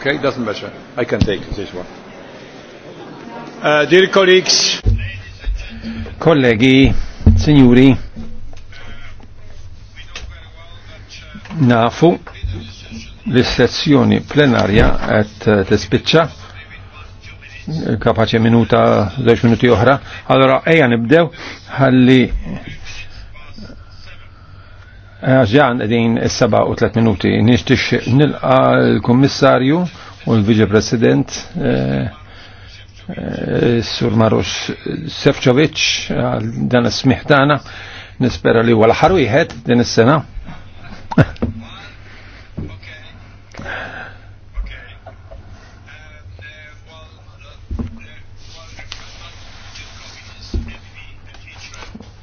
Okay, doesn't matter. I can take this one. Uh, dear colleagues. colleghi, signori, nafu l-sessjoni plenarja għet t-spicċa kapaċi minuta, 10 minuti oħra. Allora, eja nibdew, għalli Ġan din s-saba u tlet minuti. Nishtix nilqa l-kommissarju u l-vice president eh, eh, Sur Marus Sefcovic għal dan s-smiħtana nispera li għal ħarwiħet din s-sena.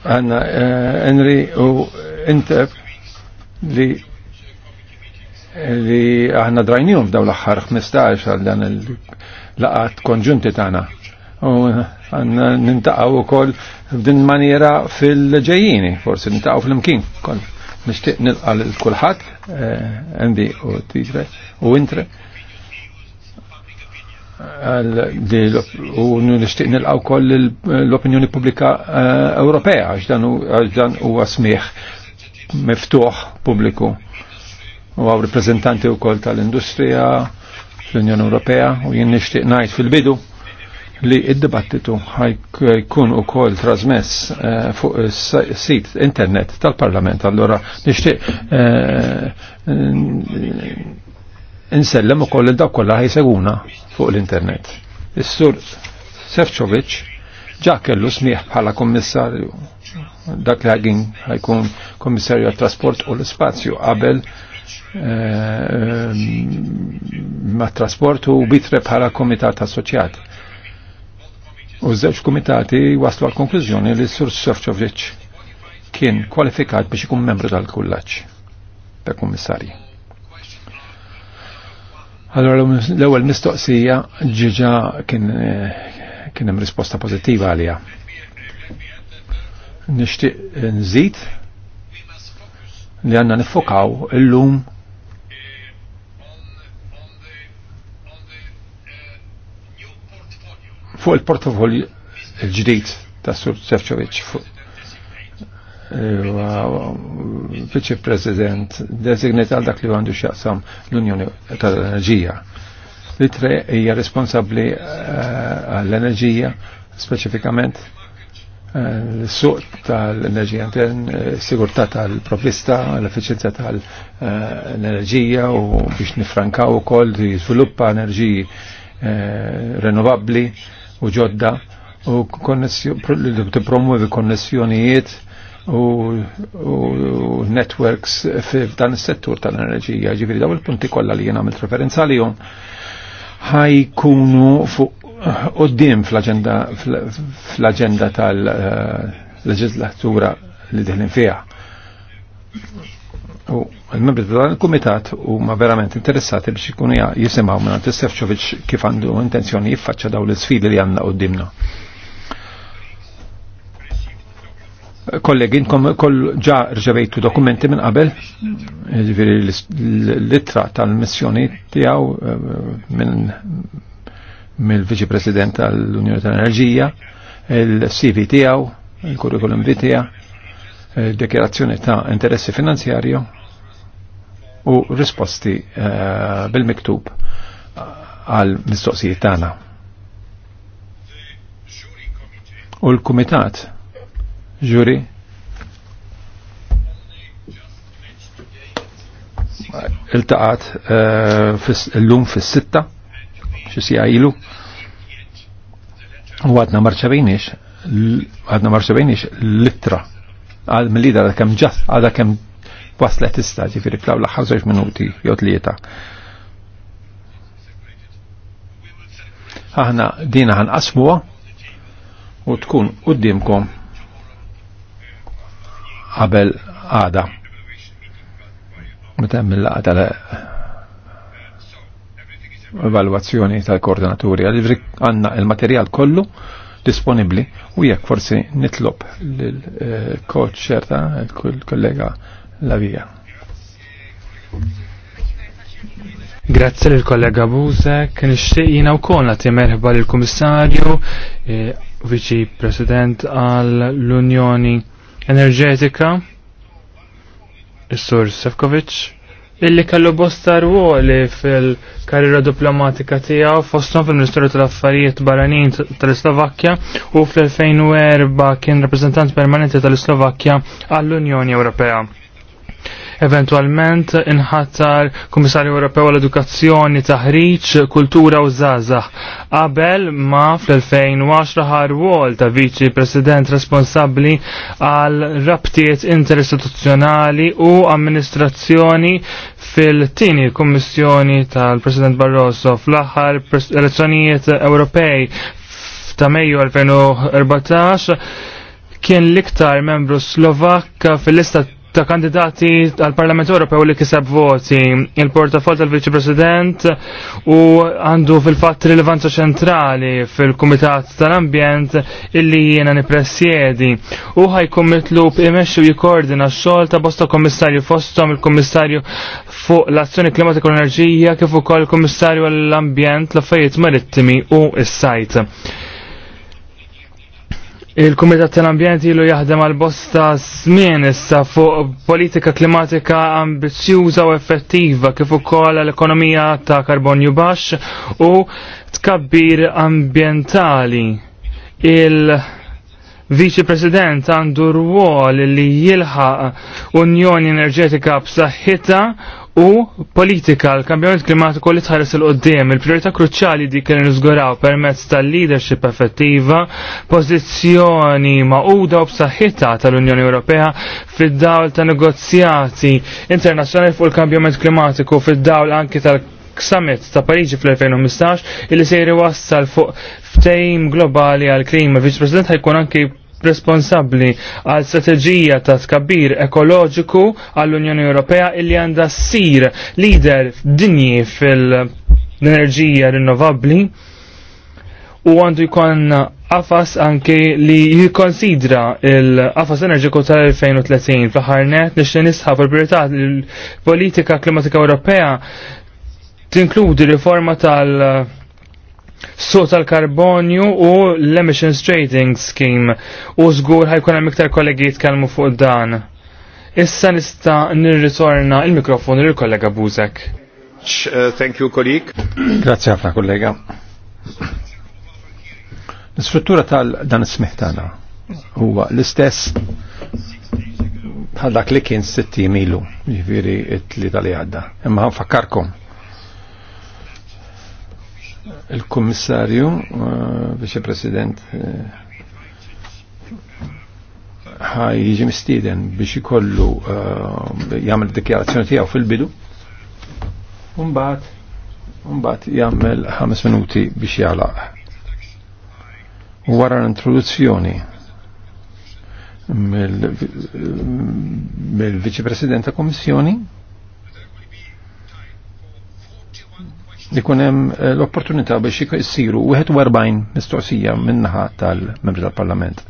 għanna eh, Enri u Intep li li aħna drajnijum f'daw l-axħar 15 għal dan il-laqat konġunti tana. U għanna nintaqaw u koll f'din maniera fil-ġejjini, forse nintaqaw fil-mkien koll. Nishtiq nilqa l-kulħat, eh, Andy u tijre u Intre. U nishtiq nilqaw koll l-opinjoni publika eh, Ewropea, għax dan u għasmiħ miftuħ pubbliku. U għaw reprezentanti u koll tal-industrija l unjoni Ewropea u jien nixtieq ngħid fil-bidu li id-dibattitu ħajkun u kol trasmess uh, fuq sit internet tal-parlament. Allora, nishtiq uh, insellem u koll id daw kolla ħajseguna fuq l-internet. Is-sur Sefcovic ġa kellu smieħ bħala kommissarju. Dak li għagin għajkun kommissarju għal-trasport u l-spazju qabel eh, ma' trasport u bitre bħala komitat assoċjat. U żewġ komitati waslu għal konklużjoni li Sur Sofċovic kien kwalifikat biex ikun membru tal-kullaċ ta' kummissarji. Allora l-ewwel mistoqsija ġiġa kien eh, kien hemm risposta pozitiva għalija. Nixtieq nżid li għandna nifokaw il-lum fuq il-portafol il ġdijt ta' Sur Sefcovic eh, viċi president designat għal dak li għandu xaqsam l-Unjoni tal-Enerġija. Li tre hija responsabbli eh, għall-enerġija speċifikament eh, l-suq tal-enerġija intern, eh, sigurtà tal-provvista, l-efficienza tal-enerġija u biex nifrankaw u koll di sviluppa enerġiji renovabli u ġodda u promuvi konnessjonijiet u networks f'dan is-settur tal-enerġija. Ġifieri daw il-punti kollha li jien għamilt referenza għalihom ħajkunu fuq qoddim fl-agenda fl-agenda tal-leġislatura eh, li diħlin fiha. U l-membri tal-Kumitat huma verament interessati biex ikunu jisimgħu minn Sefcovic kif għandu intenzjoni jiffaċċja daw l-isfidi li għandna qudiemna. Kollegi, koll ġa rġevejtu dokumenti minn qabel, ġifiri l-litra tal-missjoni tijaw eh, minn mill-Viċi President tal-Unjoni tal-Enerġija, il-CV tijaw, il-Kurrikulum vitija, eh, dekjerazzjoni ta' interessi finanzjarju u risposti eh, bil-miktub għal-mistoqsijiet tagħna. U l-Kumitat jury Il-taqat eh, l-lum fil sitta xie si għajlu U għadna marċavinix, għadna marċavinix l-litra. Għad mill-lida għadha kem ġas, għadha kem waslet ista, ġifiri flaw l-ħar minuti, jot li jeta Aħna dina għan qasmuwa u tkun qoddimkom qabel għada. Meta mill-laqa tal evalwazzjoni tal-koordinaturi għal għanna il-materjal kollu disponibli u jekk forsi nitlob l koċ eh, ċerta, il-kollega Lavija. Grazie l-kollega Buzek, nishtiq jina u kolla ti merħba l-komissarju, eh, viċi president għall-Unjoni enerġetika is-sur Sefkovic illi kellu bosta ruoli fil-karriera diplomatika tiegħu fosthom fil-Ministeru tal-Affarijiet Barranin tal islovakkja u fl-2004 kien rappreżentant permanenti tal islovakkja għall-Unjoni Ewropea eventualment inħattar Kummissarju Ewropew għall-Edukazzjoni, Taħriġ, Kultura u Żgħażagħ. Qabel ma fl-2010 ħar wol ta' Viċi President responsabbli għal rabtiet interistituzzjonali u amministrazzjoni fil-tini Kummissjoni tal-President Barroso fl-aħħar elezzjonijiet Ewropej ta' Mejju 2014 kien l-iktar membru Slovakka fil-lista ta' kandidati għal Parlament Ewropew li kiseb voti, il portafoll tal-Viċi President u għandu fil-fatt rilevanza ċentrali fil-Kumitat tal-Ambjent illi jiena nipresjedi u ħajkun mitlub imexxu jikordina x-xogħol ta' bosta kommissarju fosthom il-Kummissarju fuq l-Azzjoni Klimatika u Enerġija kif ukoll il-Kummissarju għall-Ambjent l-Affarijiet Marittimi u s-Sajt. Il-Kumitat tal-Ambjent ilu jaħdem għal bosta smien issa fuq politika klimatika ambizzjuża u effettiva kif ukoll l-ekonomija ta' karbonju baxx u tkabbir ambientali. Il- Viċi President għandu rwol li jilħaq Unjoni Enerġetika b'saħħitha u politika l-kambjament klimatiku li tħares il-qoddim. Il-priorità kruċali di kien nizguraw permezz tal-leadership effettiva, pożizzjoni maquda u b'saħħitha tal-Unjoni Ewropea fid-dawl ta' negozjati internazzjonali fuq il-kambjament klimatiku fid-dawl anki tal summit ta' Pariġi fl-2015 illi se jiri wassal fuq ftejm globali għal klima. Viċ-President ħajkun anki responsabbli għal strateġija ta' tkabbir ekoloġiku għall-Unjoni Ewropea illi għandha ssir lider dinji fil-enerġija rinnovabbli u għandu jkun għafas anke li jikonsidra il għafas enerġiku tal-2030 fl-aħħar net nixtieq nisħab il l-politika klimatika Ewropea tinkludi riforma tal- suq tal-karbonju u l-emissions trading scheme u żgur ħajkun hemm iktar kollegi jitkellmu fuq dan. Issa nista' nirritorna il-mikrofon lill-kollega Buzek. Eh, thank you, kolleg. Grazie ħafna, kollega. L-istruttura tal-dan is-smih tagħna huwa l-istess bħal dak li kien 60 milu, jiġifieri t-tlieta li għadda. Imma fakkarkom il-Kummissarju, uh, Vice President, uh, ħaj jiġi mistiden biex ikollu uh, jagħmel dikjarazzjoni tiegħu fil-bidu. Umbagħad mbagħad jagħmel ħames minuti biex jalaq. Wara l-introduzzjoni mill-Viċi President ta' Kommissjoni ikun hemm eh, l-opportunità biex jissiru 41 mistoqsija minnaħa tal-membri tal-Parlament.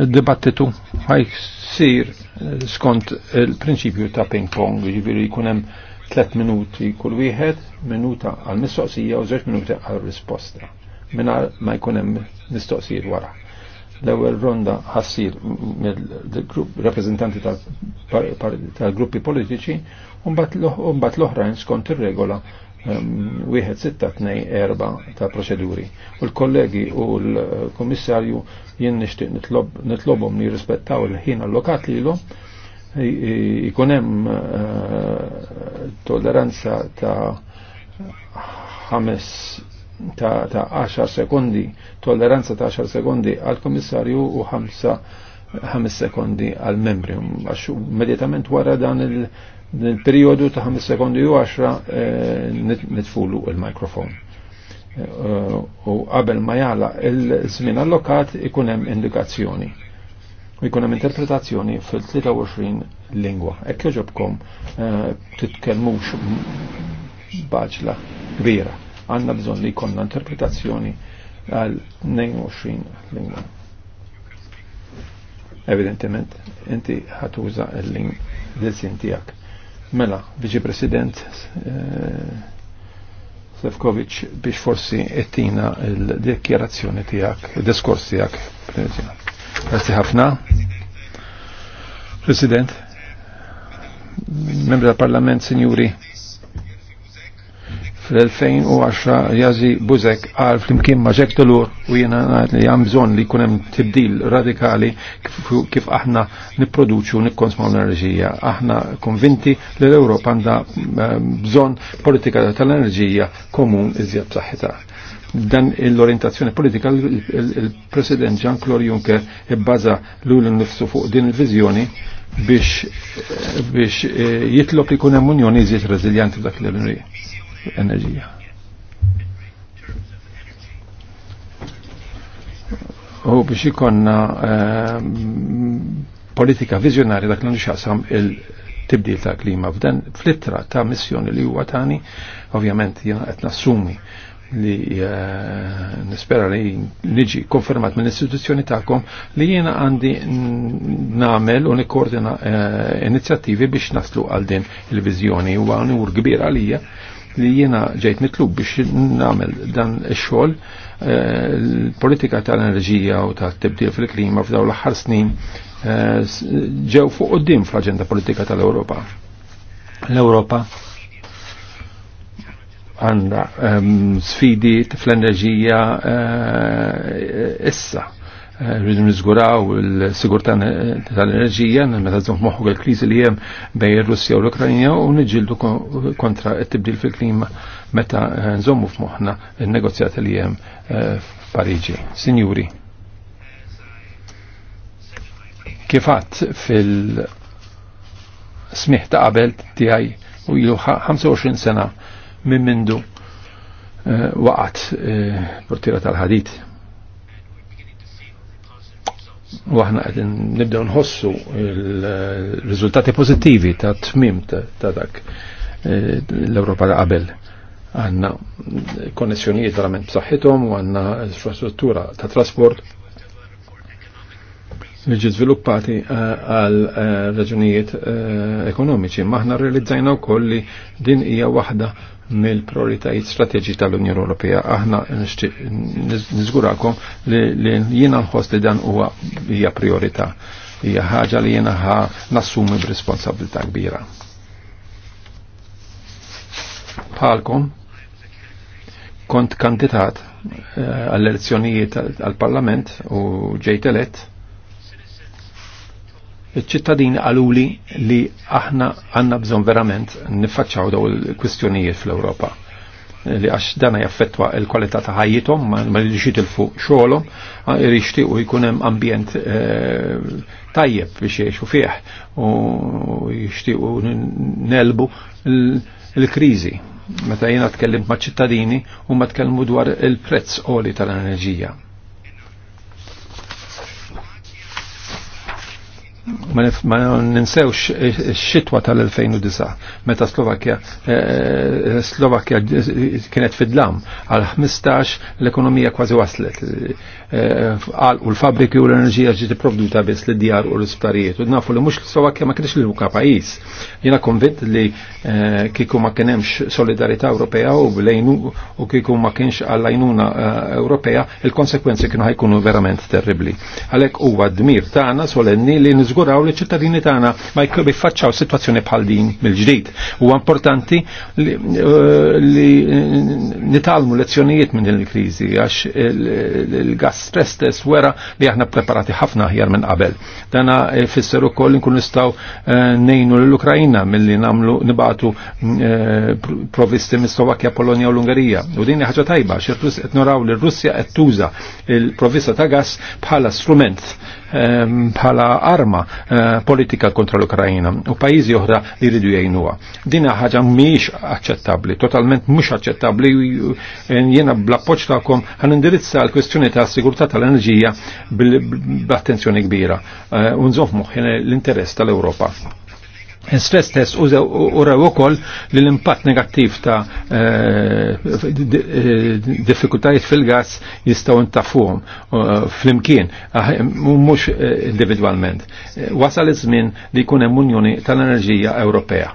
il dibattitu għaj sir eh, skont il-prinċipju ta' ping-pong, ġifieri jkun 3 minuti kull wieħed, minuta għal mistoqsija u 2 minuti għal risposta. Minna ma jkunem hemm mistoqsijiet wara l-ewwel ronda ħassir mill-grupp rappreżentanti tal-gruppi politiċi Umbat l-oħrajn skont ir-regola ehm, wieħed sitta tnej erba ta' proċeduri. U l-kollegi u l-komissarju jien nixtieq nitlobhom li jirrispettaw il-ħin allokat lilhom ikun hemm eh, tolleranza ta' ħames ta' 10 sekundi, tolleranza ta' 10 sekundi għal-komissarju u 5 ħames sekundi għal-membri. Għax immedjatament wara dan il- periodu ta' 5 sekondi u 10 eh, nitfulu il-mikrofon. Eh, u qabel ma jala il-żmien allokat ikun hemm indikazzjoni. U jkun hemm interpretazzjoni fil-23 lingwa. Hekk jogħġobkom eh, titkellmux baġla kbira. Għandna bżonn li jkollna interpretazzjoni għal 22 lingwa. Evidentement, inti ħatuża l lingwa l-sin tiegħek. Mela, Viċi President eh, Sefkovic biex forsi ettina il-dekjerazzjoni tijak, il-diskors tijak. Grazie ħafna. President, membri del Parlament, signori, fl-2010 Jazi Buzek għal flimkien ma' maġek dolur u jena li għam bżon li kunem tibdil radikali kif aħna niproduċu nikkonsmaw l-enerġija. Aħna konvinti li l-Europa għanda eh, bżon politika tal-enerġija komun iżjab b'saħħitha. dan l-orientazzjoni politika il-President Jean-Claude Juncker ibbaża lul nifsu fuq din il viżjoni biex eh, biex eh, jitlob li kun hemm unjoni iżjed reżiljanti f'dak l-Unjoni enerġija. U biex ikonna ehm, politika vizjonari dak l xaqsam il-tibdil ta' klima f'dan flittra ta' missjoni li huwa tani, ovvjament jena qed nassumi li ehm, nispera li niġi konfermat mill istituzzjoni ta'kom li jena għandi namel u nikkoordina ehm, inizjattivi biex naslu għal din il-vizjoni u għan ur kbira għalija li jiena ġejt mitlub biex nagħmel dan ix-xogħol eh, politika tal-enerġija u ta' tibdil fil-klima f'daw l-aħħar snin eh, ġew fuq qudiem fl-aġenda politika tal-Ewropa. L-Ewropa għandha ehm, sfidi fl-enerġija eh, issa rridu nizguraw il-sigurtà tal-enerġija, meta żomm moħħu għal kriżi li hemm bejn ir-Russja u l-Ukrajna u nġildu kontra t-tibdil fil-klima meta eh, nżommu f'moħħna il negozjat li hemm eh, f'Pariġi. Signuri, kifat fil-smiħ ta' qabel tiegħi u ilu 25 sena minn mindu eh, waqat portira tal-ħadit Waħna aħna nibdew nħossu l-riżultati pozittivi ta' tmim ta' dak e, l-Ewropa ta' qabel għanna konnessjonijiet verament b'saħħithom u għanna infrastruttura ta' trasport li ġi żviluppati e, għal e, raġunijiet ekonomiċi. Maħna realizzajna wkoll li din hija waħda mill-prioritajiet strateġi tal-Unjoni Ewropea. Aħna niżgurakom li jiena nħoss li dan huwa hija priorità. Hija ħaġa li jiena ħa nassumi b'responsabilità kbira. Palkom kont kandidat eh, għall-elezzjonijiet għall-Parlament u ġejt elett Il-ċittadini għaluli li aħna għanna bżon verament nifacċaw daw il-kwistjonijiet fl-Europa li għax dana jaffettwa il-kwalità ta' ħajjithom, ma li xit il-fuq xogħolhom, jixtiequ jkun hemm ambjent eh, tajjeb biex jgħixu fih u jixtiequ nelbu l-kriżi. Meta jiena tkellimt ma' ċittadini u ma tkellmu dwar il-prezz qoli tal-enerġija. ma ninsewx xitwa tal-2009 meta Slovakia eh, eh, Slovakia kienet fidlam għal 15 l-ekonomija kważi waslet eh, għal u l-fabriki u l-enerġija ġiet produta biss li djar u l-isparijiet u nafu li mhux Slovakia ma kienx l uka pajjiż. Jiena konvint li kieku ma kien hemmx solidarità Ewropea u blejnu u kieku ma kienx għall-għajnuna Ewropea il-konsekwenzi kienu ħajkunu verament terribli. Għalhekk huwa dmir tagħna solenni li niżguraw li ċittadini tagħna ma jfaċċaw sitwazzjoni bħal din mill-ġdid. Huwa importanti li, eh, nitalmu lezzjonijiet minn din il-kriżi għax il-gas stress test wera li aħna preparati ħafna aħjar minn qabel. Dana fisser ukoll inkun nistgħu eh, nejnu l-Ukrajna milli namlu nibatu eh, provisti mis-Slovakkja, Polonja u l-Ungerija. U din ħaġa tajba għax qed naraw li r-Russja qed tuża il-provista ta' gas bħala strument bħala arma Eh, politika kontra l-Ukrajina u pajjiżi oħra li jridu jgħinuha. Dina ħaġa miex aċċettabbli, totalment mhux aċċettabbli eh, jiena bl-appoġġ tagħkom ħan indirizza l-kwestjoni ta' sigurtà tal-enerġija bl-attenzjoni kbira eh, u nżomm l-interess tal-Ewropa stress test uraw ukoll li l-impatt negattiv ta' eh, eh, diffikultajiet fil-gas jistaw intafuhom eh, flimkien imkien ah, mhux individwalment. Wasal iż-żmien li jkun hemm Unjoni tal-Enerġija Ewropea.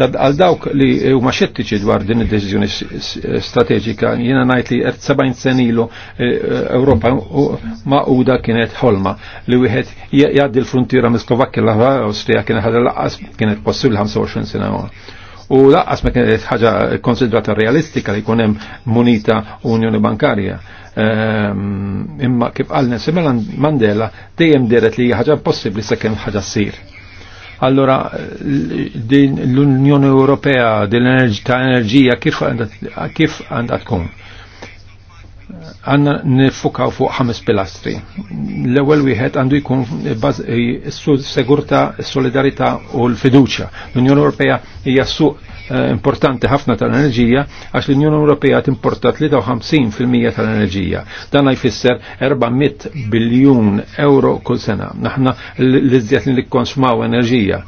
Tad għal dawk li huma xettiċi dwar din id-deċiżjoni strateġika, jiena ngħid li qed er- 70 sen ilu eh, Ewropa maquda kienet ħolma li wieħed jgħaddi l-fruntiera minn Slovakkja l Awstrija kienet ħadha laqas kienet possibbli 25 sena U laqqas ma kienet ħaġa konsidrata realistika li jkun hemm munita Unjoni Bankarja. Ehm, imma kif qal Nelson Mandela dejjem deret li ħaġa impossibbli sakemm ħaġa sir. Allora din l-Unjoni Ewropea din enerġija kif għandha tkun? Għanna nifukaw fuq ħames pilastri. L-ewwel wieħed għandu jkun s segurta s solidarita u l fiduċa L-Unjoni Ewropea hija suq Eh, importanti ħafna tal-enerġija għax l-Unjoni Ewropea timporta 53% tal-enerġija. Dan jfisser 400 biljun euro kull sena. Naħna l-iżjed li nikkonsmaw enerġija.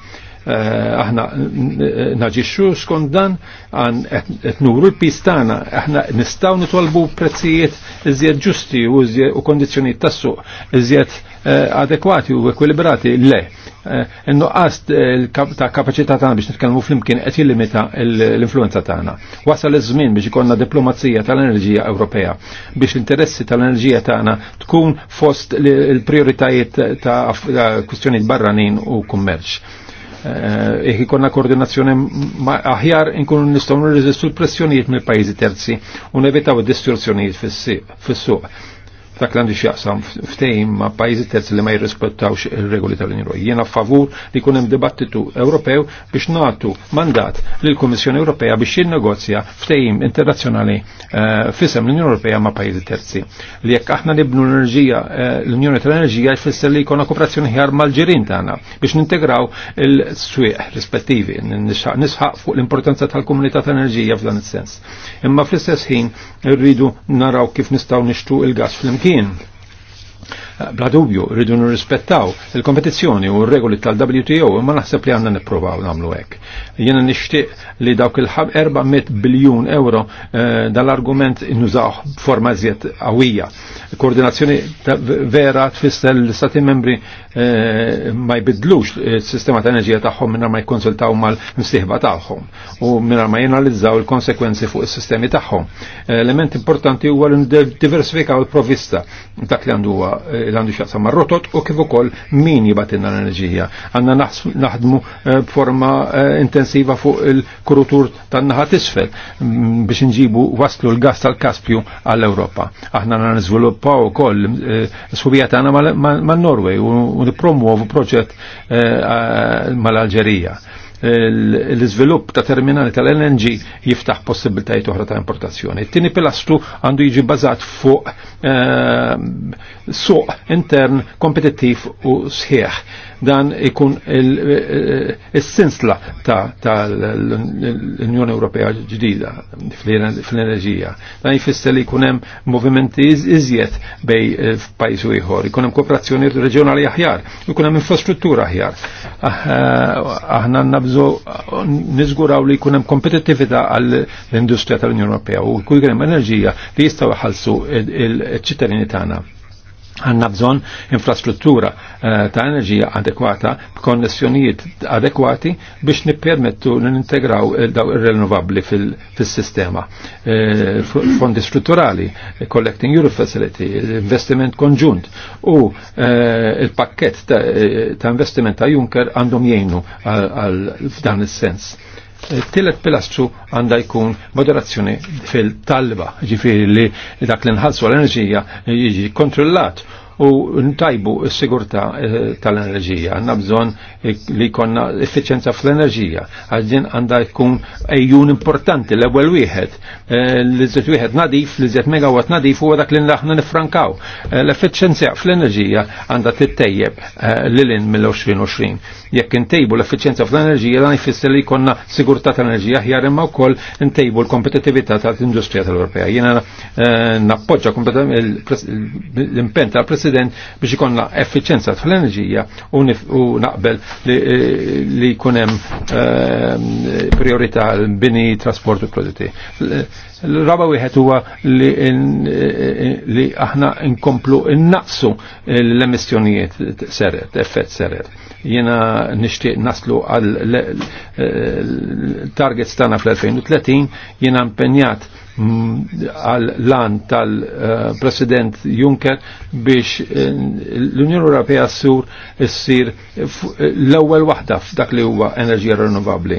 Eh, aħna naġixxu skont dan qed nuru l-pistana aħna nistgħu nitolbu prezzijiet iżjed ġusti u kondizzjonijiet tas-suq iżjed eh, adekwati u ekwilibrati le. Innuqqas eh, ta' kapaċità tagħna biex nitkellmu flimkien qed jillimita l-influenza tagħna. Wasal iż-żmien biex ikollna diplomazija tal-enerġija Ewropea biex l-interessi tal-enerġija tagħna tkun fost l-prioritajiet ta' kwistjonijiet barranin u kummerċ jek eh, ikonna e koordinazzjoni aħjar inkunu nistgħu nirriżistu l-pressjonijiet mill-pajjiżi terzi u nevitaw id-distorsjonijiet fis-suq dak l-għandu xjaqsam ftejn ma' pajjiżi terzi li ma' jirrispettawx il-regoli tal-Unjoni Jiena favur li kunem hemm dibattitu Ewropew biex nagħtu mandat lill kummissjoni Ewropea biex jinnegozja ftejn internazzjonali eh, fisem l-Unjoni Ewropea ma' pajjiżi terzi. Li jekk aħna nibnu l-enerġija eh, l-Unjoni tal-Enerġija jfisser li jkollna kooperazzjoni ħjar mal-ġirien tagħna biex nintegraw il-swieq rispettivi nisħaq fuq l-importanza tal-komunità tal-enerġija f'dan is-sens. Imma fl-istess ħin rridu naraw kif nistgħu nixtu il-gas fl flimkien bla dubju rridu nirrispettaw il-kompetizzjoni u r-regoli tal-WTO imma naħseb li għandna nippruvaw nagħmlu hekk. Jiena nixtieq li dawk il-ħab 400 biljun euro eh, dal-argument innużaw forma żjed qawwija. Koordinazzjoni vera tfisser l istati membri eh, ma jbidlux il-sistema ta' enerġija tagħhom minna ma jkonsultaw mal-msieħba tagħhom u minna ma jenalizzaw il-konsekwenzi fuq is-sistemi tagħhom. Eh, element importanti huwa li diversifikaw il-provista dak li għandu huwa għandu xaqsa marrotot u kif ukoll min jibatinna l-enerġija. Għanna naħdmu eh, b'forma eh, intensiva fuq il-kurutur tan naħat isfel mm, biex nġibu waslu l-gas tal-Kaspju għall-Ewropa. Aħna għanna nizviluppaw ukoll eh, subija tagħna mal-Norway u nipromuovu proġett mal-Alġerija l-izvilupp ta' terminali tal-LNG jiftaħ possibilitajiet oħra ta' importazzjoni. It-tieni pilastru għandu jiġi bazat fuq eh, suq intern kompetittiv u sħiħ dan ikun eh, il-sinsla ta' l-Unjoni Ewropea ġdida fl-enerġija. Dan jfisser li jkun hemm movimenti iżjed bej eh, f'pajjiż u ieħor, ikun hemm kooperazzjoni reġjonali aħjar, ikun hemm infrastruttura aħjar. Ah, eh, aħna nabżu niżguraw li jkun hemm kompetittività għall-industrija tal-Unjoni Ewropea u jkun hemm enerġija li jistgħu jħallsu il-ċittadini tagħna għanna bżon infrastruttura eh, ta' enerġija adekwata, b'konnessjonijiet adekwati biex nippermettu n-integraw eh, daw il-renovabli fil-sistema. Eh, fondi strutturali, Collecting Europe Facility, investiment konġunt u il-pakket ta' investiment ta' Juncker għandhom jgħinu għal dan il-sens. Tillet pilastru għanda jkun moderazzjoni fil-talba, ġifiri li dak li inħalsu l-enerġija jiġi kontrollat u ntajbu s-sigurta eh, tal-enerġija. Għanna bżon eh, li konna efficienza fl-enerġija. Għadżin għanda jkun ejjun importanti l-ewel wieħed. Eh, l-izzet wieħed nadif, l-izzet megawatt nadif u dak li aħna nifrankaw. l efficienza fl-enerġija għanda tittejjeb l-lin mill-2020. Jekk intejbu l-effiċenza fl-enerġija dan jfisser li konna sigurta tal-enerġija ħjar imma wkoll ntajbu l-kompetitività tal-industrija tal-Ewropea. Jiena nappoġġa l impenta tal President biex ikonna effiċenza tal-enerġija u naqbel li eh, kunem eh, priorità l-bini, trasport u prodotti. L-raba wieħed huwa li eh, aħna nkomplu innaqsu l-emissjonijiet seret, effett seret. Jena nixtieq naslu għal targets tana fl-2030 jena impenjat għal lan tal-President Juncker biex eh, l-Unjoni Ewropea ssur issir eh, l-ewwel waħda f'dak li huwa enerġija rinnovabbli.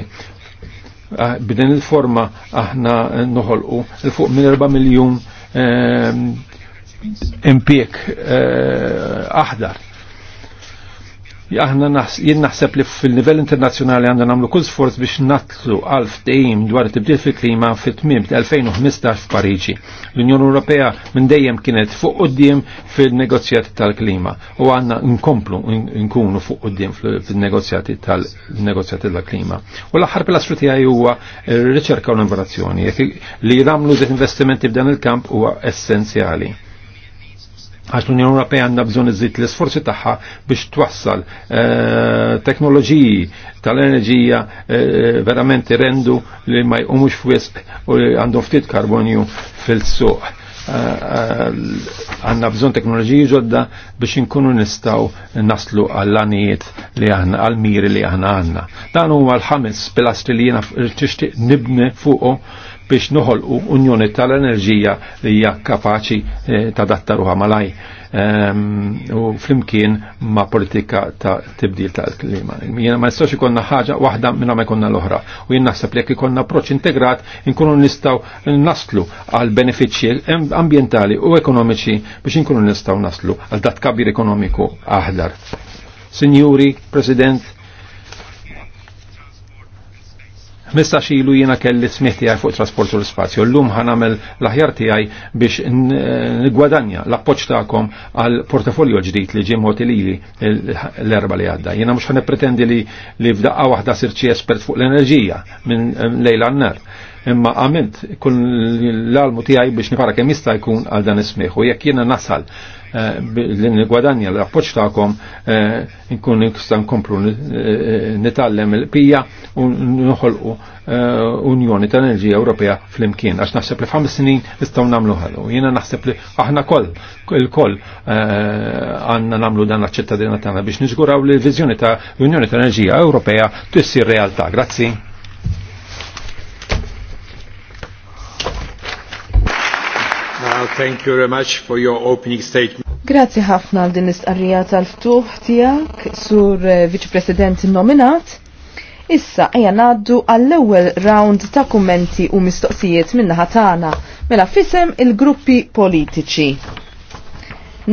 Ah, b'din il-forma aħna noħolqu fuq minn 4 miljun eh, impjek aħdar aħna jien naħseb li fil nivell internazzjonali għandna nagħmlu kull sforz biex natlu għal ftehim dwar tibdil fil-klima fit-tmiem tal-2015 f'Pariġi. L-Unjoni Ewropea minn dejjem kienet fuq quddiem fil-negozjati tal-klima u għandna nkomplu nkunu fuq quddiem fil-negozjati tal-negozjati tal-klima. U l-aħħar bil tiegħi huwa riċerka u l innovazzjoni li jagħmlu investimenti f'dan il-kamp huwa essenzjali għax l-Unjoni Ewropea għandha bżonn iżid l-isforzi tagħha biex twassal eh, teknoloġiji tal-enerġija eh, verament rendu li ma jqumux f'wisq u għandhom ftit karbonju fil-suq. Eh, għanna bżon teknoloġiji ġodda biex inkunu nistaw naslu għall-anijiet li għanna, għall-miri li għanna għanna. Dan huwa l-ħames pilastri li jiena tixtieq nibni fuqo biex noħolqu unjoni tal-enerġija li hija kapaċi eh, ta' ruħa malaj ehm, u flimkien ma' politika ta' tibdil ta' klima. Jena ma nistax ikonna ħaġa waħda minna ma jkollna l-oħra. U jien naħseb li jekk ikollna approċċ integrat inkunu nistgħu naslu għal benefiċċji ambjentali u ekonomiċi biex inkunu nistgħu naslu għal dat kabir ekonomiku aħdar. Signori President, Mista xilu jina kelli smieħ tiegħi fuq l u l lum Llum ħanamel l-aħjar tiegħi biex n l-appoġġ tagħkom għal portafolio ġdid li ġim hotelili l-erba li għadda. Jiena mhux pretendi li li f'daqqa waħda sirċi espert fuq l-enerġija minn lejla n-nar. Imma għamilt kun l-almu tiegħi biex nifara kemm jista' jkun għal dan ismieħ Jek jekk jiena nasal Eh, l-inni gwadanja l-appoċ ta'kom eh, nkun nistan komplu eh, nitallem il-pija u nħolqu Unjoni tal-Enerġija Ewropea fl-imkien. Għax naħseb li fħamis snin nistgħu nagħmlu ħallu. Jiena naħseb li aħna koll il-koll għandna nagħmlu dan l-ċittadina tagħna biex niżguraw li l vizjoni ta' Unjoni tal-Enerġija Ewropea tissir realtà. Grazzi. thank you very much for your opening statement. Grazzi ħafna għal din istqarrija tal-ftuħ tiegħek sur eh, viċ-president nominat. Issa ejja ngħaddu għall-ewwel round ta' kummenti u mistoqsijiet minnaħa tagħna mela fisem il-gruppi politiċi.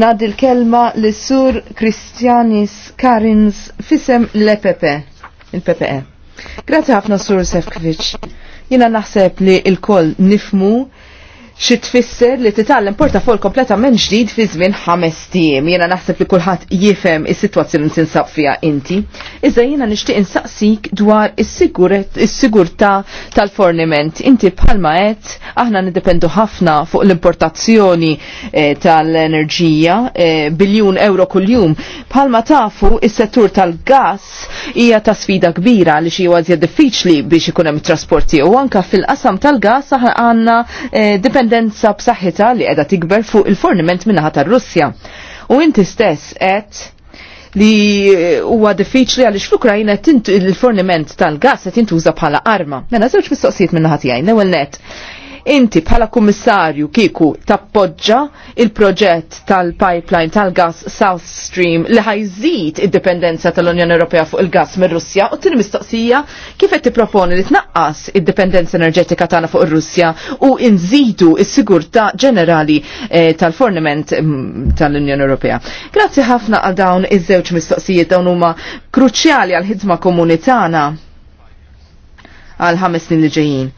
Nad il-kelma l sur Kristjanis Karins fisem l-EPP, il-PPE. Grazie ħafna sur Sefkvic. Jiena naħseb li il-koll nifmu xi tfisser li titgħallem portafol kompletament ġdid fi żmien ħames tiem. Jiena naħseb li kulħadd jifhem is-sitwazzjoni li tinsab fiha inti. Iżda jiena nixtieq insaqsik dwar is-sigurtà tal-forniment. Inti bħalma qed aħna nidependu ħafna fuq l-importazzjoni eh, tal-enerġija eh, biljun euro kuljum. Bħalma tafu is-settur tal-gas hija ta' sfida kbira li xi għazja diffiċli biex ikun hemm trasporti u anke fil-qasam tal-gas aħna għandna eh, dipend dipendenza b'saħħitha li qiegħda tikber fuq il-forniment minnaħa tar-Russja. U inti stess qed li huwa diffiċli għaliex fl-Ukrajna il-forniment tal-gas qed jintuża bħala arma. Mela żewġ mistoqsijiet minnaħa tiegħi. L-ewwel net, Inti bħala kummissarju kiku tappoġġa il-proġett tal-pipeline tal-gas South Stream li ħajżid id-dipendenza tal-Unjoni Ewropea fuq il-gas mir russja u tini mistoqsija kif qed tipproponi li tnaqqas id-dipendenza enerġetika tagħna fuq ir-Russja u nżidu s-sigurtà ġenerali eh, tal-forniment mm, tal-Unjoni Ewropea. Grazzi ħafna għal dawn iż-żewġ mistoqsijiet dawn huma kruċjali għal ħidma komuni tagħna għal ħames snin li ġejjin.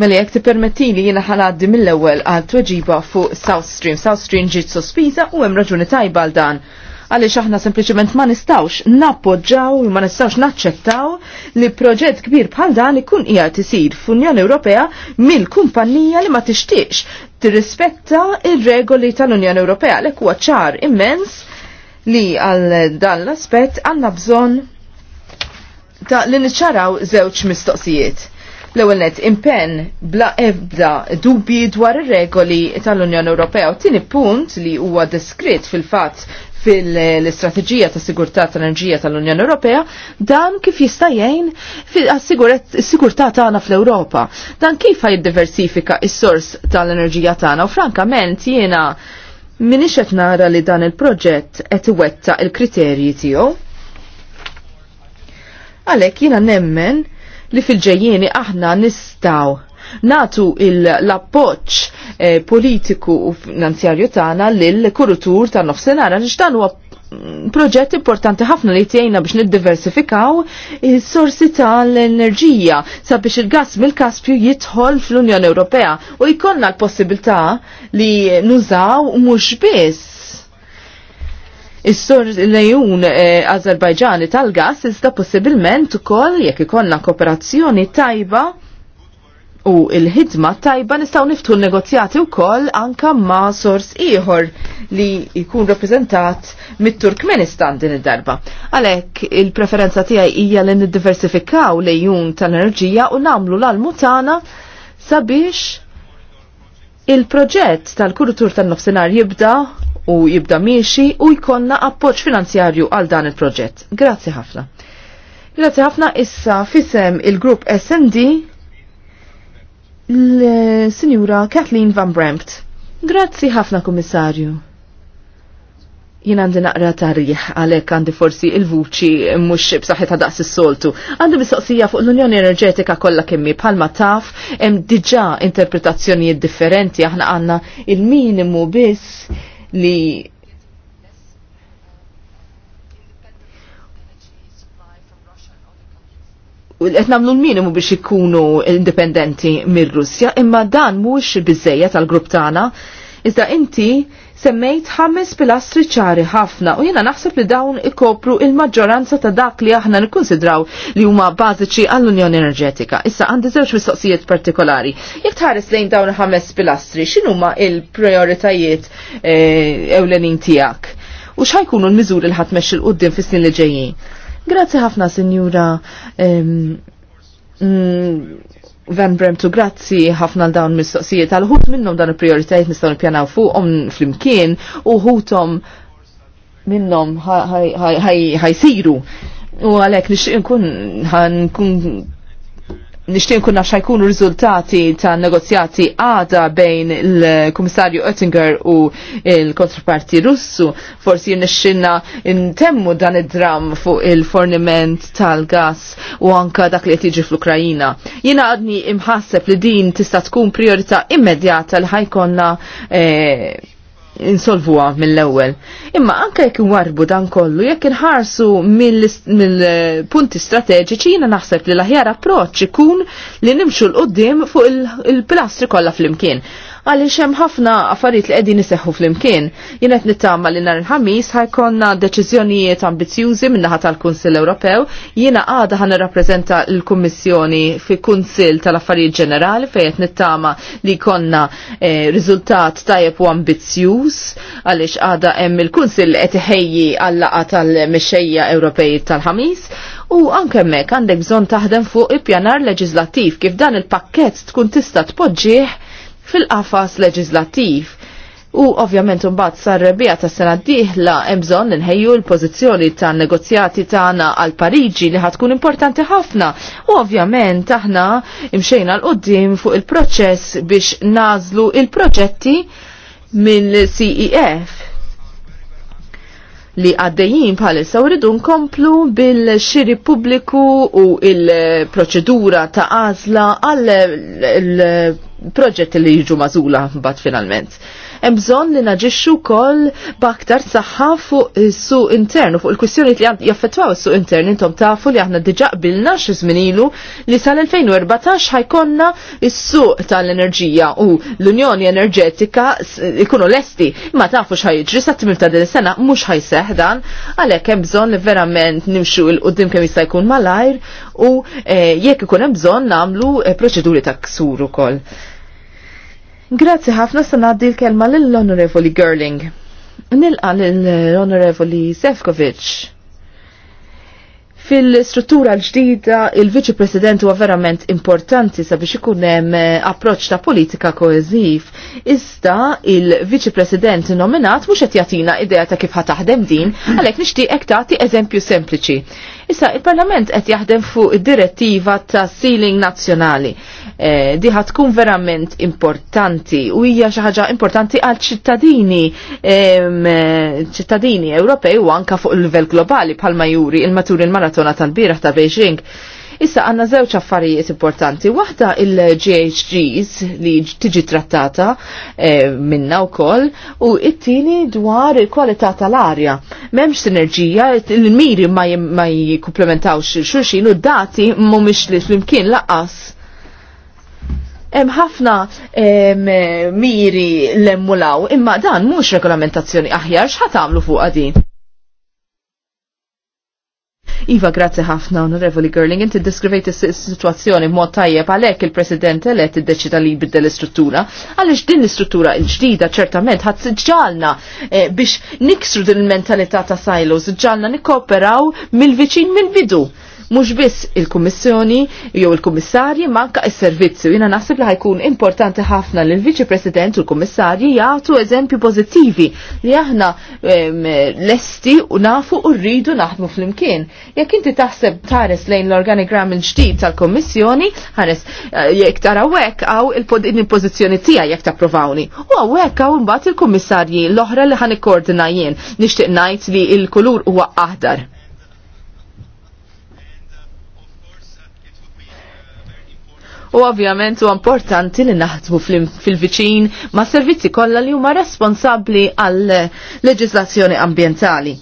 Mela jekk tippermettili jiena ħaladdi mill-ewwel għal tweġiba fuq South Stream. South Stream ġiet sospiża u hemm raġuni tajba għal dan għaliex aħna sempliċement ma nistawx nappoġġaw u ma nistawx naċċettaw li proġett kbir bħal dan ikun qiegħed isir f'Unjoni Ewropea mill-kumpanija li ma tixtieqx tirrispetta ir-regoli tal-Unjoni Ewropea lek huwa ċar immens li għal dan l-aspett għandna bżonn ta' li niċċaraw żewġ mistoqsijiet. L-ewwel net impenn bla ebda dubji dwar ir-regoli tal-Unjoni Ewropea u tieni punt li huwa diskrit fil-fatt fil-istrateġija ta' sigurtà tal-enerġija tal-Unjoni Ewropea dan kif jista' jgħin fis-sigurtà tagħna fl-Ewropa. Dan kif jiddiversifika s-sors tal-enerġija tagħna u frankament jiena minix qed nara li dan il-proġett qed iwetta il-kriterji tiegħu. Għalhekk jiena nemmen li fil-ġejjieni aħna nistaw natu l-appoċ eh, politiku u finanzjarju tagħna lill-kurutur ta' nofsinhar għax u huwa mm, proġett importanti ħafna li tgħinna biex niddiversifikaw is-sorsi tal-enerġija sabiex il-gass mill-Kaspju jidħol fl-Unjoni Ewropea u jkollna l-possibilità li nużaw mhux biss Is-sur lejun eh, Azerbajġani tal-gas iżda possibilment ukoll jekk ikollna kooperazzjoni tajba u l ħidma tajba nistgħu niftu l-negozjati wkoll anka ma' sors ieħor li jkun rappreżentat mit-Turkmenistan din id-darba. Għalhekk il-preferenza tiegħi hija li niddiversifikaw lejun tal-enerġija u nagħmlu l-almutana sabiex il-proġett tal kurutur tan-nofsinhar jibda u jibda miexi u jkonna appoġġ finanzjarju għal dan il-proġett. Grazzi ħafna. Grazzi ħafna issa fisem il-grupp SND l-Sinjura Kathleen Van Brempt. Grazzi ħafna komissarju. Jien għandi naqra tarriħ għalek għandi forsi il-vuċi mux b'saħħitha daqs is-soltu. Għandi mistoqsija fuq l-Unjoni Enerġetika kollha kemmi bħalma taf hemm diġà interpretazzjonijiet differenti aħna għandna il-minimu biss li qed nagħmlu l-minimu biex ikunu indipendenti mir-Russja, imma dan mhux biżejja tal-grupp tagħna, iżda inti semmejt ħames pilastri ċari ħafna u jiena naħseb li dawn ikopru il-maġġoranza ta' dak li aħna nikkonsidraw li huma bażiċi għall-Unjoni Enerġetika. Issa għandi żewġ mistoqsijiet partikolari. Jekk tħares lejn dawn ħames pilastri, x'inhuma il-prioritajiet eh, ewlenin tiegħek? U x'ħajkunu l-miżuri li ħatmexxi l-qudiem fis-snin li ġejjin? Grazzi ħafna, Sinjura. Ehm, mm, Van Bremtu, grazzi ħafna l dawn mistoqsijiet għal ħut minnhom dan il-prioritajiet nistgħu nippjanaw fuqhom flimkien u ħutom minnhom ħajsiru. U għalhekk nixtieq nkun nishtin kunna xajkunu rizultati ta' negozjati għada bejn il-Komissarju Oettinger u il-kontraparti Russu. Forsi nixxinna intemmu dan id-dram fuq il-forniment tal-gas u anka dak li jtiġi fl-Ukrajina. Jina għadni imħasseb li din tista' tkun priorita immedjata li ħajkonna eh, insolvuha mill-ewwel. Imma anke jekk warbu dan kollu jekk inħarsu mill-punti strateġiċi jiena naħseb li l-aħjar approċċ ikun li nimxu l qudiem fuq il-pilastri kollha flimkien għaliex hemm ħafna affarijiet li qegħdin iseħħu flimkien. Jien qed nittama li nhar il-ħamis ħajkonna deċiżjonijiet ambizjużi min-naħa tal-Kunsill Ewropew. Jiena għada ħan nirrappreżenta l-Kummissjoni fi Kunsill tal-Affarijiet Ġenerali fejn qed nittama li konna eh, riżultat tajjeb u ambizjuż għaliex xħada hemm il-Kunsill qed iħejji għallaqa tal-mexxejja Ewropej tal-ħamis u anke hemmhekk għandek bżonn taħdem fuq il-pjanar leġislattiv kif dan il-pakkett tkun tista' tpoġġih fil-qafas leġislattiv. U ovvjament imbagħad sar-rebija ta' sena d-dieħla hemm bżonn inħejju l-pożizzjoni tan negozjati tagħna għal Pariġi li tkun importanti ħafna. U ovvjament aħna imxejna l qudiem fuq il-proċess biex nażlu il-proġetti mill-CEF li għaddejjin bħalissa u rridu nkomplu bil-xiri pubbliku u il-proċedura ta' għazla għal proġett li jiġu mażula bat finalment hemm bżonn li naġixxu wkoll b'aktar saħħa fuq is-suq internu fuq il-kwistjoni li jaffettwaw is-suq intern intom tafu li aħna diġaq qbilna xi ilu li sal-2014 ħajkonna is-suq tal-enerġija u l-Unjoni Enerġetika ikunu lesti ma tafu x'ħajġri sa timil ta' din sena mhux ħajseħdan, dan għalhekk hemm bżonn li verament nimxu il qoddim kemm jista' jkun malajr u eh, jekk ikun hemm bżonn nagħmlu eh, proċeduri ta' ksur ukoll. Grazzi ħafna sa naddi l-kelma l-Onorevoli Gerling. Nilqa l-Onorevoli Sefkovic. Fil-struttura l-ġdida, il-Viċi President huwa verament importanti sabiex ikun hemm eh, approċċ ta' politika koeżiv. Iżda il-Viċi President nominat mhux qed jagħtina idea ta' kif ħataħdem din, għalhekk nixtieqek tagħti eżempju sempliċi. Issa, il-Parlament qed jaħdem fuq id-direttiva ta' ceiling nazzjonali. E, eh, di tkun verament importanti u hija xi ħaġa importanti għal ċittadini ċittadini Ewropej u anka fuq il-livell globali bħalma juri il-matur il-maratona tal-bieraħ ta' Beijing Issa għanna żewġ affarijiet importanti. Waħda il-GHGs li tiġi trattata eh, minna u koll u it-tini dwar il-kwalità tal-arja. Memx sinerġija, il-miri ma jikumplementawx xulxin u dati mumiex li flimkien laqas hemm ħafna miri l-emmulaw, imma dan mhux regolamentazzjoni aħjar x'ħat għamlu fuq din. Iva, grazie ħafna, onorevoli Gerling, inti diskrivejt is-situazzjoni b'mod tajjeb għalhekk il-President elett iddeċida li jbiddel l-istruttura. Għaliex din l-istruttura l-ġdida ċertament ħadd ġalna eh, biex niksru din il-mentalità ta' silos, ġalna nikkoperaw mill-viċin mill-bidu mhux biss il-Kummissjoni jew il-Kummissarji manka s-servizzi. Jiena naħseb li ħajkun importanti ħafna li l-Viċi President u l-Kummissarji jagħtu eżempju pożittivi li aħna lesti u nafu u rridu naħdmu flimkien. Jekk inti taħseb tares lejn l-organigram il-ġdid tal-Kummissjoni, ħares eh, jekk taraw hekk għaw il-pożizzjoni tiegħi jekk tapprovawni. U hawnhekk hawn mbagħad il-Kummissarji l-oħra li ħan jien nixtieq ngħid li l-kulur huwa aħdar. u ovvjament u importanti li naħdmu fil-viċin ma' servizzi kollha li huma responsabbli għal leġislazzjoni ambientali.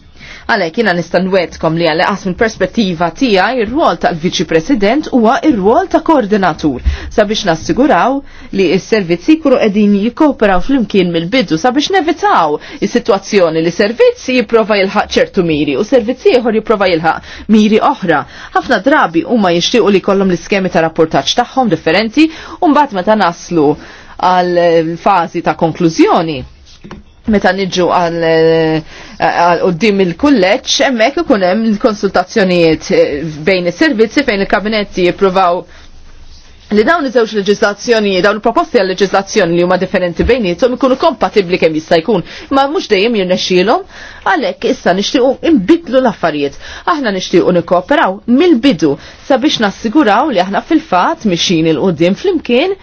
Għalhekk jiena nista' wetkom li għalli għasmin mill-perspettiva tiegħi ir-rwol tal-Viċi President huwa ir-rwol ta' koordinatur sabiex nassiguraw li s-servizzi edin qegħdin jikkooperaw flimkien mill-bidu sabiex nevitaw is-sitwazzjoni li servizzi jipprova jilħaq ċertu miri u servizzi ieħor jipprova jilħaq miri oħra. Ħafna drabi huma jixtiequ li kollhom l-iskemi ta' rapportaġġ tagħhom differenti u mbagħad meta naslu għal fazi ta' konklużjoni meta niġu eh, għal qoddim il-kulleġġ hemmhekk ikun hemm il-konsultazzjonijiet eh, bejn is-servizzi fejn il-kabinetti jippruvaw li dawn iż-żewġ leġislazzjonijiet, dawn il-proposti għal leġislazzjoni li huma differenti bejnietom ikunu kompatibbli kemm jista' jkun, ma mhux dejjem jirnexxielhom, għalhekk issa nixtiequ inbidlu l-affarijiet. Aħna nixtiequ nikkooperaw mill-bidu sabiex nassiguraw li aħna fil-fatt mixin il-qudiem flimkien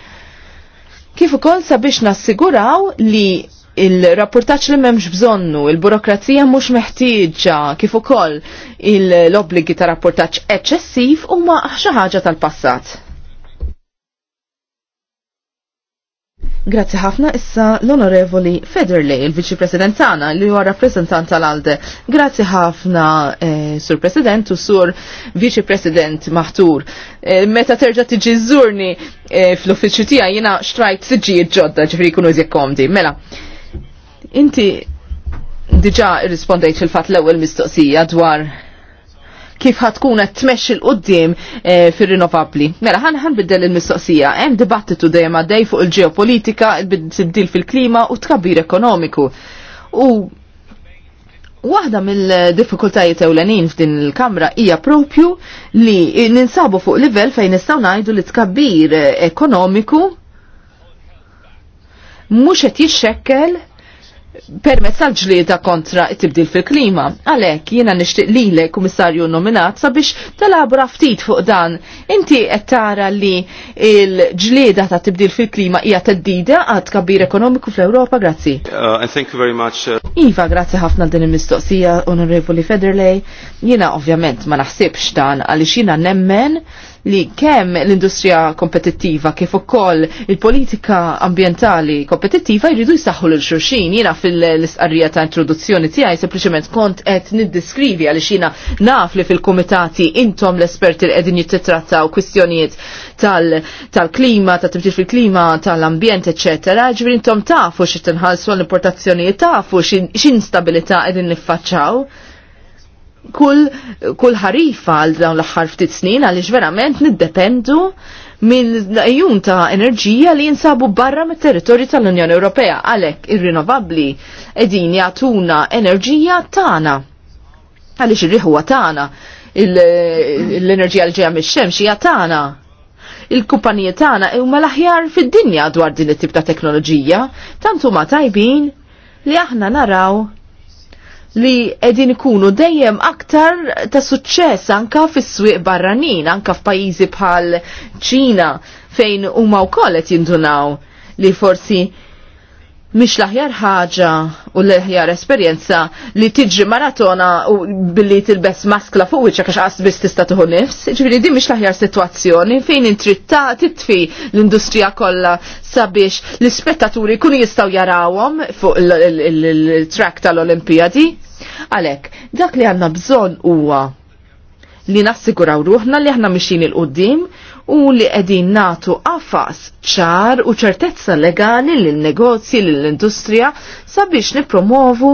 kif ukoll sabiex nassiguraw li il-rapportaċ li memx bżonnu, il-burokrazija mux meħtieġa kif ukoll l-obbligi ta' rapportaċ eċċessiv u ma ħaġa tal-passat. Grazzi ħafna issa l-Onorevoli Federley, il-Viċi President tagħna li huwa rappresentant tal-Alde. Grazzi ħafna eh, Sur President u Sur Viċi President Maħtur. Eh, meta terġa' tiġi żurni eh, fl-uffiċċju tiegħi jiena xtrajt siġġijiet ġodda ġifieri jkunu komdi. Mela, Inti diġa rispondejt fil-fat l-ewwel mistoqsija dwar kif ħatkun qed tmexxi l qudiem eh, fir-rinovabbli. Mela ħan ħanbiddel il-mistoqsija, hemm dibattitu dejjem għaddej fuq il-ġeopolitika, il-tibdil fil-klima u tkabbir ekonomiku. U waħda mill-diffikultajiet ewlenin f'din il-kamra hija propju li ninsabu fuq livell fejn nistgħu ngħidu li tkabbir ekonomiku mhux qed jixxekkel permezz tal ġlieda kontra it-tibdil fil-klima. Għalek, jiena nishtiq li l komissarju nominat sabiex talabra ftit fuq dan. Inti qed tara li il-ġlieda ta' tibdil fil-klima hija teddida għad kabir ekonomiku fl-Ewropa, grazzi. Uh, uh, iva, grazzi ħafna din il-mistoqsija, Onorevoli Federley. Jiena ovvjament ma naħsibx dan għaliex jiena nemmen li kemm l-industrija kompetittiva kif ukoll il-politika ambientali kompetittiva jridu jsaħħu lil xulxin. Jiena fil-istqarrija ta' introduzzjoni tiegħi sempliċement kont qed niddiskrivi għaliex jiena naf li fil-kumitati intom l-esperti li qegħdin jittrattaw kwistjonijiet tal-klima, tal tibdil fil-klima, tal-ambjent, eċetera. Ġifieri intom tafu xi tinħallsu l-importazzjonijiet tafu x'instabilità qegħdin niffaċċaw kull kull ħarifa għal dawn l-aħħar ftit snin għaliex verament niddependu mill-ejjun ta' enerġija li jinsabu barra mit territorju tal-Unjoni Ewropea għalhekk ir-rinovabbli qegħdin jagħtuna enerġija tagħna. Għaliex ir-riħ huwa tagħna, l-enerġija li ġejja mix-xemx hija tagħna. Il-kumpaniji tagħna huma l-aħjar fid-dinja dwar din it-tip ta' teknoloġija, tant huma tajbin li aħna naraw li edin ikunu dejjem aktar ta' suċċess anka fis-swieq barranin, anka f'pajjiżi bħal Ċina fejn huma wkoll qed jindunaw li forsi Mix laħjar ħaġa u l-ħjar esperienza li tiġi maratona u billi tilbes maskla fuq wiċċa kax għas bis tista' tuħu nifs. Ġifieri din mix laħjar sitwazzjoni fejn intritta titfi l-industrija kollha sabiex l-ispettaturi kun jistgħu jarawhom fuq il-track tal-Olimpijadi. Għalhekk, dak li għandna bżonn huwa li nassiguraw ruħna li aħna mixin il-qoddim u li qegħdin natu qafas ċar u ċertezza legali lil negozji lil industrija sabiex nipromovu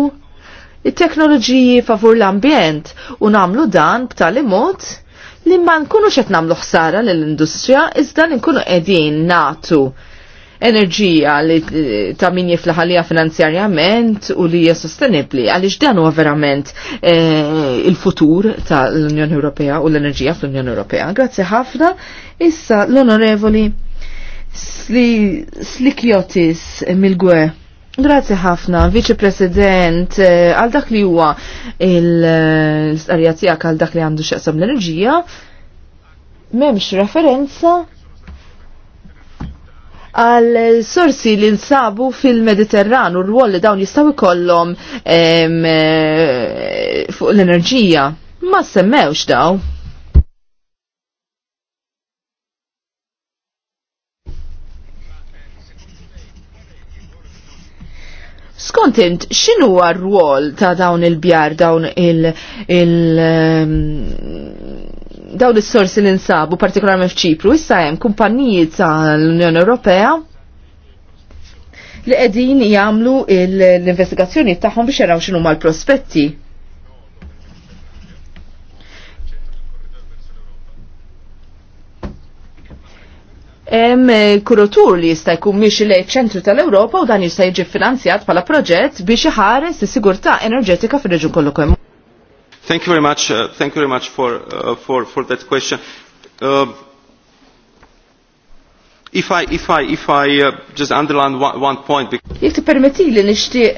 it-teknoloġiji favur l-ambjent u namlu dan b'tali mod li ma nkunu qed namlu ħsara lill-industrija iżda nkunu qegħdin natu enerġija li ta' min jiflaħalija finanzjarjament u li hija sostenibli għaliex dan huwa verament eh, il-futur tal-Unjoni Ewropea u l-enerġija fl-Unjoni Ewropea. Grazzi ħafna. Issa l-Onorevoli Slikjotis mill-Gwe. Grazie ħafna, Vice President, eh, għal dak li huwa l-istarja tiegħek għal dak li għandu x'aqsam l-enerġija, m'hemmx referenza għal sorsi li nsabu fil-Mediterran u r-rwol li dawn jistaw kollom eh, fuq l-enerġija. Ma semmewx daw. Skontent, xinu huwa r-rwol ta' dawn il-bjar, dawn il-, il dawn is-sorsi li nsabu partikolarment f'Ċipru issa hemm kumpaniji tal-Unjoni Ewropea li qegħdin jagħmlu l-investigazzjoni tagħhom biex jaraw x'inhu mal-prospetti. Hemm eh, kurotur li jista' jkun miex lejn ċentru tal-Ewropa u dan jista' jiġi finanzjat bħala proġett biex iħares is-sigurtà enerġetika fir-reġjun kollu kemm. Thank you very much. Uh, thank you very much for, uh, for, for that question. Uh, if I, if I, if I uh, just underline one, one point. Jek ti permetti li nishtiq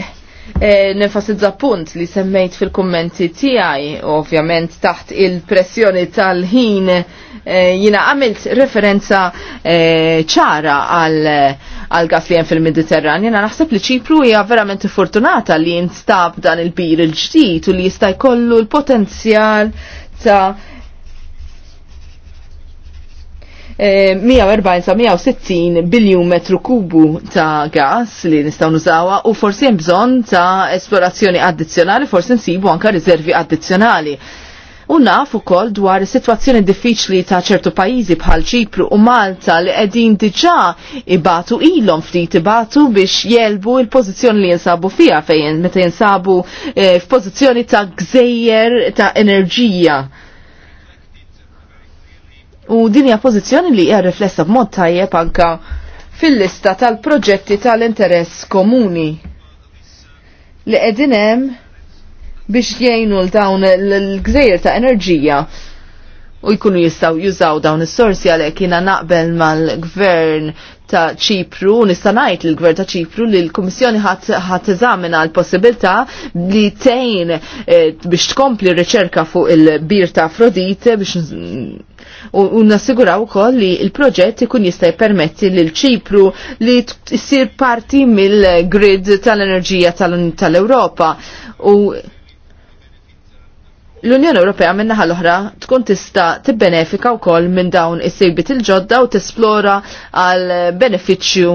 E, eh, nefasizza punt li semmejt fil-kommenti tijaj, ovvjament taħt il-pressjoni tal-ħin eh, jina għamilt referenza eh, ċara għal gas li jen fil-Mediterran, jina naħseb li ċipru hija verament fortunata li jinstab dan il-bir il-ġdijt u li jista' jkollu l-potenzjal ta' 140 eh, 160 biljun metru kubu ta' gas li nistaw nużawa u forsi hemm bżonn ta' esplorazzjoni addizzjonali, forsi nsibu anka riservi addizzjonali. U naf ukoll dwar is-sitwazzjoni diffiċli ta' ċertu pajjiżi bħal Ċipru u Malta li qegħdin diġà ibatu ilhom ftit ibatu biex jelbu l-pożizzjoni li jinsabu fiha fejn meta jinsabu eh, f'pożizzjoni ta' gżejjer ta' enerġija U din hija pożizzjoni li hija riflessa b'mod tajjeb anka fil-lista tal-proġetti tal-interess komuni li qegħdin hemm biex jgħinu l-dawn l-gżejjer ta' enerġija u jkunu jistaw jużaw dawn is-sorsi għalhekk jiena naqbel mal-gvern ta' ċipru, nista' ngħid lill gvern ta' ċipru li l-Kummissjoni ħadd eżamina l-possibilità li tgħin eh, biex tkompli riċerka fuq il-bir ta' Afrodite biex u nassiguraw kol li il-proġett ikun jista' jippermetti lil ċipru li tsir parti mill-grid tal-enerġija tal-Ewropa u l-Unjoni Ewropea minn naħa l-oħra tkun tista' tibbenefika wkoll minn dawn is-sejbit il-ġodda u tesplora għal benefiċċju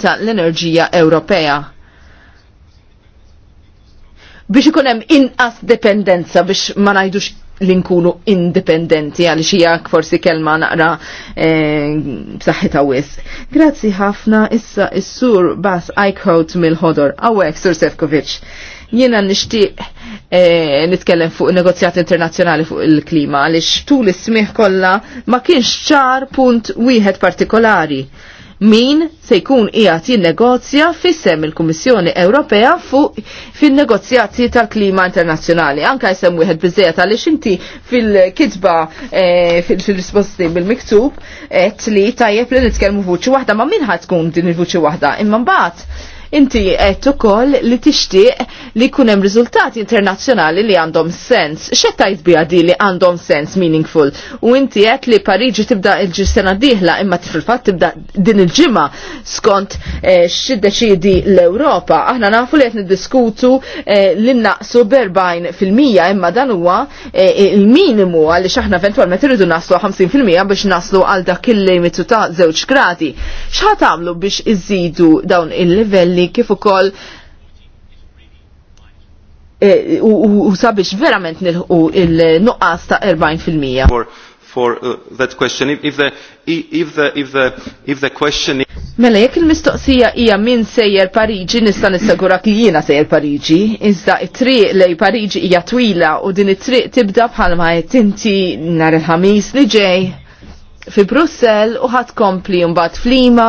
tal-enerġija Ewropea. Biex ikun hemm inqas dependenza biex ma ngħidux li nkunu indipendenti għal xija forsi kelma naqra eh, b'saħħitha wis. Grazzi ħafna issa is-sur Bas Eichhout mill-ħodor. Awek, Sur Sefkovic. Jiena nixtieq eh, nitkellem fuq negozjat internazzjonali fuq il-klima għaliex tul is-smih kollha ma kienx ċar punt wieħed partikolari min se jkun qiegħed jinnegozja fissem il-Kummissjoni Ewropea fuq fin-negozjati tal-klima internazzjonali. Anka jsem wieħed biżejjed għaliex inti fil-kitba eh, fil-risposti bil-miktub qed li tajjeb li nitkellmu vuċi waħda ma min ħadd tkun din il-vuċi waħda imma mbagħad Inti qed ukoll li tixtieq li jkun hemm riżultati internazzjonali li għandhom sens. X'qed tajt biha di li għandhom sens meaningful? U inti qed li Pariġi tibda il sena diħla imma fil-fatt tibda din il-ġimgħa skont eh, x'iddeċiedi l-Ewropa. Aħna nafu li qed niddiskutu eh, li naqsu b'40 fil-mija imma dan huwa eh, il-minimu għaliex aħna eventwalment irridu naslu 50% biex naslu għal dak il-limitu ta' żewġ gradi. X'ħat tagħmlu biex iżidu dawn il-livelli ċivili kif ukoll e, u sabiex verament nilħu il-nuqqas ta' 40%. For uh, that question, if the if the if the if the question Mela jekk il-mistoqsija hija min sejjer Pariġi nista' nissegura li jiena sejjer Pariġi, iżda it-triq lej Pariġi hija twila u din it-triq tibda bħalma qed inti nhar il-ħamis li ġej fi Brussell u ħadd kompli mbagħad flima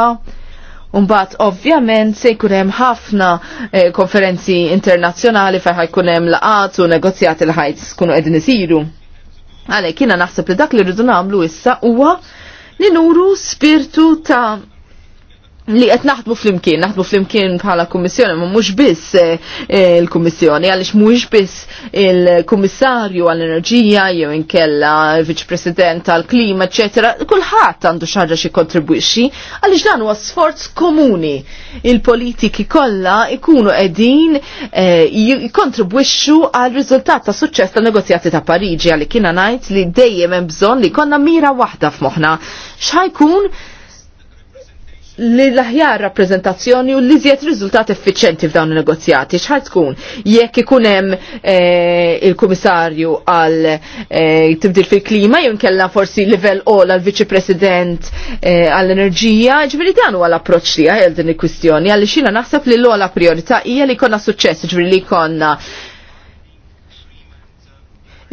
Umbat, ovvjament, se jkun hemm ħafna eh, konferenzi internazzjonali fejn ħajkun hemm laqat u negozjati li ħajt skunu qegħdin isiru. Għalhekk jiena naħseb li dak li rridu nagħmlu issa huwa li nuru spirtu ta' li qed naħdmu flimkien, naħdmu flimkien bħala kummissjoni, ma mhux biss eh, eh, il-kummissjoni, għaliex mhux biss il-kummissarju għall-enerġija jew inkella viċ president tal-klima, eċetera, kulħadd għandu xi ħaġa xi kontribwixxi, għaliex dan huwa sforz komuni. Il-politiki kollha ikunu qegħdin eh, jikkontribwixxu għal riżultat ta' suċċess tan-negozjati ta' Pariġi għalli kiena ngħid li dejjem hemm bżonn li konna mira waħda f'moħħna. X'ħajkun li l-aħjar rappresentazzjoni u li zjed riżultat effiċenti f'dawn il-negozjati. Xħal tkun jekk ikun hemm eh, il-Kummissarju għal eh, tibdil fil-klima jew nkella forsi livell all għal viċi President eh, għall enerġija ġifieri dan huwa l-approċċ tiegħi għal din il-kwistjoni għaliex jiena naħseb li l-ogħla priorità hija li jkollna suċċess ġifieri li jkollna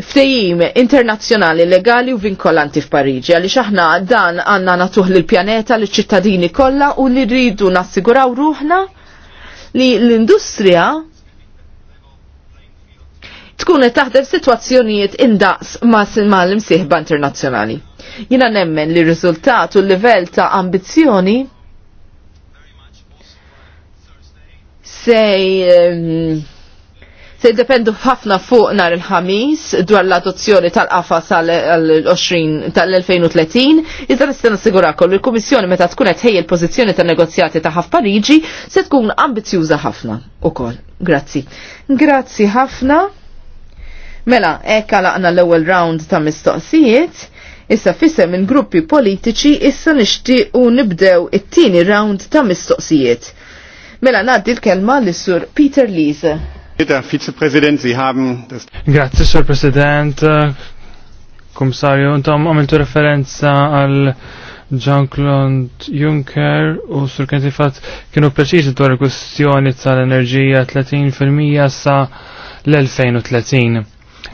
ftejim internazzjonali legali u vinkolanti f'Pariġi għaliex aħna dan għandna natuħ lill pjaneta liċ ċittadini kollha u li rridu nassiguraw ruħna li l-industrija tkun qed taħdem sitwazzjonijiet indaqs ma' l-imsieħba internazzjonali. Jina nemmen li riżultat u l-livell ta' ambizzjoni sej ehm, se jiddependu ħafna fuq nar il-ħamis dwar l-adozzjoni tal qafa tal-20 tal-2030, iżda nista' nassigurakom li l-Kummissjoni meta tkun qed ħejja l-pożizzjoni tan-negozjati ta' ħaf Pariġi se tkun ambizjuża ħafna ukoll. Grazzi. Grazzi ħafna. Mela, hekk laqna l-ewwel round ta' mistoqsijiet. Issa fisse minn gruppi politiċi issa nixtieq u nibdew it-tieni round ta' mistoqsijiet. Mela ngħaddi l-kelma lis sur Peter Lise. Grazie, Sir President. Komissarju, intom għamiltu referenza għal Jean-Claude Juncker u sur fat kienu preċiżi dwar il-kwestjoni tal-enerġija 30% sa l-2030.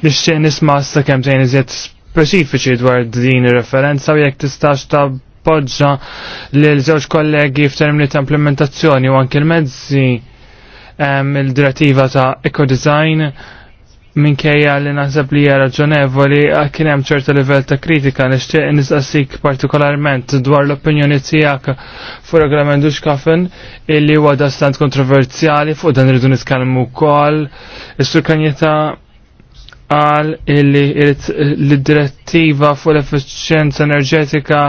Nixtieq nisma' sa kemm tgħin iżjed speċifiċi dwar din ir-referenza u jekk tistax ta' poġġa l żewġ kollegi f'termini ta' implementazzjoni u anke l-mezzi il-direttiva ta' eco-design minkejja li naħseb li hija raġonevoli kien hemm ċerta livell ta' kritika nixtieq nistaqsik partikolarment dwar l-opinjoni tiegħek fuq regolament Duxkafen illi huwa dastant kontroverzjali fuq dan irridu nitkellmu wkoll. Is-sur Kanjeta qal illi l-direttiva fuq l-effiċjenza enerġetika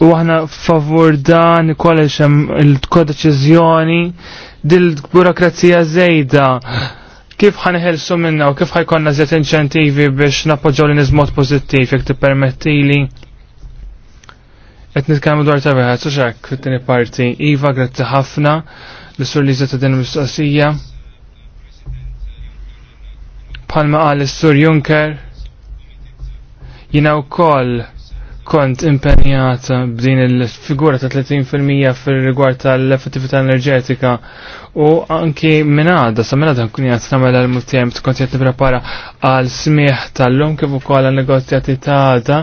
u aħna favur dan kollox hemm il-kodeċiżjoni dil burokrazija żejda kif ħanħelsu minna u kif ħajkonna zet inċentivi biex nappoġġaw li nizmot pozittiv jek tippermetti qed nitkellmu dwar ta' wieħed u fit-tieni parti. Iva grazzi ħafna li sur li ta' din mistoqsija. Palma qal is-Sur Juncker jiena wkoll kont impenjat b'din il-figura ta' 30% fil-rigward tal-effettività enerġetika u anki minnada, sa' minnada nkun jgħat namel għal-mutjem tkont jgħat niprepara għal-smieħ tal-lum kif ukoll għal-negozjati ta' għada.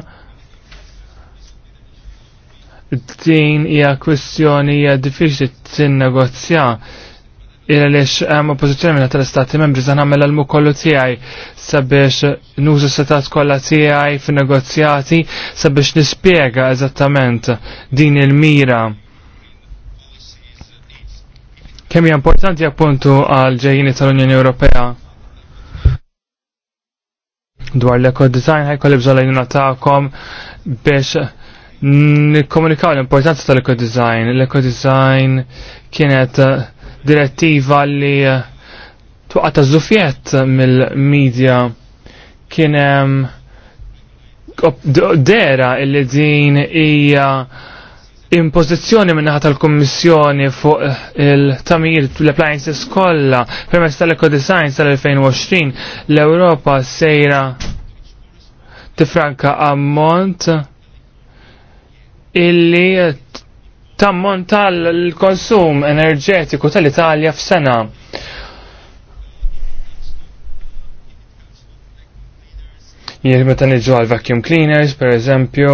Din hija kwistjoni hija diffiċli tinnegozja il lex għam oppozizjoni minna tal-istati membri zan għamil għal kollu tijaj sabiex nużu setat kolla tijaj fi negozjati sabiex nispiega eżattament din il-mira kemm hija importanti appuntu għal ġejjini tal-Unjoni Ewropea dwar l-ekodesign ħajkolli bżolla ta'kom biex nikkomunikaw l-importanza tal-ekodesign. l design kienet uh, direttiva li eh, tuqa ta' zufjet mill-medja kienem dera illi din hija impożizzjoni minnaħat tal-Kommissjoni fuq eh, il-tamir l-appliances kollha permezz tal-Eco Design tal-2020 l-Ewropa sejra tifranka ammont illi tammont tal-konsum enerġetiku tal-Italja f'sena. Jien meta niġu għal vacuum cleaners, per eżempju,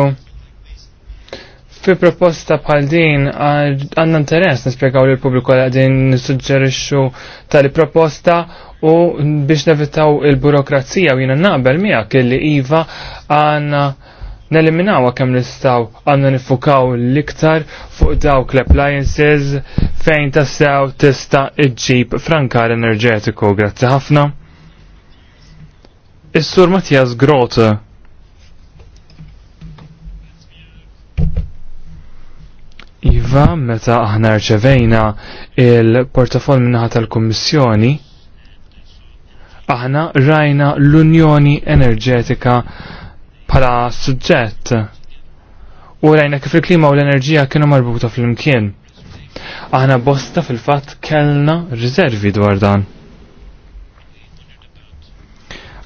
fi proposta bħal din għandna interess nispjegaw lil pubbliku għal qegħdin nissuġġerixxu tal proposta u biex nevitaw il-burokrazija u jiena naqbel miegħek li iva għandna neliminawa kemm nistgħu għandna nifukaw l-iktar fuq dawk l-appliances fejn tassew tista' iġġib frankar enerġetiku. Grazzi ħafna. Is-Sur Mattias Grote Iva, meta aħna rċevejna il-portafol minnaħat tal-Kummissjoni, aħna rajna l-Unjoni Enerġetika bħala suġġett. U rajna kif il-klima u l-enerġija kienu marbuta fl-imkien. Aħna bosta fil-fatt kellna riservi dwar dan.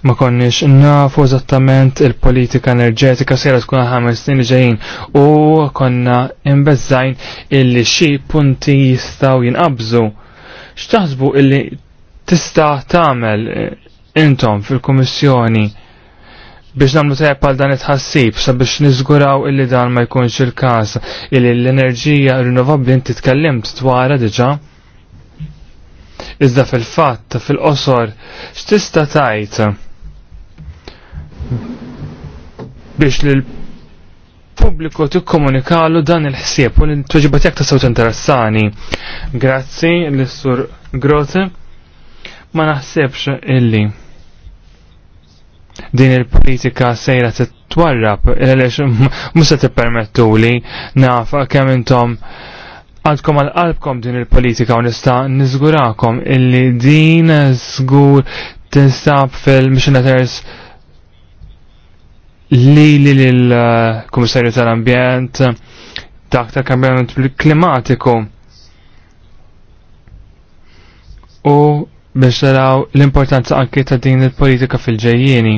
Ma konniex nafu eżattament il-politika enerġetika sejra tkun ħames snin ġejjin u konna imbezzajn illi xi punti jistgħu jinqabżu. X'taħsbu illi tista' tagħmel intom fil-Kummissjoni biex namlu tajab għal dan it-ħassib, sabiex nizguraw illi dan ma jkunx il-kas, illi l-enerġija rinnovabli inti tkellimt dwarha diġa. Iżda fil-fatt, fil-qosor, x'tista' tajt biex lil pubbliku tikkomunikalu dan il-ħsieb u l-tweġibat jekk ta' interessani. Grazzi l-sur Grote ma naħsebx illi din il-politika sejra t-twarrab, għalix musa t-permettu li naf kemm intom għandkom għal-qalbkom din il-politika u nista nizgurakom illi din zgur t-instab fil-missionators li li l-Komissarju tal-Ambjent dak ta' kambjament klimatiku u biex l-importanza anki ta' din il-politika fil-ġejjieni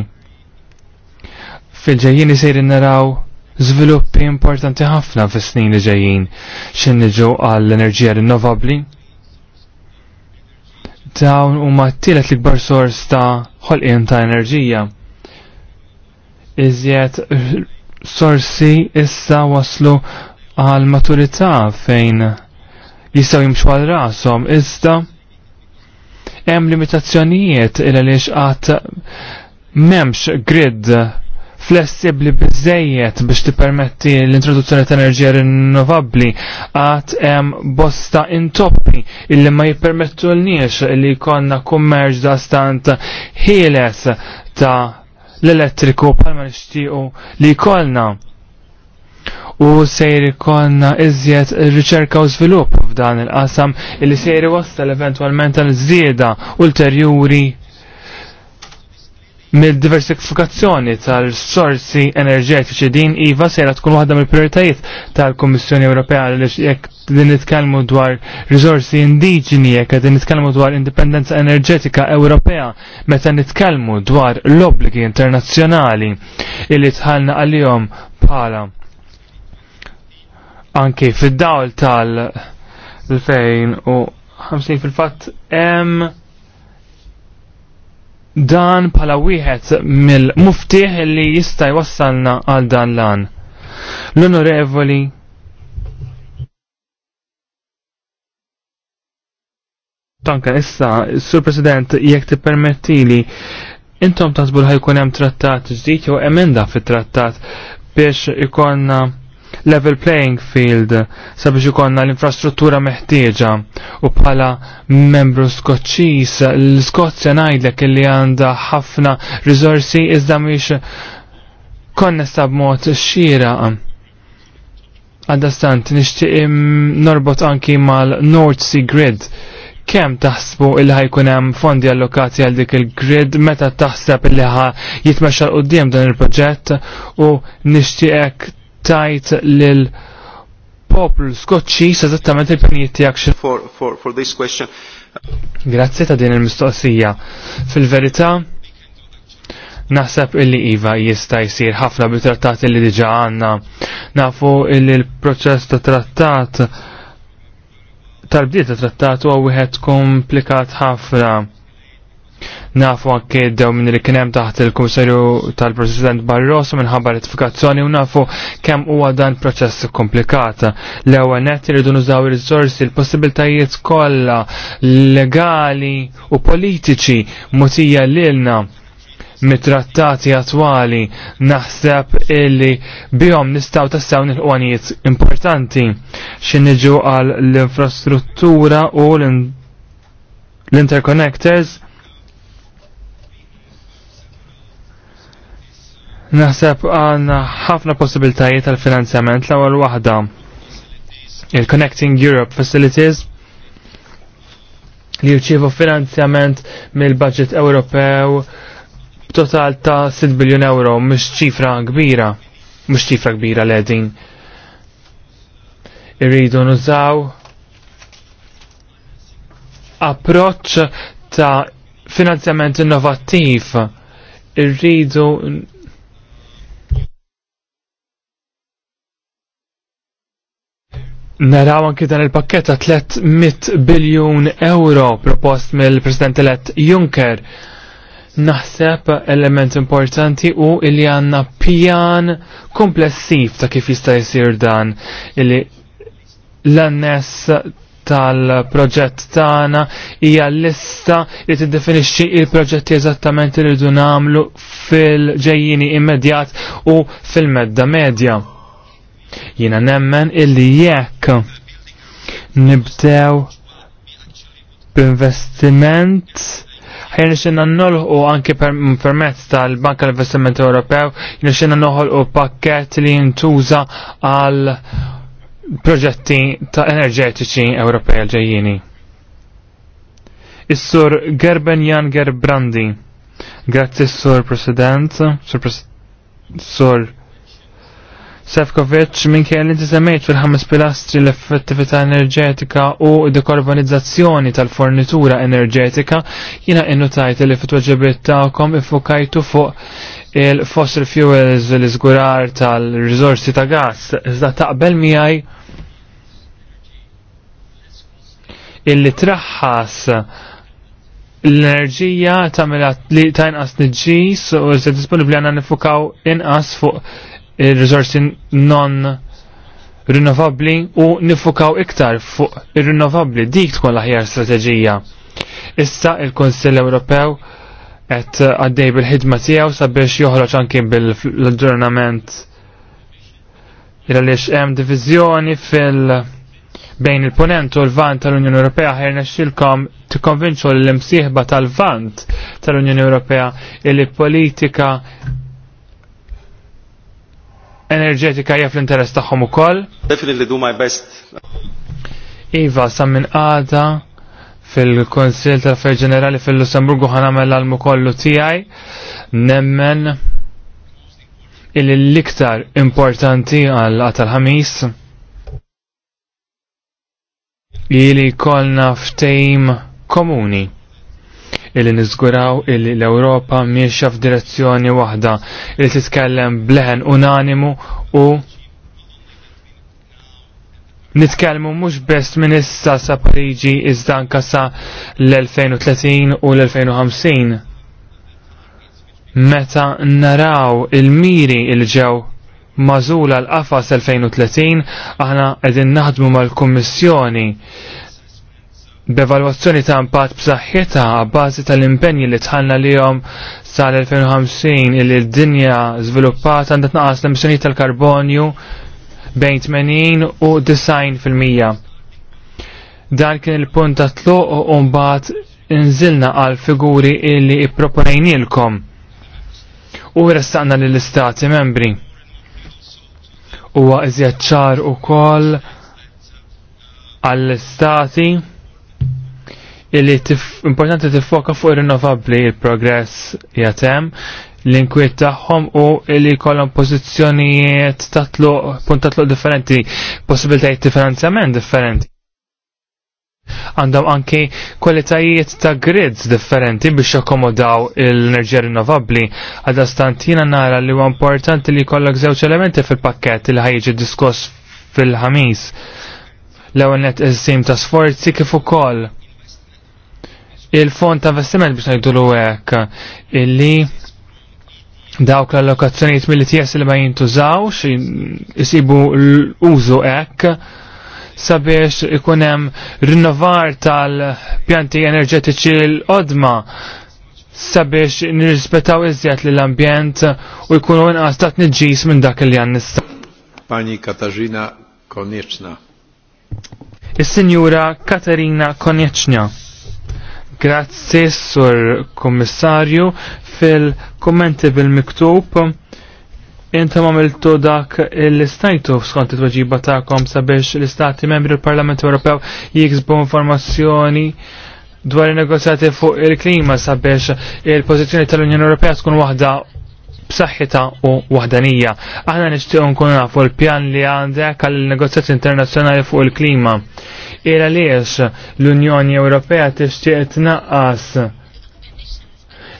fil-ġejjien sejri naraw żviluppi importanti ħafna fis-snin li ġejjin x'in niġu għall-enerġija rinnovabbli. Dawn huma mattilet li l-ikbar sors ta' ħolqien ta' enerġija. Iżjed sorsi issa waslu għal maturità fejn jistaw jimxu għal rasom iżda hemm limitazzjonijiet il għaliex qatt m'hemmx grid flessibli bizzejiet biex tippermetti l-introduzzjoni ta' enerġija rinnovabbli għat hemm bosta intoppi illi ma jippermettulniex li jkollna kummerġ da' stant ħieles ta' l-elettriku bħalma nixtiequ li jkollna u sejr ikonna iżjed riċerka u svilup f'dan il-qasam illi sejri wasta l-eventualment l żieda ulterjuri mill-diversifikazzjoni tal-sorsi enerġetiċi din iva sejra tkun waħda mill-prioritajiet tal-Kommissjoni Ewropea li jekk din nitkellmu dwar risorsi indiġeni, jekk din nitkellmu dwar indipendenza enerġetika Ewropea, meta nitkellmu dwar l-obbligi internazzjonali illi tħallna għalihom bħala anke fid-dawl tal-2050 fil-fatt hemm dan pala wieħed mill muftieħ li jista' jwassalna għal dan lan. L-onorevoli Tanka issa, Sur President, jekk tippermettili, intom tasbu ħajkun hemm trattat ġdid jew emenda fit-trattat biex ikonna level playing field sabiex ikonna l-infrastruttura meħtieġa u bħala membru skoċċis l-Skozja ngħidlek li għandha ħafna riżorsi iżda mhix konnessa b'mod xieraq. Għaddastant nixtieq norbot anki mal-North Sea Grid kem taħsbu il ħajkun hemm fondi allokati għal dik il-grid meta taħseb illi ħa jitmexxa l qudiem dan il-proġett u nixtieqek tajt lil poplu skoċċis eżattament il pinjiet tijak for, for, for this question. Grazzi ta' din il-mistoqsija. Fil-verità, naħseb illi Iva jista' jsir ħafna bit-trattati li diġa għandna. Nafu illi l-proċess ta' trattat tal-bdiet ta' trattat huwa wieħed komplikat ħafna nafu anke daw minn li kienem taħt il-Kummissarju tal-President Barroso minħabba ratifikazzjoni u nafu kemm huwa dan proċess komplikata. L-ewwel nett iridu nużaw ir risorsi l-possibiltajiet kollha legali u politiċi mutija lilna mit-trattati attwali naħseb illi bihom nistaw tassaw nil-qwanijiet importanti xinniġu għal l-infrastruttura u l-interconnectors Naħseb għanna ħafna possibiltajiet tal finanzjament l ewwel waħda il-Connecting Europe Facilities li jirċievu finanzjament mill-budget Ewropew b'total ta' 6 biljun euro mhux ċifra kbira, mhux ċifra kbira l din. Irridu nużaw approċċ ta' finanzjament innovattiv irridu Naraw anki dan il-pakket ta' 300 biljun euro propost mill-President elett Juncker. Naħseb element importanti u illi għanna pjan komplessiv ta' kif jista' jsir dan illi l-annes tal-proġett tagħna hija lista li tiddefinixxi il-proġetti eżattament li rridu nagħmlu fil-ġejjini immedjat u fil-medda medja. -medja Jina nemmen illi jekk nibdew b'investiment ħajna xena nolħu anke permezz tal-Banka l-Investiment Ewropew, jina xena noħolqu pakket li jintuża għal proġetti ta' enerġetiċi Ewropej ġejjini. Is-sur Gerben Jan Gerbrandi. Grazzi sur President, sur, pres sur Sefkovic minn kien li tisemmejt fil-ħames pilastri l-effettività enerġetika u dekarbonizzazzjoni tal-fornitura enerġetika jina tajt li fit-tweġibiet ta'kom ifukajtu fuq il-fossil fuels l-izgurar tal-rizorsi ta' gas. Iżda taqbel miħaj illi traħħas l-enerġija ta' mela li ta' inqas nġis u se disponibli għanna nifukaw inqas fuq il-rizorsi non rinnovabli u nifukaw iktar fuq il-rinnovabli dik tkun l-aħjar strateġija. Issa il konsil Ewropew qed għaddej bil-ħidma tiegħu sabiex joħroġ anki bil-aġġornament il-għaliex hemm diviżjoni fil- bejn il-ponent u l-vant tal-Unjoni Ewropea ħajr nexxilkom tikkonvinċu l-imsieħba tal-vant tal-Unjoni Ewropea il-politika enerġetika hija fl-interess tagħhom ukoll. Definitely do my best. Iva, sa minn għada fil-Konsil tal-Affarijiet Ġenerali fil-Lussemburgu ħanamel l-almu kollu tiegħi nemmen Il l-iktar importanti għal tal-ħamis ili kolna ftejm komuni illi niżguraw illi l-Ewropa miexa f'direzzjoni waħda illi titkellem bleħen unanimu u Nitkellmu mhux best minn issa sa Parigi iżda anka sa l-2030 u l-2050. Meta naraw il-miri il-ġew mażula l-qafas 2030 aħna qegħdin naħdmu mal-Kummissjoni b'evalwazzjoni ta' impatt b'saħħitha bbażi tal-impenji li tħallna lihom sal-2050 li d-dinja żviluppata għandha tnaqqas l-emissjonijiet tal-karbonju bejn 80 u 90 fil-mija. Dan kien il-punt ta' tluq u mbagħad inżilna għal figuri illi ipproponejnilkom u restaqna lill-istati membri. Huwa għazjaċċar ċar koll għall-istati illi importanti tifoka fuq ir rinnovabli il-progress jatem l-inkwiet tagħhom u li jkollhom pożizzjonijiet tatluq punt differenti, possibilitajiet ta' finanzjament differenti. Għandhom anki kwalitajiet ta' grids differenti biex jakkomodaw l-enerġija rinnovabbli. Għadastantina nara li huwa importanti li jkollok żewġ elementi fil-pakket li ħajġi diskoss fil-ħamis. L-ewwel net ta' sforzi kif ukoll il-fond ta' investiment biex l hekk illi dawk l-allokazzjonijiet mill-ITS li ma jintużawx jisibu l-użu hekk sabiex ikun hemm rinnovar tal-pjanti enerġetiċi l-qodma sabiex nirrispettaw iżjed lill ambjent u jkunu inqas ta' tniġġis minn dak li għan nista. Pani Katarzyna Konieczna. Is-Sinjura Katarina Konieczna. Grazzi, sur kommissarju, fil-kommenti bil-miktub. Intom għamiltu dak l-istajtu skont it-tweġiba ta'kom sabiex l-istati membri l-Parlament Ewropew jiksbu informazzjoni dwar il-negozjati fuq il-klima sabiex il-pozizjoni tal-Unjoni Ewropea tkun waħda b'saħħitha u waħdanija. Aħna nixtiequ nkunu nafu l-pjan li għandek għall negozjati internazzjonali fuq il-klima il għaliex l-Unjoni Ewropea tixtieq tnaqqas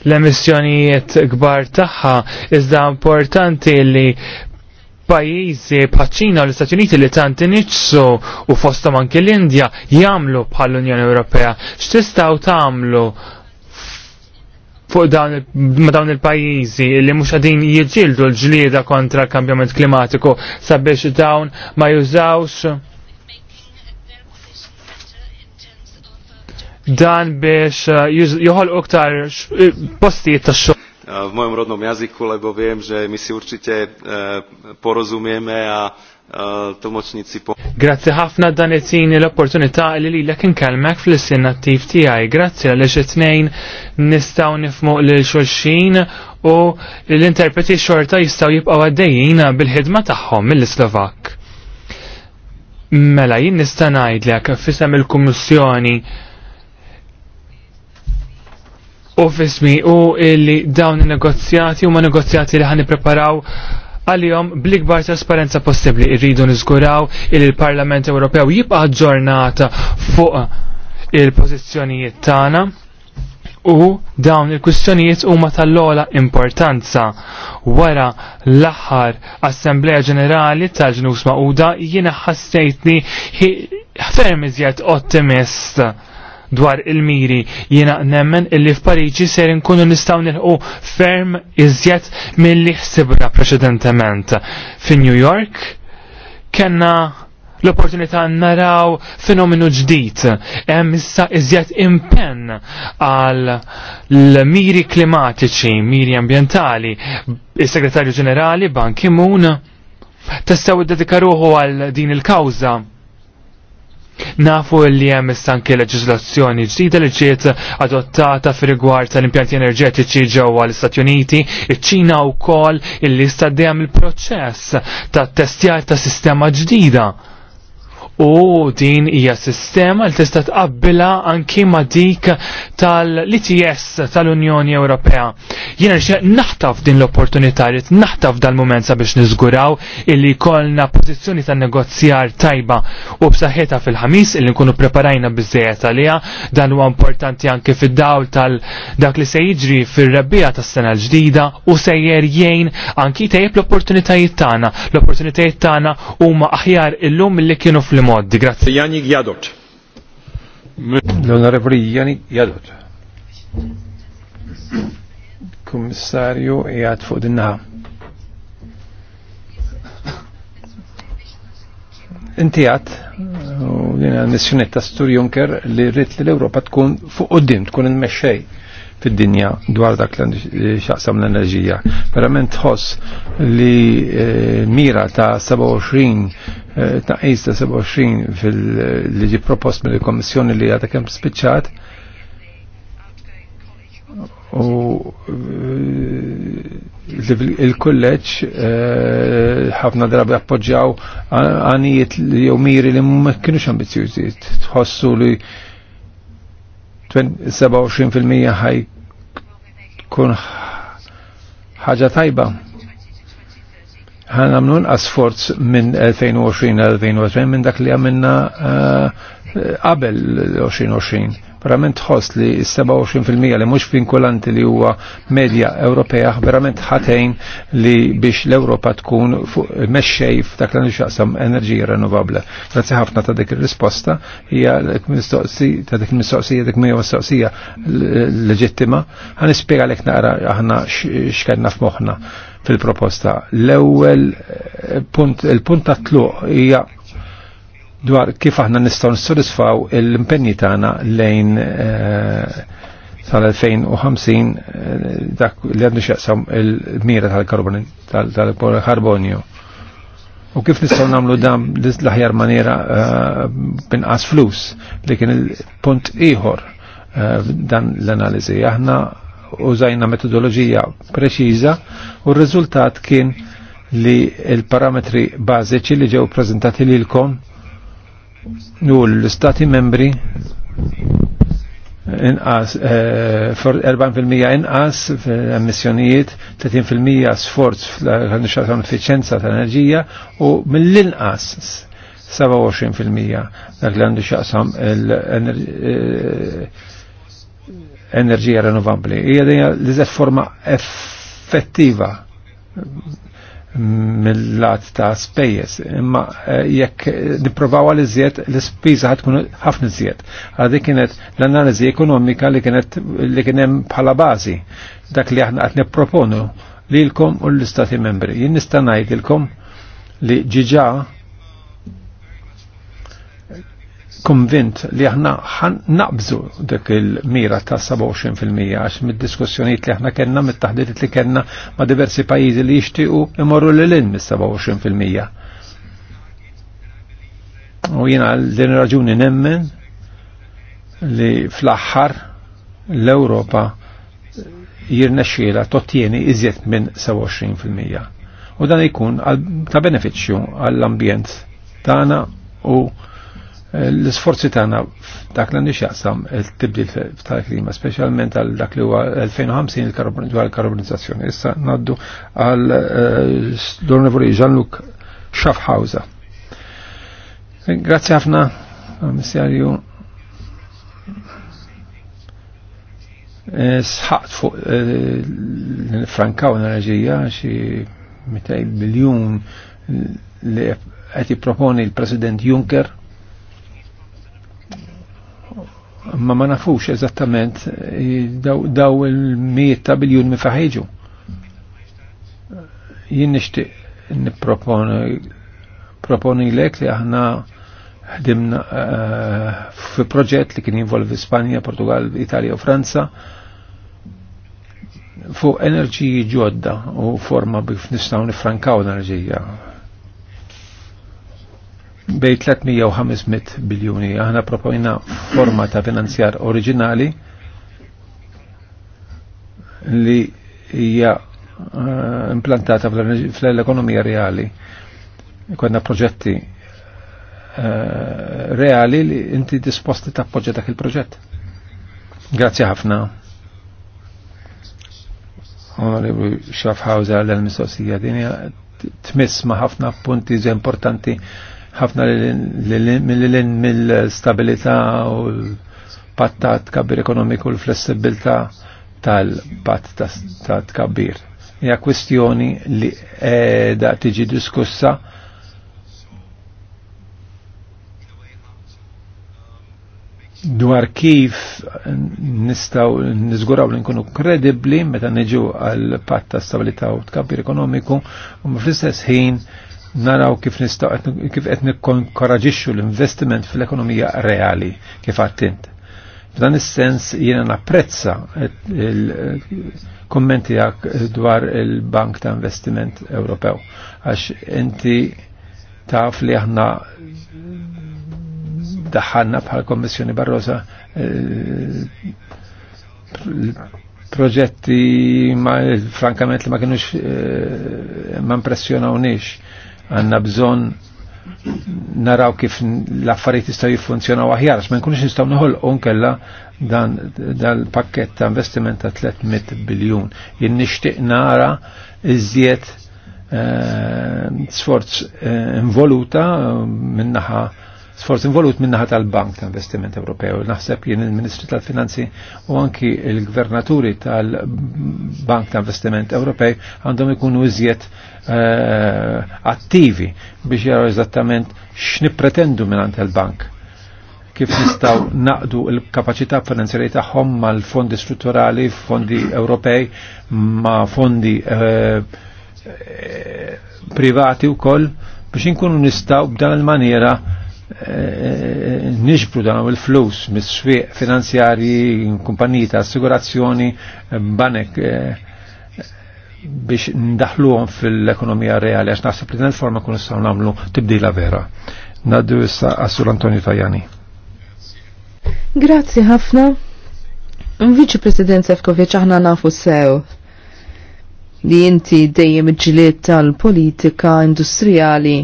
l-emissjonijiet kbar tagħha iżda importanti li pajjiżi paċina u l-Istati Uniti li tant iniċċu u fostom anke l-Indja jagħmlu bħall-Unjoni Ewropea. X'tistgħu tagħmlu fuq dawn ma dawn il-pajjiżi li mhux għadin jiġġieldu l-ġlieda kontra l-kambjament klimatiku sabiex dawn ma jużawx dan biex eh, joħol uktar eh, postijiet ta' xogħol. Eh, v mojem rodnom jaziku, lebo viem, že my si určite porozumieme a tlumočníci po... Grazzi ħafna dan it-tini l-opportunità li li l-ek nkalmek fl-sin nattiv tijaj. Grazzi għal it-tnejn nistaw nifmu l-xulxin u l-interpreti xorta jistaw jibqaw għaddejjien bil-ħidma taħħom mill-Slovak. Mela jinn nista' ngħidlek fisem il-Kummissjoni ofismi u illi dawn il-negozjati u ma negozjati li ħani preparaw għal-jom bl-ikbar trasparenza possibli irridu nizguraw illi l-Parlament Ewropew jibqa ġornata fuq il-pozizjonijiet tagħna u dawn il-kwistjonijiet huma tal-ola importanza. Wara l-aħħar Assembleja Ġenerali tal-Ġnus Mauda jiena ħassejtni ferm iżjed ottimist dwar il-miri jiena nemmen illi f'Pariġi ser nkunu nistgħu nilħu ferm iżjed milli ħsibna preċedentement. fin New York kellna l-opportunità naraw fenomenu ġdid. Hemm issa iżjed impenn għal l-miri klimatiċi, miri ambjentali, is-Segretarju Ġenerali Ban Ki-moon tistgħu iddedika għal din il-kawża Nafu li hemm anke leġislazzjoni ġdida li ġiet adottata fir-rigward tal-impjanti enerġetiċi ġewwa l-Istati Uniti, iċ-Ċina wkoll illi dejjem il-proċess ta' testjar ta' sistema ġdida u din hija sistema li tista' tqabbilha anki ma' dik tal-ITS tal-Unjoni Ewropea. Jiena nixtieq naħtaf din l-opportunità li naħtaf dal-mument sabiex niżguraw illi jkollna pożizzjoni ta' negozjar tajba u b'saħħitha fil-ħamis illi nkunu preparajna biżejjed għaliha dan huwa importanti anke fid-dawl tal-dak li se jiġri fir-rebbija tas-sena l-ġdida u sejjer jgħin anki tajjeb l-opportunitajiet tagħna. L-opportunitajiet tagħna huma aħjar illum milli kienu fl modi. Grazie. Janik Jadot. L-Onorevoli Janik Jadot. Kummissarju jgħad fuq dinna. Inti għad, u l-missjoniet Stur Juncker li rrit li l-Europa tkun fuq qoddim, tkun il-mexxej fid-dinja dwar dak li xaqsam l-enerġija. Verament tħoss li eh, mira ta' 27 eh, ta' tnaqis ta' 27 fil-li ġi propost mill-Kommissjoni li għadha kemm spiċċat u eh, il-kolleġġ ħafna drabi appoġġjaw għanijiet li jew miri li ma kienux ambizjużi tħossu li 27% ħaj kun ħaġa tajba. Ħan għamlu għasforz minn 2020 għal 2020 minn dak li għamilna eh, qabel 2020 verament ħoss li 27% li mhux vinkulanti li huwa medja Ewropea verament ħatejn li biex l-Ewropa tkun mexxej f'dak li xaqsam enerġija rinnovabbli. Grazzi ħafna ta' dik ir-risposta hija ta' dik mistoqsija dik mija mistoqsija leġittima. Ħanispjega lek naqra aħna x'kedna f'moħħna fil-proposta. L-ewwel eh, punt il-punt tat-tluq hija dwar kif aħna nistgħu nissodisfaw l-impenni tagħna lejn tal-2050 eh, eh, dak li għandu xaqsam il-mira tal-karbonju. U kif nistgħu nagħmlu dam l-aħjar maniera eh, binqas flus li kien il-punt ieħor dan l-analiżi. Aħna użajna metodoloġija preċiża u r-riżultat kien li l-parametri bażiċi li ġew preżentati lilkom u l-Stati membri inqas 40% eh, inqas fil-emissjonijiet, 30% sforz fl-għandixaton efficienza tal-enerġija u mill-inqas 27% dak li għandu xaqsam l-enerġija eh, renovabli. Hija dinja l forma effettiva mill-lat ta' spejjes. Imma eh, jekk nipprovaw għal iżjed l-ispiża ħatkun ħafna iżjed. Għadi kienet l-analiżi ekonomika li kienet li kien hemm bħala bażi dak li aħna qed nipproponu lilkom u l-istati membri. Jien nista' ngħidilkom li ġiġa konvint li aħna naqbżu dik il-mira ta' 27% għax mid-diskussjonijiet li aħna kellna mit-taħdiet li kellna ma' diversi pajjiżi li jixtiequ imorru l in mis-27%. U jiena din raġuni nemmen li fl-aħħar l-Ewropa jirnexxiela tottieni iżjed minn 27%. U dan ikun ta' benefiċċju għall-ambjent tagħna u l-sforzi tagħna dak li nixjaqsam il-tibdil tal-klima, speċjalment għal dak li huwa 2050 dwar il-karbonizzazzjoni. Issa ngħaddu għal Dornevori eh, onorevoli Jean-Luc Schaffhauser. Grazzi ħafna, Missjarju. Eh, sħaqt fuq l eh, l enerġija xi 200 biljun li qed jipproponi l-President Juncker ma ma nafux eżattament eh, daw il-miet ta' biljun mi faħħiġu. Jien nixtieq n proponi l-ek li aħna ħdimna eh, fi proġett li kien jinvolvi Spanja, Portugal, Italja u Franza fuq enerġiji ġodda u forma bif nistgħu nifrankaw enerġija bej 300 biljoni. biljuni. Aħna proponina forma ta' finanzjar oriġinali li hija eh, implantata fl-ekonomija reali. Konna proġetti eh, reali li inti disposti ta' appoġġa dak il-proġett. Grazie ħafna. Onorevoli Schaffhauser l-mistoqsija dinja tmiss ma' ħafna punti importanti ħafna mill-stabilità u l-pattat kabir ekonomiku u l-flessibilità tal-patt ta' tkabbir. Hija kwestjoni li da tiġi diskussa dwar kif nistaw nizguraw li nkunu kredibli meta neġu għal patt ta' u tkabbir ekonomiku u fl-istess ħin naraw kif nistgħu kif qed nikkoraġixxu l-investiment fil-ekonomija reali kif għattint. F'dan is-sens jiena napprezza il-kommenti għak dwar il-Bank ta' Investiment Ewropew għax inti taf li aħna daħanna bħal Kommissjoni Barrosa eh, proġetti ma frankament li ma kienux eh, ma impressjonawniex Għanna bżon naraw kif l-affarijiet jistgħu jiffunzjonaw aħjar, ma nkunx nistgħu noħolqu nkella dan dal-pakket ta' investiment ta' 300 biljun. Jien nixtieq nara iżjed eh, sforz eh, involuta eh, minnaħa sforz involut minnaħa tal-Bank ta' Investiment Ewropew. Naħseb jien il-Ministri tal-Finanzi u anki il-Gvernaturi tal-Bank ta' Investiment Ewropej għandhom ikunu iżjed Eh, attivi biex jaraw eżattament x'nippretendu minn il-bank kif nistaw naqdu il-kapacità finanzjarija tagħhom mal-fondi strutturali, fondi Ewropej, ma' fondi eh, privati u koll biex inkunu nistaw b'dan il-maniera eh, nixbru dan il-flus mis-swieq finanzjari, kumpaniji ta' assigurazzjoni, banek eh, biex ndaħluhom fil-ekonomija reali għax naħseb li dan forma kun nistgħu nagħmlu tibdila vera. Nadu issa Assur Antonio Tajani. Grazzi ħafna. Viċi President Sefkovic aħna nafu sew li inti dejjem iġiliet tal-politika industrijali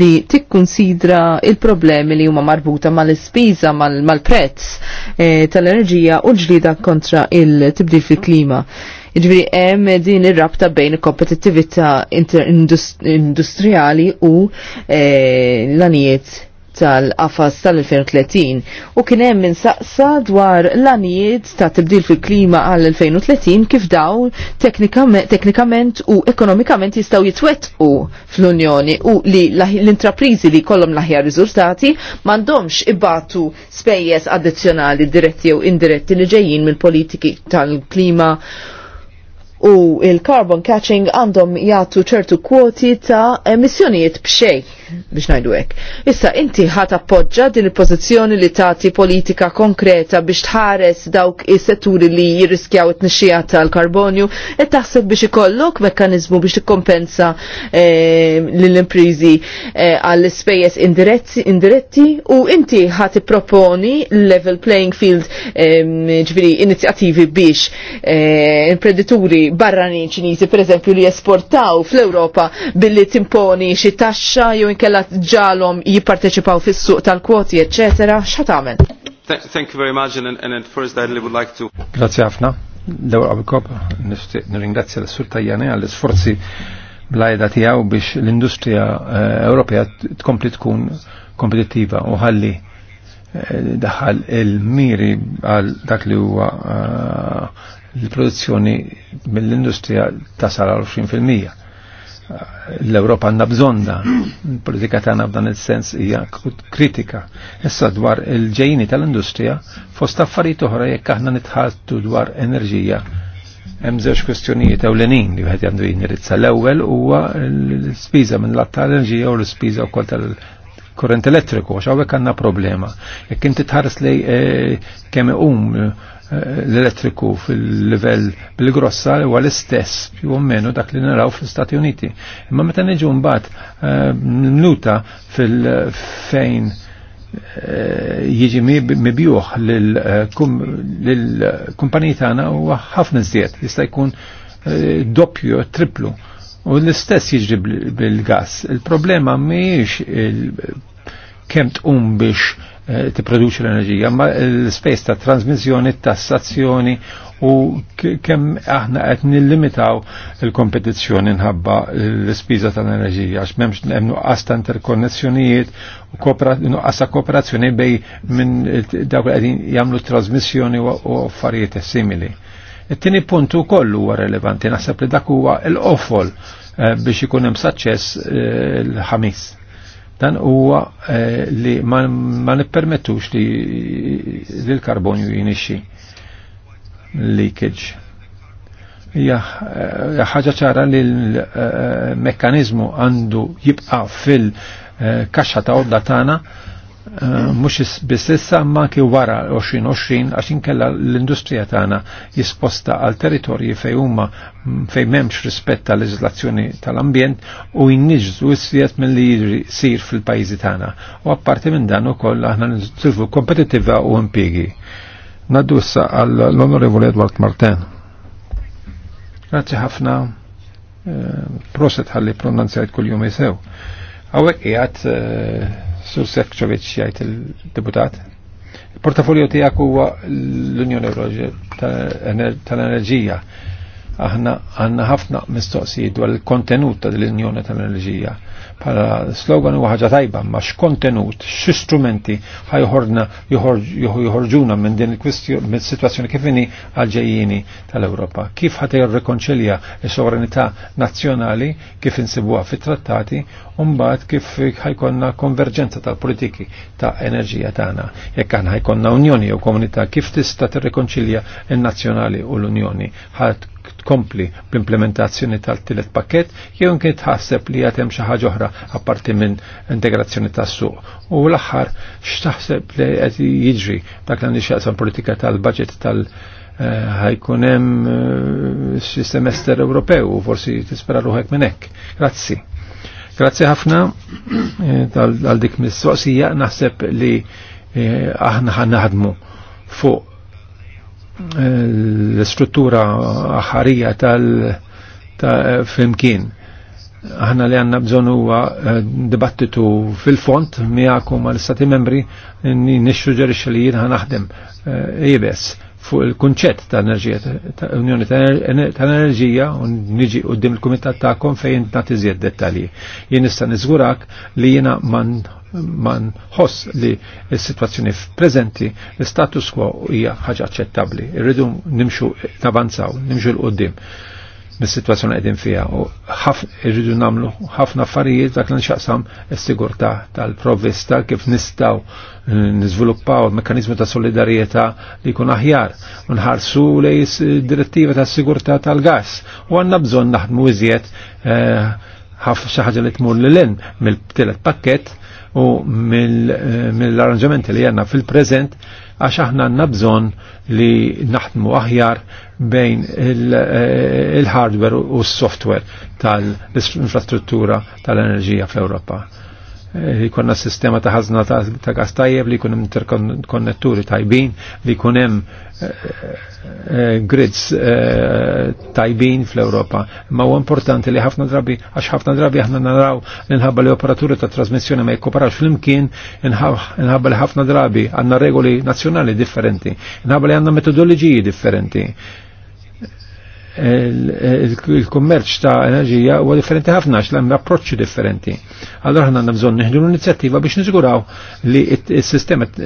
li tikkunsidra il-problemi li huma marbuta mal-ispiża mal-prezz eh, tal enerġija u l-ġlida kontra il-tibdil fil-klima. Ġviri, jiġifieri hemm din ir-rabta bejn il industriali industrijali u eh, l-anijiet tal-qafas tal-2030 u kien hemm saqsa dwar l-anijiet ta' tibdil fil-klima għal-2030 kif daw teknikament u ekonomikament jistgħu jitwettqu fl-Unjoni u li l-intraprizi li kollom l-aħjar riżultati m'għandhomx ibatu spejjeż addizzjonali diretti jew indiretti li ġejjin mill-politiki tal-klima u il-carbon catching għandhom jagħtu ċertu kwoti ta' emissjonijiet b'xejn biex najdu hekk. Issa inti ħat appoġġa din il-pożizzjoni li tagħti politika konkreta biex tħares dawk is-setturi li jirriskjaw it-tnixxija tal-karbonju qed taħseb biex ikollok mekkaniżmu biex tikkompensa eh, lill-imprizi eh, għall-ispejjeż indiretti u inti ħat proponi level playing field ehm, ġviri inizjattivi biex eh, imprenditori barranin Ċiniżi pereżempju li jesportaw fl-Ewropa billi timponi xi taxxa jew kella ġalom jipparteċipaw fis-suq tal-kwoti, eccetera, għamen? Thank you very much and, and at first I would like to... Grazie ħafna. Dawra għabikop, nirringrazzja l-Sur Tajjani għall-sforzi blajda tijaw biex l-industrija eh, Ewropea tkompli tkun kompetittiva u ħalli eh, daħal il-miri għal dak li huwa eh, l-produzzjoni mill-industrija tasal 20% l-Europa għanna bżonda, politika tagħna f'dan il-sens hija kritika. Issa dwar il-ġejni tal-industrija, fost affarijiet oħra jekk aħna nitħattu dwar enerġija. Hemm żewġ kwestjonijiet ewlenin li wieħed għandu jindirizza. L-ewwel huwa l-spiża minn lat tal-enerġija u l-spiża wkoll tal- korrent elettriku, għax għawek għanna problema. Jekk inti tħares li eh, kemm um l-elettriku fil-livell bil-grossa huwa l-istess più o meno dak li naraw fl-Stati Uniti. Imma meta niġu mbagħad eh, nuta fil-fejn eh, jiġi mibjuħ lill-kumpaniji eh, tagħna huwa ħafna żjed, jista' jkun doppju, triplu. U l-istess jiġri bil-gas. Il-problema mhijiex kemm tqum biex Eh, t-produċi l-enerġija, ma l-space ta' trasmissjoni, tassazzjoni u kemm aħna qed nillimitaw il-kompetizzjoni nħabba l-ispiża tal-enerġija għax m'hemmx hemm nuqqas ta' interkonnessjonijiet u nuqqas ta' kooperazzjoni bej minn dawk li qegħdin jagħmlu trasmissjoni u affarijiet simili. It-tieni punt ukoll huwa relevanti, naħseb li dak huwa l-offol eh, biex ikun hemm saċċess eh, l-ħamis dan huwa eh, li ma nippermettux li l-karbonju jinixxi leakage. Ja eh, ħaġa ċara li l-mekkanizmu eh, għandu jibqa' fil-kaxxa ta' odda tagħna Eh, mux bisissa ma ki wara 2020 għaxin kella l-industrija tagħna jisposta għal territorji fej huma mm, fej memx rispetta tal leġislazzjoni tal-ambjent u jinniġżu s-sijet minn li sir fil-pajjiżi tagħna. U apparti minn dan ukoll aħna nisilfu kompetitiva u impiegi. Naddu issa għall onorevole Edward Marten. Grazzi ħafna. Eh, proset ħalli pronunzjajt kull jum jisew. Għawek jgħat eh, Sur Sefcovic jgħid il-deputat. Il-portafolio tiegħek huwa l-Unjoni Ewropea tal-Enerġija. Aħna għandna ħafna mistoqsijiet dwar il-kontenut tal-Unjoni tal-Enerġija pala slogan huwa ħaġa tajba, ma x'kontenut, x'istrumenti ħajħorna joħorġuna minn din il-sitwazzjoni kif inhi għal-ġejjieni tal-Ewropa. Kif ħadd jirrikonċilja s-sovranità nazzjonali kif insibuha fit-trattati u mbagħad kif ħajkonna konverġenza tal-politiki ta' enerġija tagħna. Jekk aħna ħajkonna Unjoni u komunità kif tista' tirrekonċilja n-nazzjonali u l-Unjoni tkompli b'implementazzjoni tal-tielet pakket jew kien tħasseb li għatem hemm xi ħaġa oħra apparti minn integrazzjoni tas-suq. U l-aħħar x'taħseb li qed jiġri dak li politika tal-budget tal-, -budget eh, tal hemm eh, xi semester Ewropew u forsi tispera ruħek minn hekk. Grazzi. Grazzi ħafna eh, għal dik mis-soqsija naħseb li aħna ħanaħdmu fuq Eh, l-struttura ħarija tal flimkien. Aħna li għanna bżon huwa eh, dibattitu fil-font miegħekom mal istati membri nixxuġerix li jien naħdem. Eh, ibes fuq il-kunċett ta' enerġija ta' Unjoni ta' Enerġija u niġi qudiem il-kumitat tagħkom fejn nagħti żjed dettalji. Jien nista' niżgurak li jiena man Man nħoss li s-situazzjoni f'preżenti l-status quo hija ħaġa aċċettabbli. Irridu nimxu navanzaw, nimxu l-qoddim mis-situazzjoni qegħdin fiha u irridu nagħmlu ħafna affarijiet dak li nxaqsam s-sigurtà tal-provvista kif nistgħu eh, niżviluppaw il-mekkaniżmu ta' solidarjetà li jkun aħjar u nħarsu lej direttiva tas-sigurtà tal-gas u għandna bżonn naħdmu iżjed eh, ħafna xi ħaġa li tmur lil mill-tielet pakkett u eh, mill-arranġamenti li għanna fil-prezent għax aħna nabżon li naħdmu aħjar bejn eh, il-hardware u s-software tal-infrastruttura tal-enerġija fl-Europa jkonna eh, sistema ta' ħazna ta' gas tajjeb li jkun hemm interkonnetturi tajbin, li jkun hemm eh, eh, grids tajbin fl europa Ma u importanti li ħafna drabi għax ħafna drabi aħna naraw inħabba li operaturi ta' trasmissjoni ma jkoparax flimkien inħabba li ħafna drabi għandna regoli nazjonali differenti, inħabba li għandna metodologiji differenti il-kummerċ ta' enerġija huwa differenti ħafna għax hemm approċċi differenti. Allora ħna għandna bżonn neħdu l-inizjattiva biex niżguraw li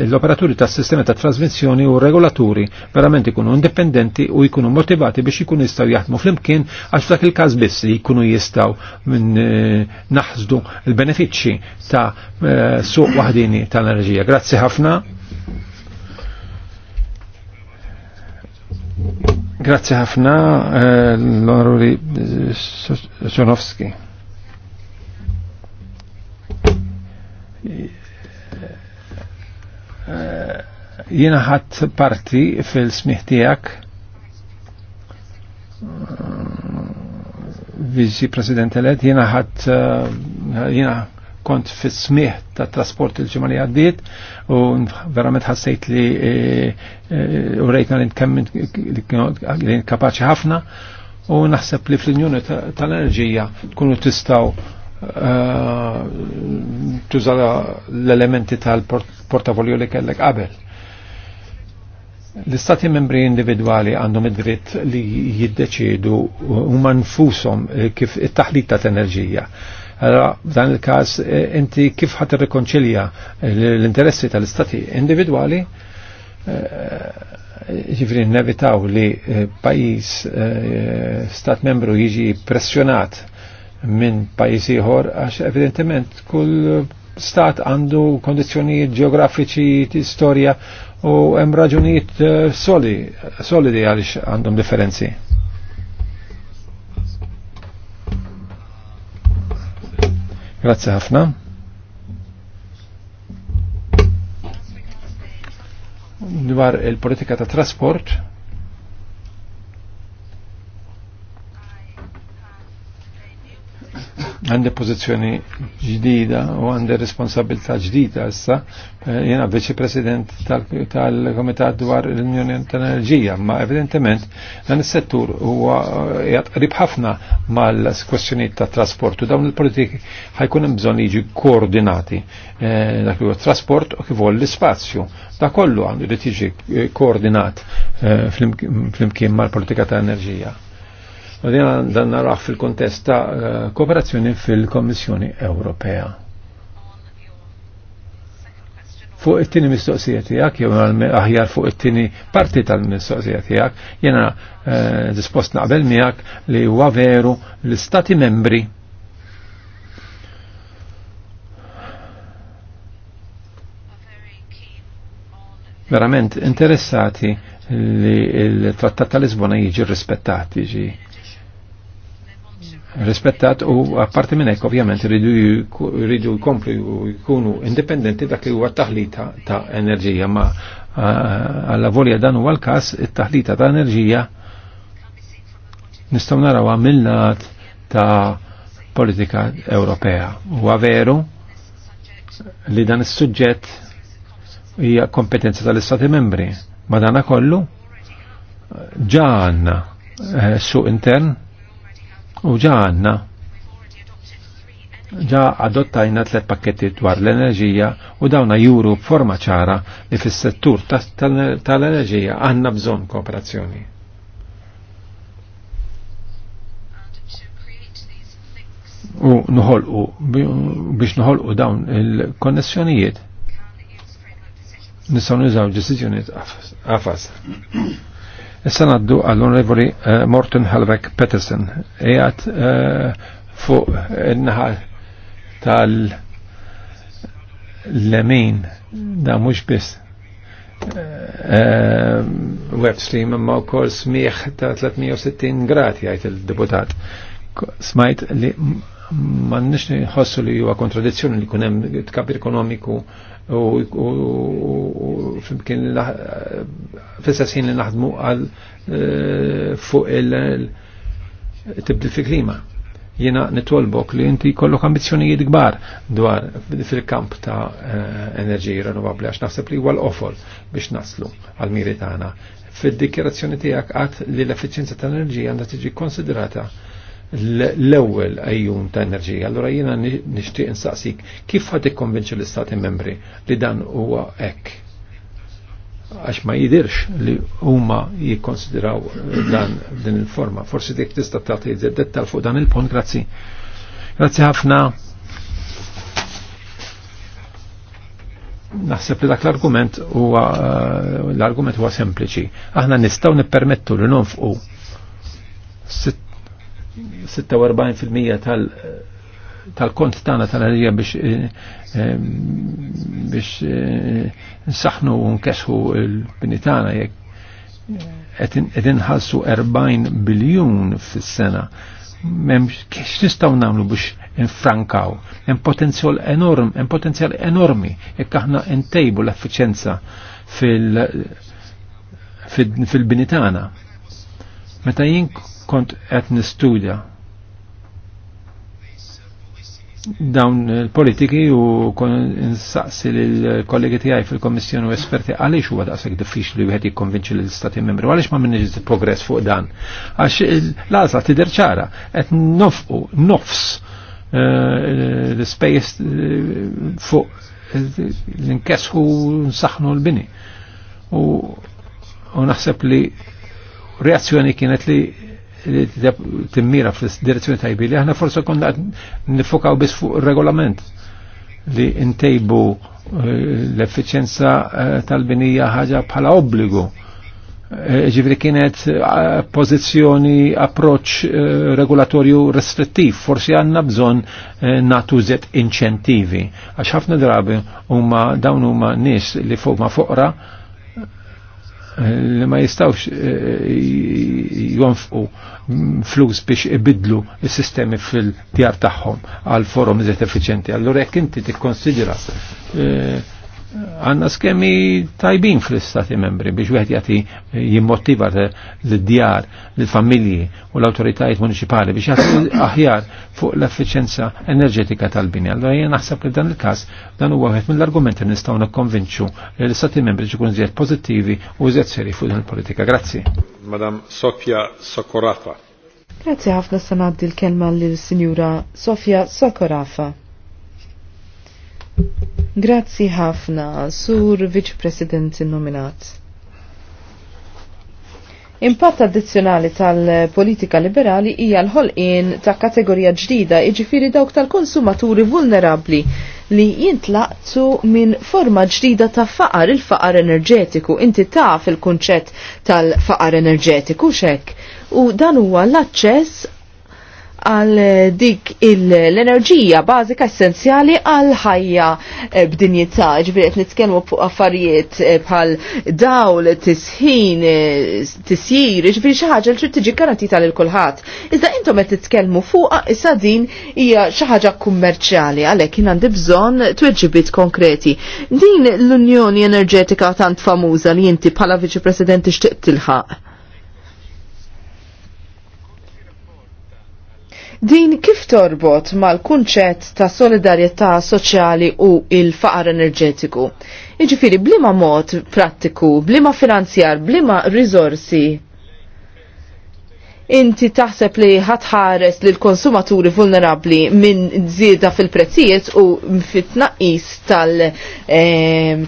l-operaturi tas-sistema ta' trasmissjoni u regolaturi verament ikunu indipendenti u jkunu motivati biex ikunu jistgħu jaħdmu flimkien għax dak il-każ biss li jkunu jistgħu eh, naħżdu l-benefiċċji ta' eh, suq waħdini tal-enerġija. Grazzi ħafna. Grazie ħafna eh, l-onorevoli eh, Sonowski. Eh, jiena ħadd parti fil-smih tiegħek viżi President elett jiena ħadd jiena kont fis-smieħ ta' trasport il-ġimgħa li għaddiet u verament ħassejt li e, e, u rejtna li kapaċi ħafna u naħseb li fl-Unjoni tal-Enerġija tkunu tistgħu e, tuża l-elementi tal-portafolju li kellek qabel l-istati membri individuali għandhom id-dritt li jiddeċidu huma nfushom kif it-taħlit ta' enerġija. Allora, dan il-każ eh, inti kif ħadd irrikonċilja l-interessi tal-istati individwali eh, ġifri nevitaw li eh, pajis stat membru jiġi pressjonat minn pajisi ieħor għax evidentement kull stat għandu kondizjoni geografiċi, storja u hemm raġunijiet solidi għaliex għandhom differenzi. Grazie ħafna. Dwar il-politika ta' trasport, għandi pozizjoni ġdida u għandi responsabilità ġdida issa eh, jena viċi president tal-komitat dwar l-Unjoni tal-Enerġija, ma evidentement dan is-settur huwa eh, qrib ħafna mal-kwestjonijiet ta' trasportu dawn il-politiki ħajkun hemm bżonn jiġu koordinati eh, dak huwa trasport u kif l-ispazju. Da kollu għandu li jiġi koordinat fl-imkien mal-politika ta' enerġija U dina dan naraħ fil-kontest ta' eh, kooperazzjoni fil-Kommissjoni Ewropea. Fuq it-tini mistoqsija tijak, jew aħjar fuq it-tini parti tal-mistoqsija tijak, jena eh, dispost naqbel miegħek li huwa veru l-Stati membri verament interessati li l-trattat tal-Lisbona jiġi rispettati ġi rispettat u apparti minn hekk ovvjament rridu jkomplu jkunu indipendenti dak li huwa taħlita ta' enerġija ma għalla volja dan huwa l-każ it-taħlita ta' enerġija nistgħu naraw mill-lat ta' politika Ewropea. Huwa veru li dan is-suġġett hija kompetenza tal-Istati membri. Ma dana kollu ġa għandna eh, suq intern U ġa għanna, ġa adottajna tlet pakketti dwar l-enerġija u dawna juru forma ċara li fis-settur tal-enerġija għanna bżon kooperazzjoni. U nħolqu biex nħolqu dawn il-konnessjonijiet nisaw nizaw ġesizzjonijiet għafas. Issa naddu għall-Onorevoli uh, eh, Morton Halvek Peterson. Ejat uh, fuq il-naħa tal-lemin da mux bis uh, webstream ma u kol smieħ ta' 360 grati għajt il-deputat. Smajt li ma nix ħossu li huwa kontradizzjoni li kunem tkab ekonomiku u flimkien fissassin li naħdmu għal e, fuq il-tibdil fi klima. Jena nitolbok li inti kollok ambizjonijiet gbar dwar fil-kamp ta' e, enerġiji rinnovabli għax naħseb li huwa l biex naslu għal miri tagħna. Fid-dikjerazzjoni tiegħek qatt li l-effiċjenza tal-enerġija għandha tiġi konsiderata l-ewwel għajjun ta' enerġija. Allora jiena nixtieq insaqsik kif ħad ikkonvinċi l-Istati membri li dan huwa hekk? għax ma jidirx li huma jikkonsidraw dan din il-forma. Forsi dik tista' tagħti dettal fuq dan il-punt, grazzi. Grazzi ħafna. naħseb li dak l-argument huwa l-argument huwa sempliċi. Aħna nistgħu nippermettu li nonfqu 46% tal- tal-kont tana tal-għalija biex eh, eh, biex eh, nsaħnu nkesħu l-bini tana jek qed ħalsu 40 biljun fis-sena. Memx kiex nistgħu nagħmlu biex infrankaw. Hemm potenzjal enorm, hemm potenzjal enormi jekk aħna ntejbu l-effiċenza fil fil-bini Meta kont qed nistudja dawn il-politiki u kon insaqsi l-kollegi tijaj fil-Komissjoni u esperti għalix huwa daqshekk diffiċli wieħed jikkonvinċi l istati membri għaliex ma minniġ progress fuq dan. Għax l għazla tidher ċara qed nofqu nofs eh, l-ispejjeż eh, fuq l-inkesħu nsaħnu l-bini. U naħseb li reazzjoni kienet li timmira fil-direzzjoni tajbi li aħna forse konna nifokaw bis fuq regolament li intejbu eh, l-effiċenza eh, tal-binija ħaġa bħala obbligu. Eh, Ġivri kienet pozizjoni, approċ regolatorju restrittiv, forsi għanna bżon natu zet inċentivi. Għax ħafna drabi huma dawn huma nis li fuq ma fuqra li ma jistawx eh, jonfqu flus biex ibidlu il-sistemi fil-djar tagħhom għal forum iżet effiċenti. allora jekk inti tikkonsidra eh, għanna skemi tajbin fl-istati membri biex wieħed jagħti eh, jimmotiva l-djar, l-familji u l-awtoritajiet municipali biex jagħti aħjar fuq l efficienza enerġetika tal-bini. Allora jien naħseb li dan il-każ dan huwa wieħed mill-argumenti li nistgħu nikkonvinċu li l-istati membri ġikun żjed pożittivi u żjed seri fuq din il-politika. Grazzi. Madam Sofja Sokorafa. Grazzi ħafna sanaddi l-kelma lill-Sinjura Sofja Sokorafa. Grazzi ħafna, Sur Vice President nominat. Impatt addizzjonali tal-politika liberali hija l-ħolqien ta' kategorija ġdida iġifiri dawk tal-konsumaturi vulnerabli li jintlaqtu minn forma ġdida ta' faqar il-faqar enerġetiku. Inti taf il-kunċett tal-faqar enerġetiku xek. U dan huwa l-aċċess għal eh, dik l-enerġija bażika essenzjali għal ħajja eh, b'dinjità. Ġifieri qed nitkellmu fuq affarijiet eh, bħal dawl, tisħin, tisjir, ġifieri xi ħaġa li trid tiġi garantita lil kulħadd. Iżda intom qed titkellmu fuqha issa din hija xi ħaġa kummerċjali għalhekk jien għandi bżonn tweġibiet konkreti. Din l-Unjoni Enerġetika tant famuża li inti bħala Viċi President tixtieq tilħaq Din kif torbot mal-kunċett ta' solidarjetà soċjali u il-faqar enerġetiku? Iġifiri, blima mod prattiku, blima finanzjar, blima rizorsi inti taħseb li ħatħares l konsumaturi vulnerabli minn zieda fil-prezzijiet u fit-tnaqqis tal eh,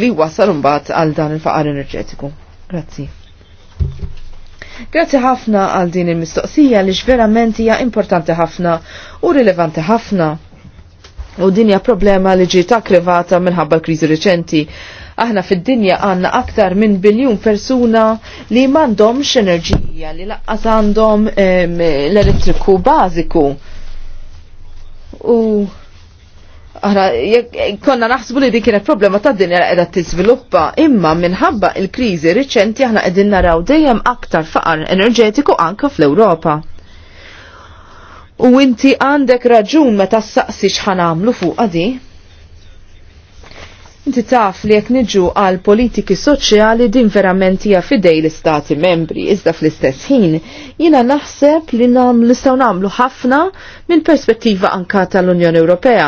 li wasal mbagħad għal dan il-faqar enerġetiku. Grazzi. Grazzi ħafna għal din il-mistoqsija li verament hija importanti ħafna u rilevanti ħafna. U dinja problema li ġiet akrivata minħabba l-kriżi reċenti. Aħna fid-dinja għanna aktar minn biljun persuna li m'għandhomx enerġija li laqqas għandhom l-elettriku bażiku. U Aħna konna naħsbu li dik kienet problema ta' dinja qiegħda tiżviluppa, imma minħabba il-kriżi riċenti aħna qegħdin naraw dejjem aktar faqar enerġetiku anke fl-Ewropa. U inti għandek raġun meta saqsi x'ħan għamlu fuq għadi? Inti taf li jekk niġu għal politiki soċjali din verament hija fidej l-istati membri, iżda fl-istess ħin, jiena naħseb li nistgħu nagħmlu ħafna minn perspettiva anka tal-Unjoni Ewropea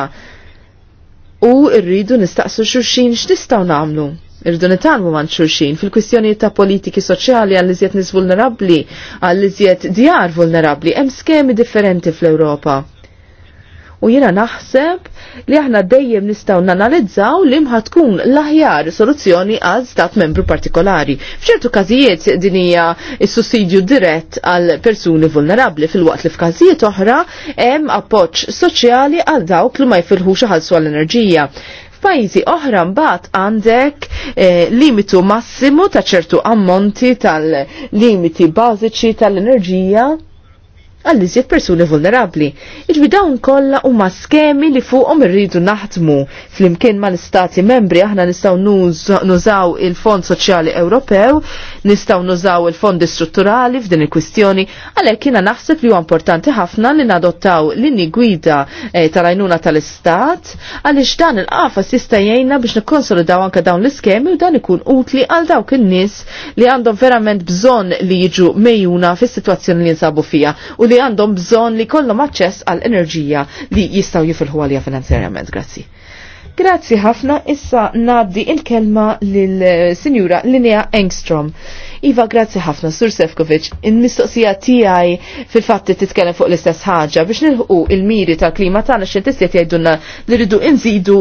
u rridu nistaqsu xurxin x'nistgħu nagħmlu. Irridu nitalmu man xurxin fil-kwistjonijiet ta' politiki soċjali għall iżjed nies vulnerabbli, għall iżjed djar vulnerabbli, hemm skemi differenti fl-Ewropa u jina naħseb li aħna dejjem nistaw nanalizzaw li tkun l-aħjar soluzzjoni għal stat membru partikolari. F'ċertu każijiet din hija s-sussidju dirett għal persuni vulnerabli fil-waqt li f'każijiet oħra hemm appoġġ soċjali għal dawk li ma jfilħux ħalsu għall-enerġija. F'pajjiżi oħra mbagħad għandek eh, limitu massimu ta' ċertu ammonti tal-limiti bażiċi tal-enerġija għall iżjed persuni vulnerabli. Iġbi dawn kollha huma skemi li fuqhom irridu naħdmu. Flimkien mal-istati membri aħna nistgħu nużaw il-Fond Soċjali Ewropew nistgħu nużaw il-fondi strutturali f'din il-kwistjoni, għalhekk jiena naħseb li huwa importanti ħafna li nadottaw linji gwida eh, tal-għajnuna tal-Istat għaliex dan il-qafas jista' jgħinna biex nikkonsolidaw anke dawn l-iskemi u dan ikun utli għal dawk in-nies li għandhom verament bżonn li jiġu mejjuna fis-sitwazzjoni li jinsabu fija u li għandhom bżonn li kollhom aċċess għall-enerġija li jistgħu jifilħu għalija finanzjarjament. Grazzi. Grazzi ħafna issa naddi il-kelma lil-Sinjura eh, Linnea Engstrom. Iva, grazzi ħafna, Sur Sefkovic. Il-mistoqsija tiegħi fil-fatti titkellem fuq l-istess ħaġa biex nilħu il-miri tal-klima tagħna x'intistiet jgħidulna li rridu inżidu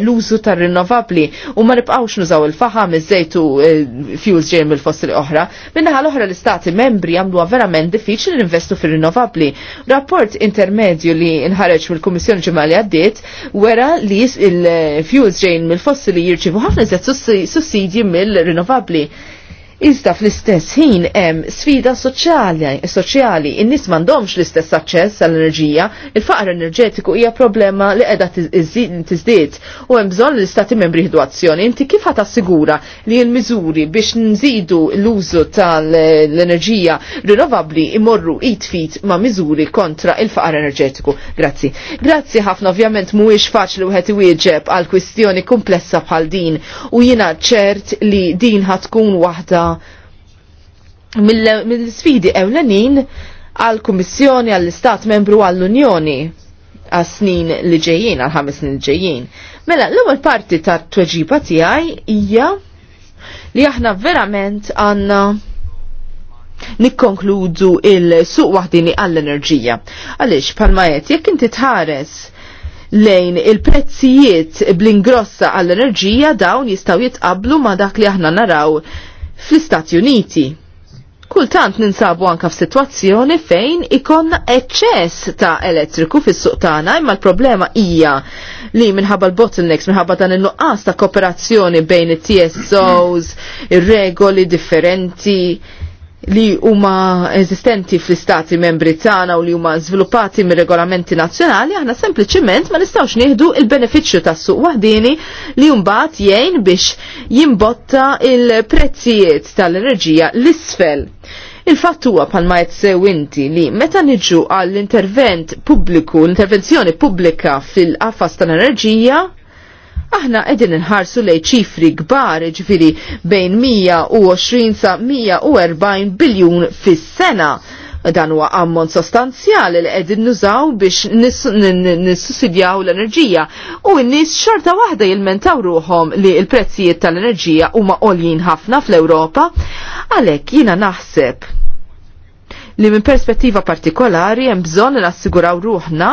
l-użu tar-rinnovabbli u ma nibqgħux nużaw il-faħam iż-żejtu eh, fuels ġej mill-fossili oħra. Minnaħa l-oħra l-istati membri għamluha verament diffiċli investu fir-rinnovabbli. Rapport intermedju li nħareġ mill-Kummissjoni Ġimali għaddiet wera li il-fuels ġejn mill-fossili jirċivu ħafna iżjed sussidji mill-rinnovabbli Iżda fl-istess ħin hemm sfida soċjali, in-nies m'għandhomx l-istess aċċess għall-enerġija, il-faqar enerġetiku hija problema li qiegħda tiżdied u hemm bżonn l-istati membri jieħdu azzjoni. Inti kif ħata sigura li l-miżuri biex nżidu l-użu tal-enerġija rinnovabbli imorru it fit ma' miżuri kontra il-faqar enerġetiku. Grazzi. Grazzi ħafna ovvjament mhuwiex faċli wieħed iwieġeb għal kwistjoni komplessa bħal din u jiena ċert li din ħatkun waħda mill-sfidi ewlenin għal-Kummissjoni, għall-Istat membru għall-Unjoni għas-snin li ġejjin, għal-ħames snin li ġejjin. Mela, l-ewwel parti tat-tweġiba tiegħi hija li aħna verament għandna nikkonkludu il-suq waħdini għall-enerġija. Għalix, palma jett, jekk inti tħares lejn il-prezzijiet bl-ingrossa għall-enerġija dawn jistaw jitqablu ma dak li aħna naraw fl-Istati Uniti. Kultant ninsabu anka f'sitwazzjoni fejn ikon eċċess ta' elettriku fis suqtana tagħna imma l-problema hija li minħabba l-bottlenecks minħabba dan in-nuqqas ta' kooperazzjoni bejn it-TSOs, ir-regoli differenti, li huma eżistenti fl-istati membri tagħna u li huma żviluppati mir-regolamenti nazzjonali, aħna sempliċement ma nistgħux nieħdu il-benefiċċju tas-suq waħdini li mbagħad jgħin biex jimbotta il-prezzijiet tal-enerġija l-isfel. Il-fatt huwa bħalma qed sewinti li meta niġu għall-intervent pubbliku, l-intervenzjoni pubblika fil-qafas tal-enerġija, Aħna edin nħarsu lej ċifri gbar ġifiri bejn 120 sa 140 biljun fis-sena dan huwa ammont sostanzjali li qegħdin nużaw biex nissussidjaw l-enerġija u n-nies xorta waħda jilmentaw ruhom li l-prezzijiet tal-enerġija huma għoljin ħafna fl-Ewropa għalhekk jiena naħseb li minn perspettiva partikolari hemm bżonn nassiguraw ruħna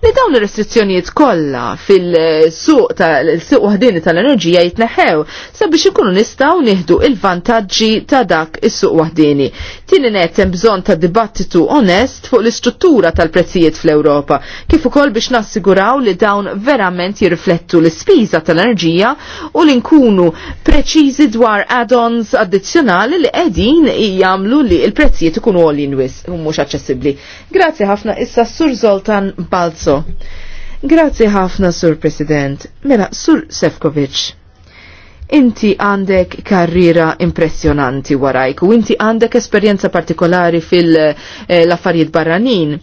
li dawn ir-restrizzjonijiet kollha fil-suq tal-suq waħdini tal-enerġija jitneħew sabiex ikunu nistgħu nieħdu il-vantaġġi ta' dak is-suq waħdini. Tieni net hemm bżonn ta' dibattitu onest fuq l-istruttura tal-prezzijiet fl-Ewropa kif ukoll biex nassiguraw li dawn verament jirriflettu l-ispiża tal-enerġija u li nkunu preċiżi dwar add-ons addizzjonali li qegħdin jagħmlu li l-prezzijiet ikunu għolin wis u mhux aċċessibbli. Grazzi ħafna issa Sur Zoltan Balzo. Grazzi ħafna Sur President. Mela Sur Sefkovic. Inti għandek karriera impressjonanti warajk u inti għandek esperjenza partikolari fil-affarijiet barranin.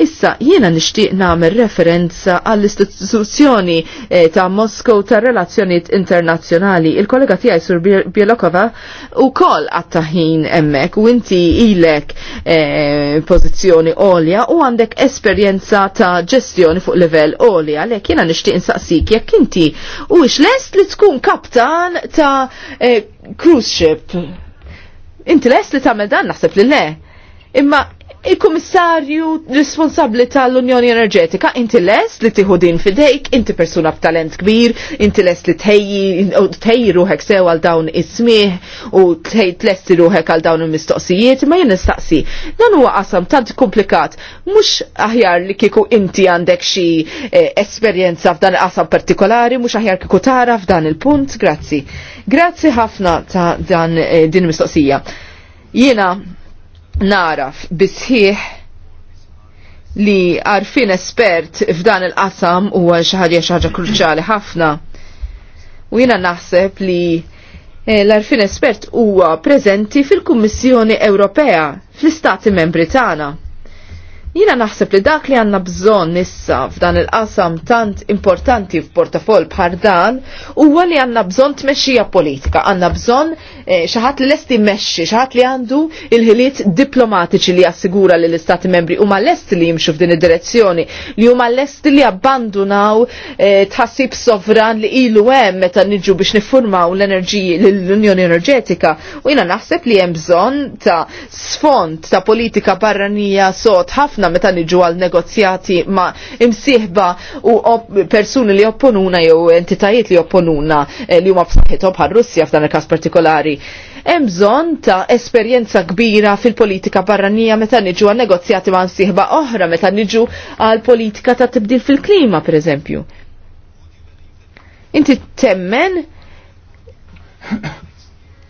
Issa jiena nixtieq nagħmel referenza għall-istituzzjoni eh, ta' Moskow ta' relazzjonijiet internazzjonali. Il-kollega tiegħi Sur Bielokova kol għattaħin hemmhekk u inti ilek eh, pożizzjoni olja u għandek esperjenza ta' ġestjoni fuq livell għolja. Lek jiena nixtieq insaqsik jekk inti u lest li tkun kaptan dan ta' e, cruise ship. Inti li tagħmel dan naħseb li le. Imma il-Kummissarju responsabli tal-Unjoni Enerġetika, inti lest li tieħu din fidejk, inti persuna b'talent kbir, inti lest li tħejji ruħek sew għal dawn is-smieħ u tlesti ruħek għal dawn il-mistoqsijiet, ma jien nistaqsi. Dan huwa qasam tant komplikat, mhux aħjar li kieku inti għandek xi eh, esperjenza f'dan qasam partikolari, mhux aħjar kieku tara f'dan il-punt, grazzi. Grazzi ħafna ta' dan eh, din mistoqsija. Jiena naraf bisħiħ li għarfin espert f'dan il-qasam huwa xi ħaġa kruċali kruċjali ħafna. U jiena naħseb li eh, l-arfin espert huwa preżenti fil-Kummissjoni Ewropea fl-Istati Membri tagħna. Jina naħseb li dak li għanna bżon nissa f'dan il-qasam tant importanti f'portafol bħar dan, huwa li għanna bżon tmexxija politika, għanna bżon eh, xaħat li lest immexxi, xaħat li għandu il-ħiliet diplomatiċi li jassigura li l-Istati membri huma lest li jimxu f'din id-direzzjoni, li huma lest li abbandunaw eh, tħassib sovran li ilu hemm meta niġu biex niffurmaw l-enerġiji l-Unjoni Enerġetika. U jina naħseb li hemm bżon ta' sfond ta' politika barranija sod ħafna ħafna meta niġu għal negozjati ma' imsieħba u persuni li opponuna jew entitajiet li opponuna eh, li huma fsaħħithom bħal Russja f'dan il-każ partikolari. Hemm bżonn ta' esperjenza kbira fil-politika barranija meta niġu għal negozjati ma' msieħba oħra meta niġu għal politika ta' tibdil fil-klima, pereżempju. Inti temmen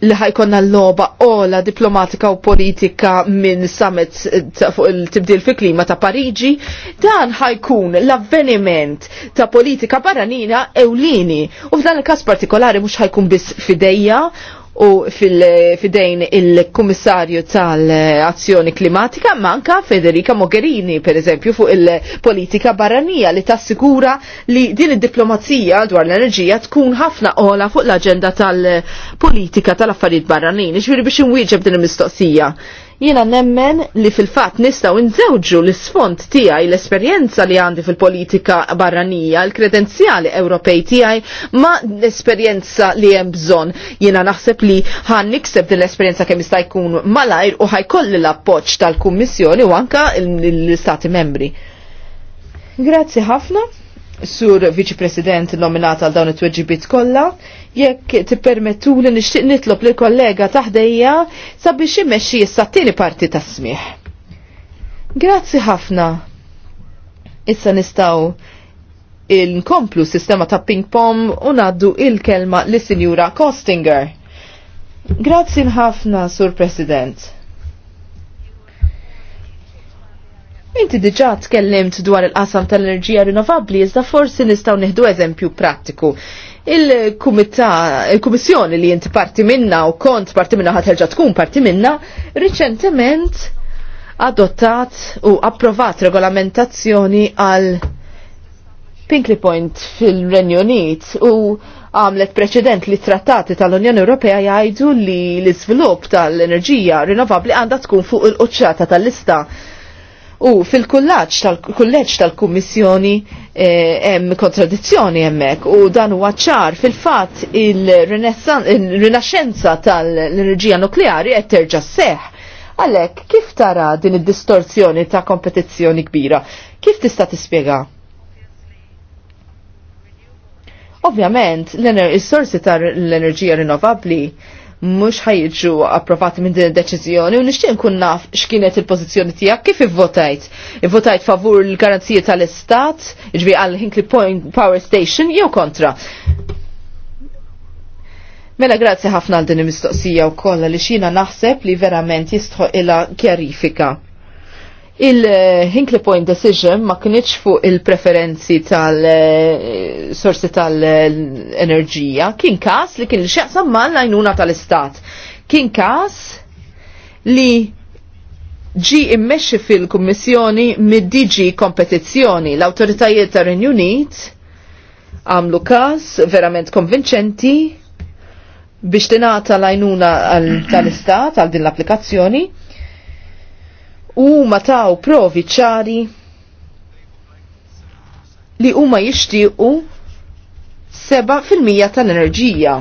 li ħajkonna l-loba ola diplomatika u politika minn summit fuq il-tibdil fi klima ta' Pariġi, dan ħajkun l-avveniment ta' politika barranina ewlini. U f'dan il-kas partikolari mux ħajkun bis fideja u fil-fidejn il-Kummissarju tal-Azzjoni Klimatika manka Federica Mogherini, per eżempju, fuq il-politika barranija li tassikura li din id-diplomazija dwar l-enerġija tkun ħafna ola fuq l-agenda tal-politika tal-affarijiet barranini, Ġviri biex inwieġeb din il-mistoqsija. Jiena nemmen li fil-fatt nistgħu nżewġu l-isfond tiegħi l-esperjenza li għandi fil-politika barranija, l-kredenzjali Ewropej tiegħi ma l-esperjenza li hemm bżonn. Jiena naħseb li ħan nikseb din l-esperjenza kemm jista' jkun malajr u ħajkolli l-appoġġ tal-Kummissjoni u anka l-Istati membri. Grazzi ħafna, Sur Viċi President nominata għal dawn it-tweġibiet kollha jekk tippermettu li nixtieq nitlob lill kollega taħdejja sabiex immexxi issa tieni parti ta' smieħ Grazzi ħafna. Issa nistgħu il-nkomplu sistema ta' ping-pong u naddu il-kelma li sinjura Kostinger. Grazzi ħafna, Sur President. Inti diġa tkellimt dwar il-qasam tal-enerġija rinnovabli, iżda forsi nistaw neħdu eżempju prattiku il-Kummissjoni il li jinti parti minna u kont parti minna ħatħelġa tkun parti minna, riċentement adottat u approvat regolamentazzjoni għal Pinkley Point fil-Renju Unit u għamlet preċedent li trattati tal-Unjoni Ewropea jgħidu li l-iżvilupp tal-enerġija rinnovabli għandha tkun fuq il qċata tal-lista U fil-kulleġġ tal-kulleġġ tal-Kummissjoni eh, hemm eh, kontradizzjoni hemmhekk u dan huwa ċar fil-fatt il-rinaxxenza il tal-enerġija nukleari qed terġa' seħ. Għalhekk kif tara din id-distorzjoni ta' kompetizzjoni kbira? Kif tista' tispjega? Ovvjament, l-sorsi tal-enerġija rinnovabbli mhux ħajġu approvati minn din id-deċiżjoni u nixtieq nkun naf x'kienet il-pożizzjoni tiegħek kif ivvotajt. Ivvotajt favur l-garanzija tal-Istat, ġbi għal Hinkley Point Power Station jew kontra. Mela grazzi ħafna għal din il-mistoqsija kolla li xina naħseb li verament jistħoq ila kjarifika. Il-Hinkley Point Decision ma kienieċ fuq il-preferenzi tal-sorsi tal-enerġija, kien kas li kien xieqsam mal lajnuna tal-istat. Kien kas li ġi immexxi fil-Kummissjoni mid-DG Kompetizzjoni l-Awtoritajiet tar Unit għamlu kas verament konvinċenti biex tingħata l-għajnuna tal-istat għal din l-applikazzjoni u ma taw provi ċari li huma jixtiequ 7% tal-enerġija.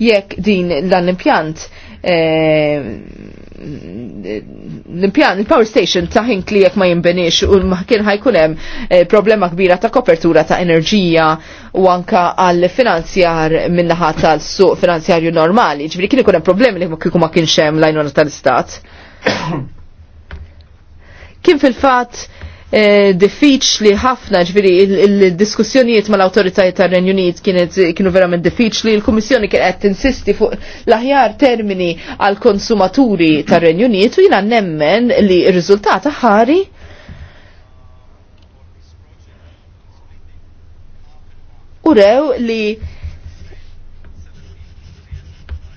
Jekk din dan l-impjant eh, l-impjant il-power station ta' Hinkli jekk ma jimbenix u kien ħajkun hemm eh, problema kbira ta' kopertura ta' enerġija u anka għal finanzjar minnaħa tal-suq finanzjarju normali. Ġifieri kien ikun hemm problemi li kieku ma kienx hemm l-għajnuna tal-istat. kien fil-fatt eh, diffiċli ħafna ġviri il-diskussjonijiet ma mal autoritajiet tar renju Unit kienu verament diffiċli. Il-Kummissjoni kien qed tinsisti fuq l-aħjar termini għal konsumaturi tar renju Unit u jina nemmen li r-riżultat ħari urew li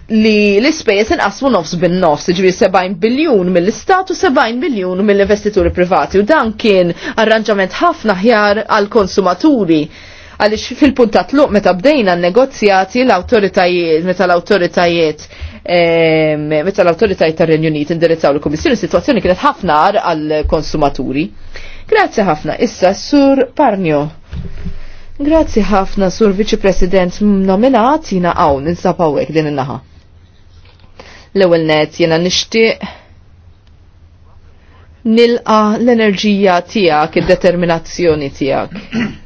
li l-ispejjeż inqasmu nofs bin nofs, ġifieri 70 biljun mill-istat u 70 biljun mill-investituri privati u dan kien arranġament ħafna ħjar għal konsumaturi għalix fil puntat tluq meta bdejna n-negozjati l-autoritajiet, meta l-autoritajiet ehm, meta l-autoritajiet tar renju Unit indirizzaw l-Komissjoni, situazzjoni kienet ħafna għal-konsumaturi. Grazzi ħafna, issa sur Parnio. Grazzi ħafna sur Viċi President nominat jina għaw ninsab għawek din innaħa. L-ewwel net jiena nixtieq nilqa l-enerġija tiegħek, id-determinazzjoni tiegħek.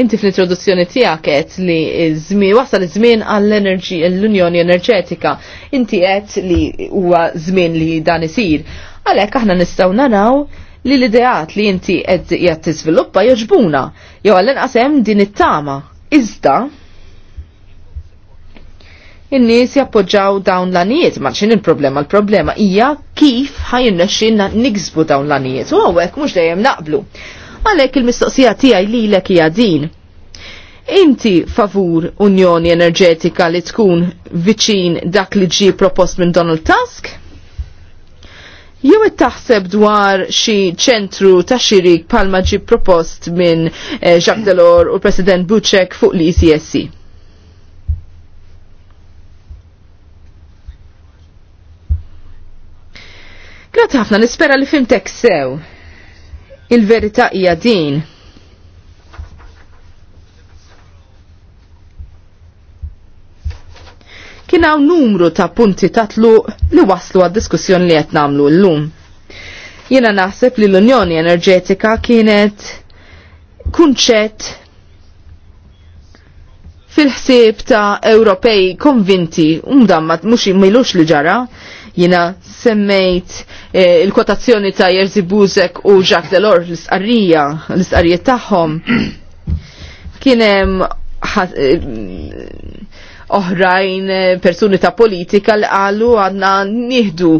Inti fl-introduzzjoni tiegħek qed li żmien wasal zmin żmien għall-enerġija l-Unjoni Enerġetika. Inti qed li huwa żmien li dan isir. Għalhekk aħna nistgħu naraw li l-ideat li inti qed jgħat tiżviluppa joġbuna jew għallin inqasem din it-tama. Iżda in-nies jappoġġaw dawn l-anijiet, ma xin il-problema, l-problema hija kif ħajinna xinna niksbu dawn l-anijiet, u għawek mux dejjem naqblu. Għalek il-mistoqsija tijaj li l din. Inti favur Unjoni Enerġetika li tkun viċin dak li ġi propost minn Donald Tusk? Jew taħseb dwar xi ċentru ta' xirik palma ġi propost minn eh, Jacques Delors u President Buċek fuq l-ICSC? Grazzi ħafna nispera li fimtek sew. Il-verità hija din. Kien hawn numru ta' punti tatlu li waslu għad-diskussjoni li qed nagħmlu llum. Jiena naħseb li l-Unjoni Enerġetika kienet kunċett fil-ħsieb ta' Ewropej konvinti u mdammat mhux li ġara Jina semmejt eh, il-kotazzjoni ta' Jerzy Buzek u Jacques Delors l-istqarrija, l-istqarrija tagħhom. Kienem eh, oħrajn eh, persuni ta' politika li qalu għadna nieħdu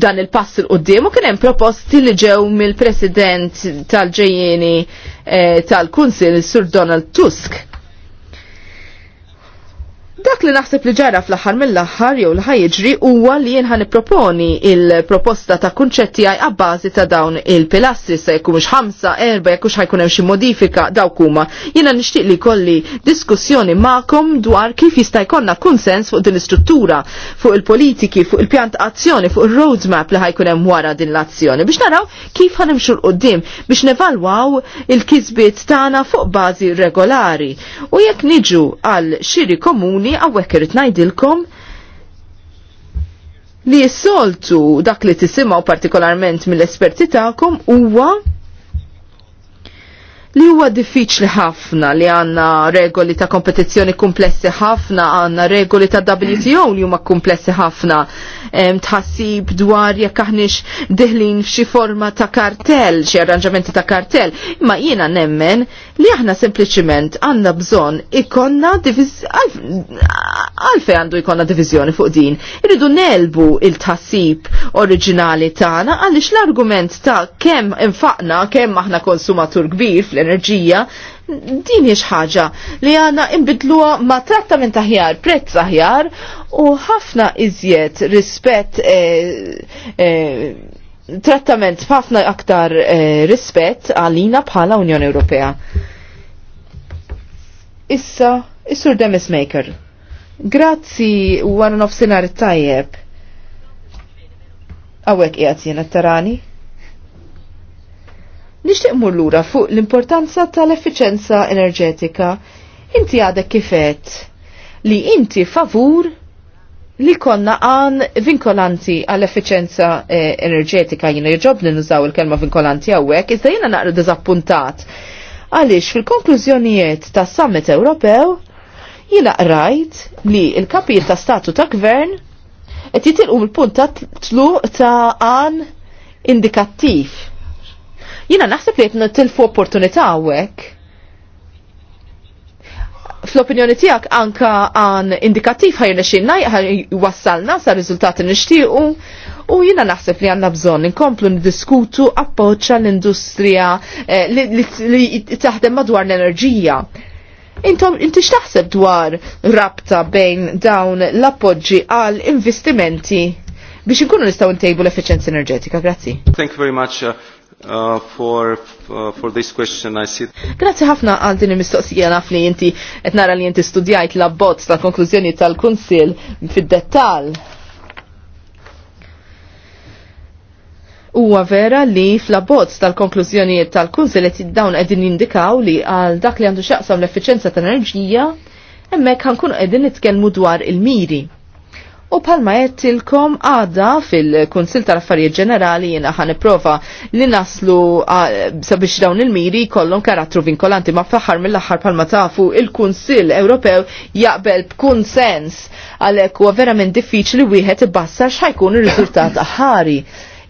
dan il-pass il qoddim u kien hemm proposti li ġew mill-President tal-ġejjeni tal-Kunsil Sur Donald Tusk Dak li naħseb li ġara fl-aħħar mill-aħħar jew li ħajġri huwa li jien nipproponi il-proposta ta' kunċetti għaj għabbażi ta' dawn il-pilastri se jkunx ħamsa, erba jekkux ħajkun hemm xi modifika dawk huma. Jiena nixtieq li kolli diskussjoni magħkom dwar kif jista' jkollna kunsens fuq din l-istruttura, fuq il-politiki, fuq il-pjan ta' azzjoni, fuq il-roadmap li ħajkun hemm wara din l-azzjoni biex naraw kif ħanimxu l-qudiem biex nevalwaw il-kisbiet tagħna fuq bażi regolari. U jekk niġu għal xiri komuni problemi għawek irrit najdilkom li s-soltu dak li tisimaw partikolarment mill-esperti ta'kom huwa li huwa diffiċli ħafna li għanna regoli ta' kompetizzjoni komplessi ħafna, għanna regoli ta' WTO li huma komplessi ħafna. Tħassib dwar jekk aħniex diħlin f'xi forma ta' kartell, xi arranġamenti ta' kartell, imma jiena nemmen li aħna sempliċiment għandna bżonn ikonna għalfej għandu ikonna diviżjoni fuq din. Irridu nelbu il-tħassib oriġinali tagħna għaliex l-argument ta' kemm infaqna, kemm aħna konsumatur kbir fl l-enerġija, din hiex ħaġa li għana imbidluha ma' trattament aħjar, prezz aħjar u ħafna iżjed rispett e, e, trattament ħafna aktar e, rispett għalina bħala Unjoni Ewropea. Issa, issur Demis Maker. Grazzi u għan nofsinar tajjeb. Għawek jgħat jena tarani? nishtiq mullura lura fuq l-importanza tal-effiċenza enerġetika. Inti għadek kifet li inti favur li konna għan vinkolanti għall-efficienza eh, enerġetika jina li nużaw il-kelma vinkolanti għawek, iżda jina naqra dizappuntat. Għalix fil-konklużjonijiet ta' Summit Ewropew jina rajt li il kapir ta' statu ta' gvern qed jitilqu il punt ta' tlu ta' għan indikattiv Jina naħseb li jtna tilfu opportunita għawek. Fl-opinjoni tijak anka għan indikativ ħajrna xinna wassalna sa' rizultati nishtiqu u jina naħseb li għanna bżon inkomplu nidiskutu appoċa l-industrija eh, li taħdem madwar l-enerġija. Intom, inti xtaħseb dwar rabta bejn dawn l-appoġġi għal investimenti biex nkunu nistaw ntejbu l-efficienza enerġetika. Grazzi. Thank you very much. Uh, Uh, uh, for, this question I see. Grazie ħafna għal din il-mistoqsija naf li inti qed nara li inti studjajt l-abbozz tal-konklużjoni tal-Kunsill fid-dettall. Huwa vera li fl-abbozz tal-konklużjonijiet tal-Kunsill qed dawn qegħdin jindikaw li għal dak li għandu x'aqsam l-effiċenza tal-enerġija hemmhekk ħankunu qegħdin nitkellmu dwar il-miri. U palma jettilkom għada fil-Konsil tal-Affarijiet Ġenerali jina ħan prova li naslu sabiex dawn il-miri kollon karattru vinkolanti ma faħar mill-axar palma tafu il-Konsil Ewropew jaqbel b'kunsens għalek u verament diffiċli wieħed ibbassar xajkun il-riżultat ħari.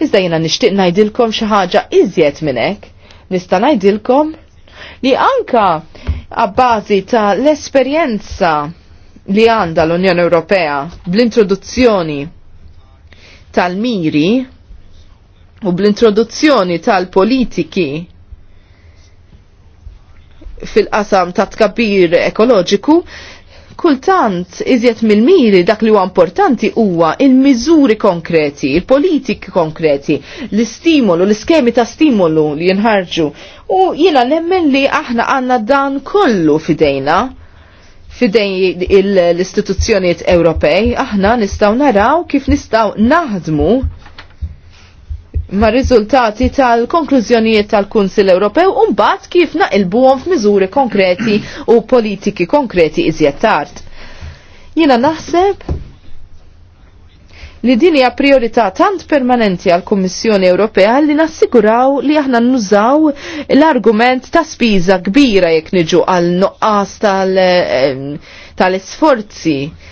Iżda jina nishtiq najdilkom xaħġa iżjed minnek. Nista najdilkom li anka għabbażi ta' l-esperjenza li għanda l-Unjoni Ewropea bl-introduzzjoni tal-miri u bl-introduzzjoni tal-politiki fil-qasam ta' tkabir ekoloġiku, kultant iżjed mill-miri dak li huwa importanti huwa il-miżuri konkreti, il-politiki konkreti, l-istimolu, l-iskemi ta' stimolu li jinħarġu. U jiena nemmen li aħna għanna dan kollu fidejna fidejn l-istituzzjonijiet Ewropej, aħna nistaw naraw kif nistaw naħdmu ma' riżultati tal-konklużjonijiet tal-Kunsil Ewropew u mbagħad kif naqilbuhom f'miżuri konkreti u politiki konkreti iżjed tard. Jiena naħseb li din hija priorità tant permanenti għal kummissjoni Ewropea li nassiguraw li aħna nużaw l-argument ta' spiża kbira jekk niġu għal noqqas eh, tal-isforzi. Tal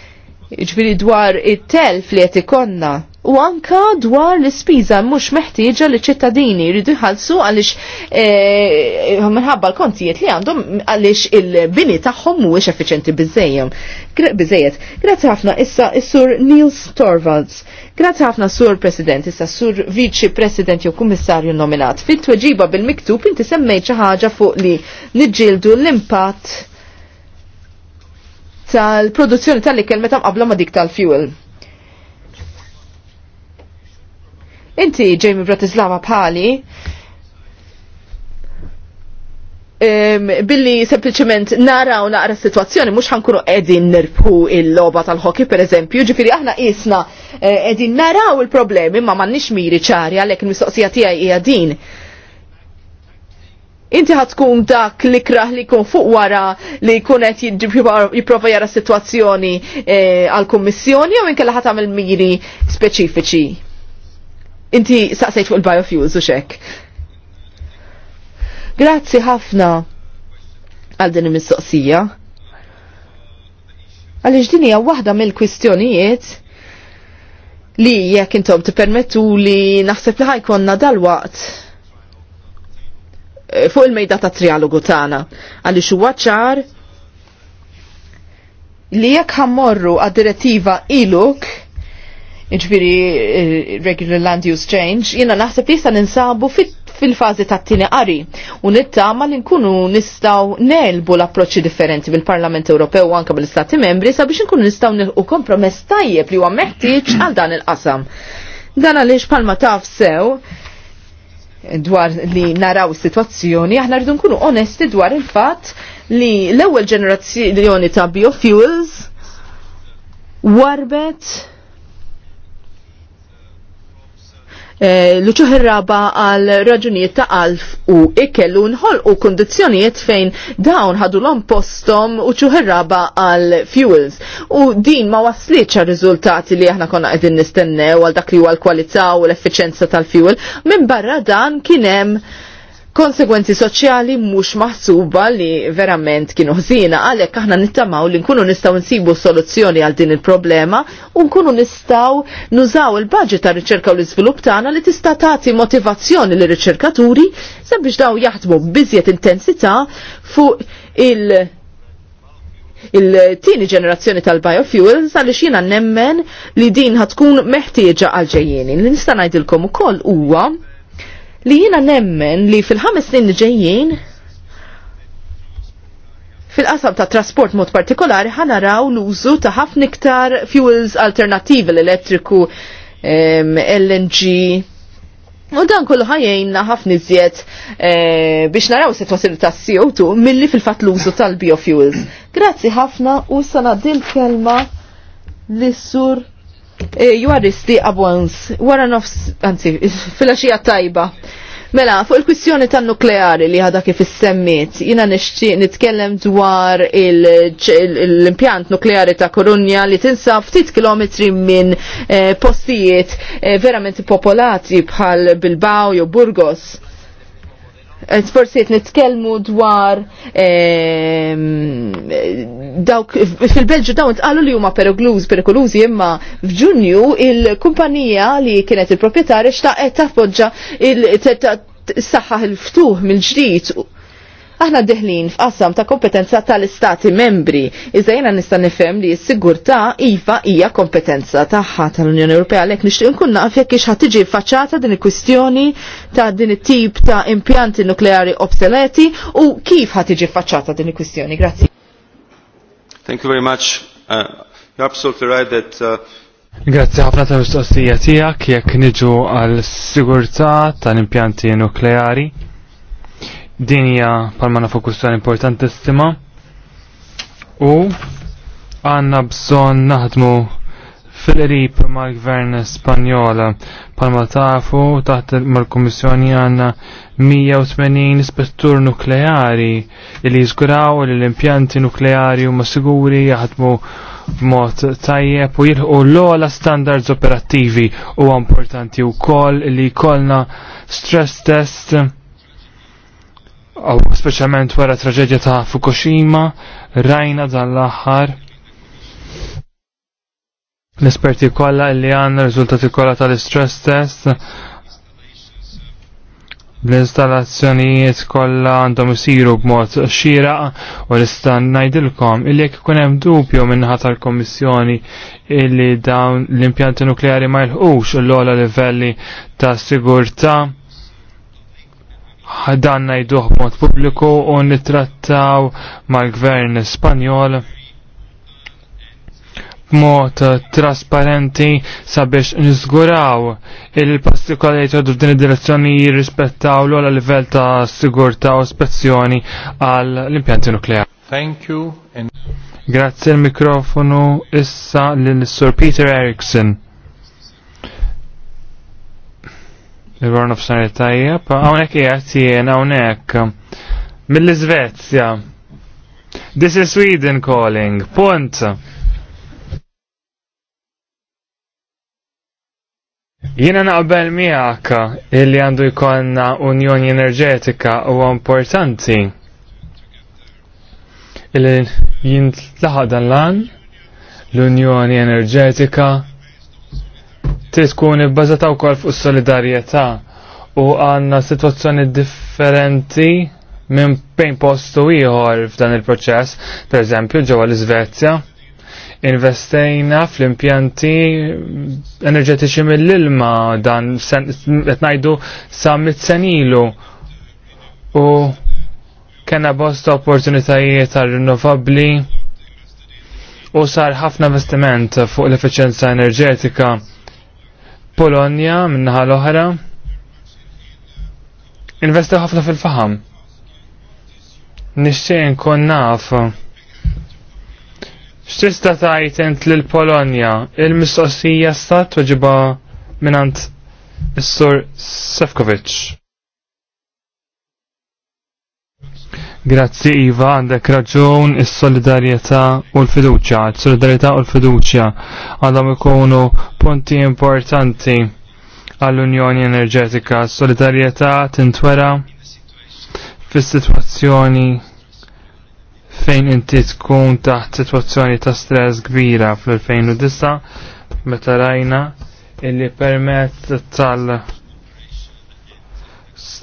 ġviri dwar it-telf li qed U anka dwar l-ispiża mhux meħtieġa li ċittadini jridu jħallsu għaliex eh, minħabba l-kontijiet li għandhom għaliex il-bini tagħhom mhuwiex effiċenti bizzejem. Biżejjed. Grazzi ħafna issa s-sur Niels Torvalds. Grazzi ħafna sur President, issa sur Viċi President jew Kummissarju nominat. Fit-tweġiba bil-miktub inti semmejt xi ħaġa fuq li niġġieldu l-impatt tal-produzzjoni tal-ikel meta qabla ma dik tal-fuel. Inti Jamie Bratislava Pali, um, billi sempliciment nara u naqra situazzjoni mux ħankunu edin nirpu il-loba tal-hockey per eżempju, ġifiri aħna isna edin eh, naraw il-problemi ma mannix miri ċari għalek il-mistoqsija tijaj hija din inti ħatkun dak li kraħ li kun fuq wara li kunet jiprofa jara situazzjoni e, għal-kommissjoni u inkella ħat għamil miri speċifiċi. Inti saqsejt fuq il-biofuels u xek. Grazzi ħafna għal din il-mistoqsija. Għalix din hija waħda mill-kwistjonijiet li jekk intom tippermettu li naħseb li ħajkonna dal-waqt Eh, fuq il-mejda ta' trialogu tagħna għaliex huwa ċar li jekk ħammorru għad-direttiva iluk iġbiri eh, regular land use change, jiena naħseb li jista ninsabu fil-fazi ta' t-tini qari u nittama li nkunu nistaw nelbu l-approċċi differenti bil-Parlament Ewropew u anka bil-Stati membri sabiex nkunu nistaw nilqu kompromess tajjeb li huwa meħtieġ għal dan il-qasam. Dan għaliex palma taf sew dwar li naraw situazzjoni, aħna rridu nkunu onesti dwar il-fatt li l-ewwel ġenerazzjoni ta' biofuels warbet Eh, l-ċuħ raba għal raġunijiet ta' alf u ikel nħol u kondizjonijiet fejn dawn ħadu l-om postom u ċuħ raba għal fuels. U din ma waslitx għal rizultati li aħna konna għedin nistennew għal dak li għal kwalità u l efficienza tal-fuel. Minn barra dan kienem konsegwenzi soċjali mhux maħsuba li verament kienu ħżina għalhekk aħna nittamaw li nkunu nistgħu nsibu soluzzjoni għal din il-problema u nkunu nistgħu nużaw il-budget ta' riċerka u l-iżvilupp tagħna li tista' tagħti motivazzjoni lir riċerkaturi sabiex daw jaħdmu biżjed intensità fuq il- il-tieni ġenerazzjoni tal-biofuels għalli xina nemmen li din ħatkun meħtieġa għal-ġejjeni. L-nista' ngħidilkom ukoll huwa li jina nemmen li fil-ħames snin ġejjin Fil-qasam ta' trasport mod partikolari ħanaraw l-użu ta' ħafna iktar fuels alternativi l-elettriku, LNG. U dan kollu ħajjejna ħafna iżjed eh, biex naraw situazzjoni ta' CO2 milli fil-fat l-użu tal-biofuels. Grazzi ħafna u sanadil kelma l-sur jwaristi eh, abwans, wara nofs, anzi, filaxija tajba. Mela, fuq il-kwistjoni tan-nukleari li ħada kif issemmiet, jina nixtieq nitkellem dwar l-impjant nukleari ta' Korunja li tinsab ftit kilometri minn eh, postijiet eh, verament popolati bħal Bilbao jew Burgos. Eh, Forsiet nitkellmu dwar ehm, dawk fil-Belġu dawn tqalu li huma perikluż perikolużi imma f'Ġunju il-kumpanija li kienet il-proprjetarja xtaqet tappoġġa il-saħħa il-ftuħ mill-ġdid aħna diħlin f'qassam ta' kompetenza tal-istati membri. Iżda jena nista' nifhem li s-sigurtà iva hija kompetenza tagħha tal-Unjoni Ewropea għalhekk nixtieq nkun naf jekk ix ħadd tiġi faċċata din il-kwistjoni ta' din it-tip ta' impjanti nukleari obsoleti u kif ħadd tiġi faċċata din il-kwistjoni. Grazzi. Thank you very much. Uh, you're absolutely right that uh, Grazzi ħafna tal-mistoqsija tiegħek jekk niġu għal sigurtà tal-impjanti nukleari dinja palma nafu kustan importantissima u għanna bżon naħdmu fil-rib mal-gvern Spanjola palma tafu taħt mal-Komissjoni għanna 180 ispettur nukleari li jizguraw li l-impjanti nukleari u siguri jaħdmu b'mod tajjeb u jilħu l-ola standards operattivi u importanti u koll li kollna stress test għaw speċjalment wara traġedja ta' Fukushima, rajna dan l-aħħar l-esperti kollha li għandna rizultati kollha tal-istress test l-installazzjonijiet kollha għandhom isiru b'mod xieraq u nista' ngħidilkom illi jekk ikun hemm dubju minnaħa tal komissjoni illi dawn l-impjanti nukleari ma jilħux l ogħla livelli ta' sigurtà dan najduħ mod pubbliku u nittrattaw mal-gvern Spanjol b'mod trasparenti sabiex nizguraw il-pastikolajiet għaddu f'din id-direzzjoni jirrispettaw l għal livell ta' sigurta u spezzjoni għal l-impjanti nukleari. Thank you. And... Grazie il mikrofonu issa l-Sur Peter Erickson. Il-Born of Snari tajjeb, għawnek jgħat jien, għawnek. mill izvezja This is Sweden calling. Punt. Jiena naqbel miegħek illi għandu jkollna unjoni enerġetika huwa importanti illi jint laħadan lan l-unjoni enerġetika trid tkun ibbażata wkoll fuq is-solidarjetà u għandna sitwazzjoni differenti minn bejn postu ieħor f'dan il-proċess, pereżempju ġewwa l-Iżvezja, investejna fl-impjanti enerġetiċi mill-ilma dan qed ngħidu sa mit-senilu u kena bosta opportunitajiet għal rinnovabbli u sar ħafna investiment fuq l-efficienza enerġetika Polonja minnaħa l-oħra investi ħafna fil-faham. Nixxejn nkun naf. X'tista' tajt ent lil Polonja il-mistoqsija stat ġiba minant is-sur Sefkovic. Grazzi Iva, għandek raġun is solidarieta u l-fiduċja. Il-solidarieta u l-fiduċja għandhom ikunu punti importanti għall-Unjoni Enerġetika. Solidarjetà tintwera fis-sitwazzjoni fejn inti tkun taħt situazzjoni ta' stress kbira fl-2009 meta rajna illi permezz tal-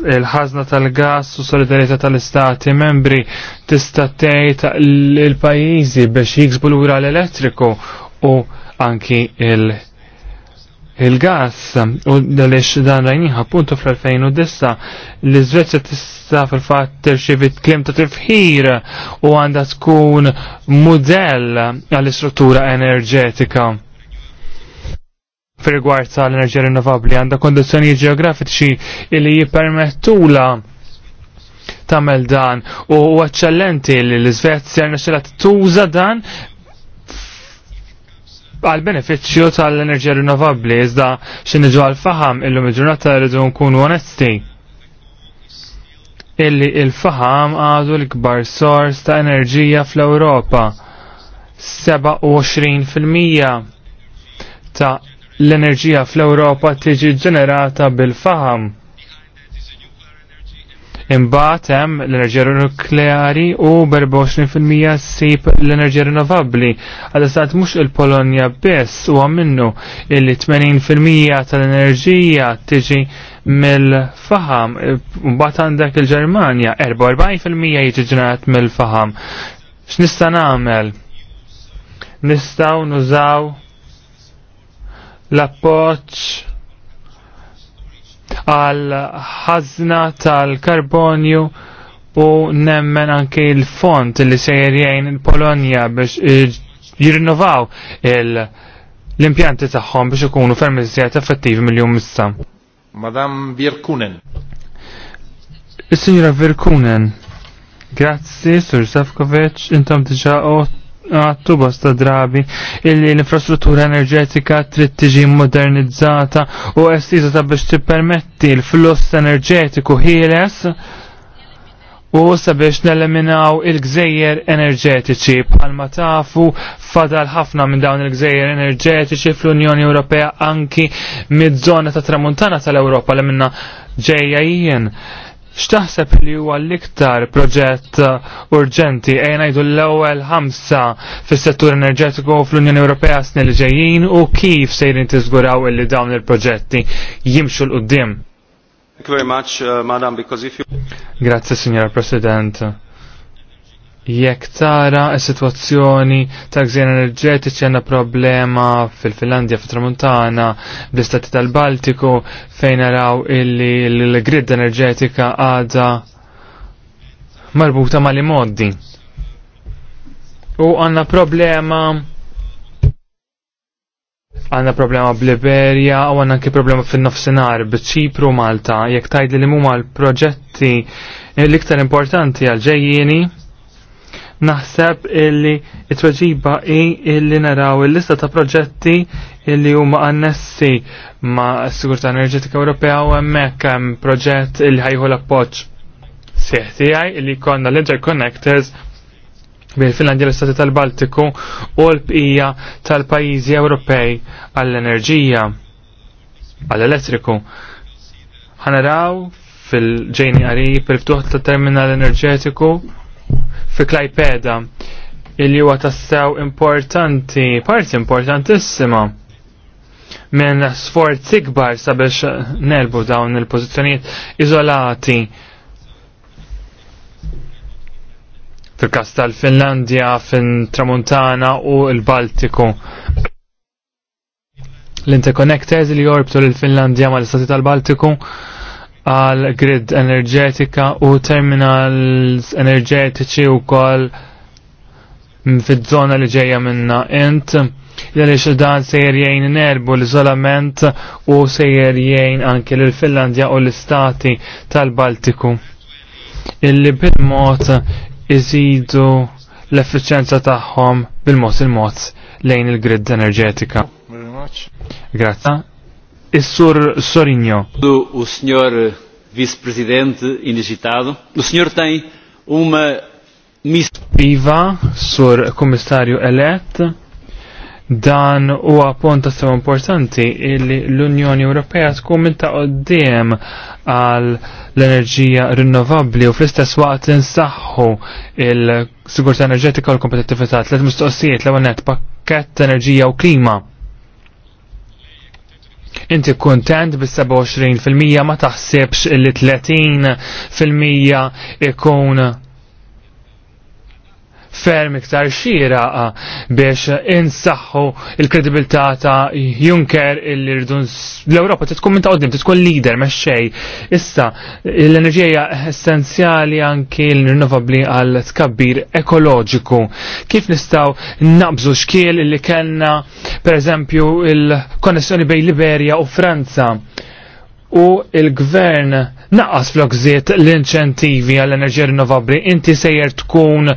il-ħazna tal-gas u solidarieta tal-istati membri tista' tgħid il-pajjiżi biex jiksbu lura l-elettriku u anki il- il-gas u għaliex dan rajniħa puntu fl-2009 l-Izvezja tista fil-fat terċivit klim ta' tifħir u għandha tkun model għall-istruttura enerġetika Fir-rigward tal-enerġija rinnovabbli għandha kondizzjonijiet ġeografiċi li jippermettula tagħmel dan u eċċellenti li l-Iżvezja rnexxilha tuża dan għal beneficju tal-enerġija rinnovabbli iżda xi niġu għal faham illum il-ġurnata rridu nkunu onesti. Illi il-faham għadu l-kbar sors ta' enerġija fl-Ewropa. 27% ta' l-enerġija fl-Ewropa tiġi ġenerata bil-faham. Imbagħad hemm l-enerġija nukleari u 24% ssib l-enerġija rinnovabbli. għal saħt mhux il-Polonja biss huwa minnu il 80% tal-enerġija tiġi mill-faham. Imbagħad għandek il-Ġermanja 44% jiġi ġenerat mill-faham. X'nista' nagħmel? Nistgħu nużaw l-appoċ għal ħazna tal-karbonju u nemmen anke il-font li sejjer jgħin il-Polonja biex jirinnovaw l-impjanti tagħhom biex ikunu ferm effettivi mill-jum issa. Madam Birkunen. Is-Sinjura Virkunen, grazzi Sur Safkovic, intom diġa għattu bosta drabi illi l-infrastruttura enerġetika trid tiġi modernizzata u ta' biex tippermetti l-fluss enerġetiku ħieles u sabiex neleminaw il-gżejjer enerġetiċi bħalma tafu fadal ħafna minn dawn il-gżejjer enerġetiċi fl-Unjoni Ewropea anki mid-żona ta' tramuntana tal-Ewropa li minna ġejja jien X'taħseb li huwa l-iktar proġett uh, urġenti ejn ngħidu l-ewwel ħamsa fis-settur enerġetiku fl-Unjoni Ewropea snin li ġejjin u kif sejrin tiżguraw illi dawn il-proġetti jimxu l qudiem Thank you very much, uh, Madam, because if you... Grazie, Signora President jekk tara s-sitwazzjoni ta' gżien enerġetiċi għandna problema fil-Finlandja fil tramuntana bl-istati tal-Baltiku fejn naraw illi l-grid enerġetika għada marbuta li modi. U għanna problema għanna problema bl-Iberja u għanna anki problema fil nofsenar b'ċipru Malta jekk tajd li mumma l-proġetti l-iktar importanti għal-ġejjini naħseb illi it-tweġiba i illi naraw il-lista ta' proġetti illi huma annessi ma' s-Sigurtà Enerġetika Ewropea u hemmhekk hemm proġett illi ħajħu l-appoġġ sieħ tiegħi illi jkollna l-interconnectors bil-Finlandja l-Istati tal-Baltiku u l-bqija tal-pajjiżi Ewropej għall-enerġija għall-elettriku. Ħanaraw fil-ġejni għarib fil ftuħ tal-terminal enerġetiku fi Klajpeda illi huwa tassew importanti, parti importantissima minn sforzi kbar sabiex nelbu dawn il-pożizzjonijiet iżolati fil-kas tal-Finlandja, fin-Tramuntana u l-Baltiku. L-interconnectors li jorbtu l-Finlandja ma l-Stati tal-Baltiku għal grid enerġetika u terminals enerġetiċi u kol fil zona li ġeja minna int li dan sejjer jajn nerbu l-izolament u sejjer jgħin anke l-Finlandja u l-istati tal-Baltiku illi bil-mod iżidu l efficienza tagħhom bil-mod il-mod lejn il-grid enerġetika. Grazie. Is-Sur Sorinjo. O Sr. Vice-Presidente indigitado, o Sr. tem uma missão. Iva, Sur Komissarju elett, dan huwa punt sew importanti illi l-Unjoni Ewropea tkun minn ta' qoddim għal l-enerġija rinnovabbli u fl-istess waqt insaħħu il-sigurtà enerġetika u l kompetitivitat tliet mistoqsijiet l għonet pakket enerġija u klima Inti kontent bis-27% ma taħsibx il-30% ikun ferm iktar xira biex insaħħu il-kredibilità ta' Juncker illi rridu l-Ewropa tkun minn ta' qoddim, tkun leader ma' xej. Issa l-enerġija essenzjali anki l rinnovabli għal tkabbir ekoloġiku. Kif nistgħu nabżu xkiel illi kellna pereżempju il-konnessjoni bejn Liberia u Franza? u il-gvern naqas flok ziet l-inċentivi għall-enerġija rinnovabli inti sejjer tkun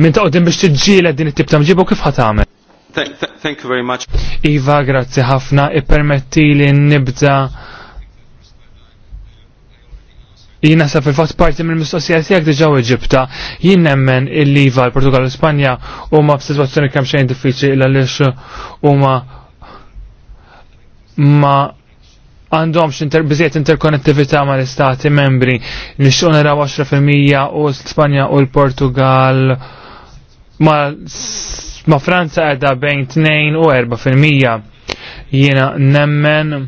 minn taqdim biex tiġġiela din it-tip ta' mġibu kif ħatamel? Thank you very much. Iva, grazzi ħafna, ippermetti li nibda jina sa fil-fat parti mill mistoqsija tiegħek diġà Eġipta, jien nemmen il-Liva, l-Portugal, l-Ispanja huma f'sitwazzjoni kemm xejn diffiċli u huma ma għandhomx inter biżiet interkonnettività mal istati membri nixtieq naraw 10% u l-Spanja u l-Portugal ma, ma Franza qiegħda bejn 2 u 4% jiena nemmen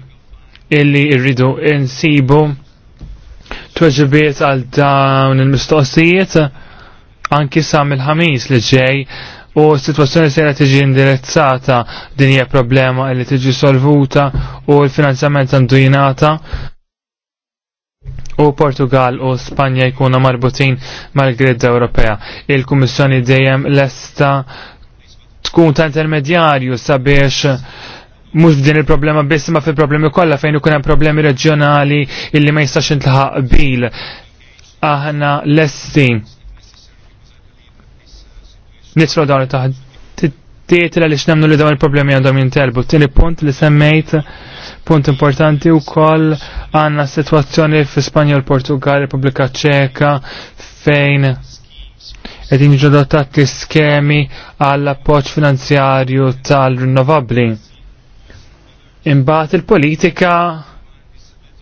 illi rridu insibu tweġibiet għal dawn il-mistoqsijiet anki sam il-ħamis li ġej u s-situazzjoni sejra tiġi indirizzata din hija problema li tiġi solvuta u l-finanzjament għandu jingħata u Portugal u Spanja jkunu marbutin mal-grid Ewropea. Il-Kummissjoni dejjem lesta tkun ta' intermedjarju sabiex mux din il-problema biss ma fil-problemi kollha fejn ikun hemm problemi reġjonali illi ma jistax intlaħaq bil. Aħna lesti Nisru dawn taħt titla li x'nemmnu li dawn il-problemi għandhom jintelbu. T'ini punt li semmejt punt importanti u koll għanna situazzjoni fi Spanjol, Portugal, Repubblika Ċeka fejn edin ġodottati skemi għall appoċ finanzjarju tal-rinnovabli. Imbat il-politika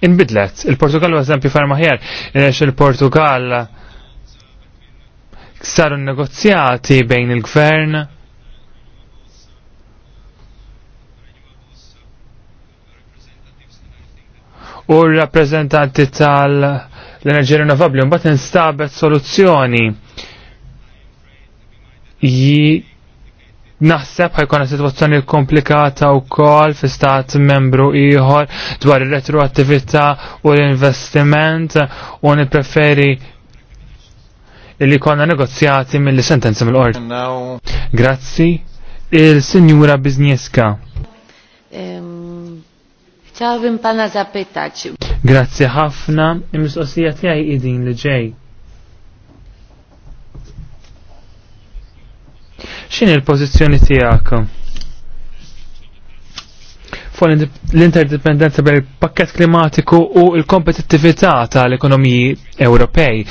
inbidlet. Il-Portugal u eżempju ferma il portugal saru negozjati bejn il-gvern u r-rappresentanti tal-enerġija rinnovabli mbagħad instabet soluzzjoni Ji naħseb ħajkun situazzjoni komplikata wkoll fi stat membru ieħor dwar ir-retroattività u l-investiment u nippreferi li konna negozjati mill sentenza mill-qorti. Grazzi. Il-Sinjura Biznieska. Um, pana zapytać. Grazzi ħafna, il-mistoqsija tiegħi idin li ġej. X'in il-pożizzjoni tiegħek? fuq l-interdipendenza il pakket klimatiku u l-kompetittività tal-ekonomiji Ewropej.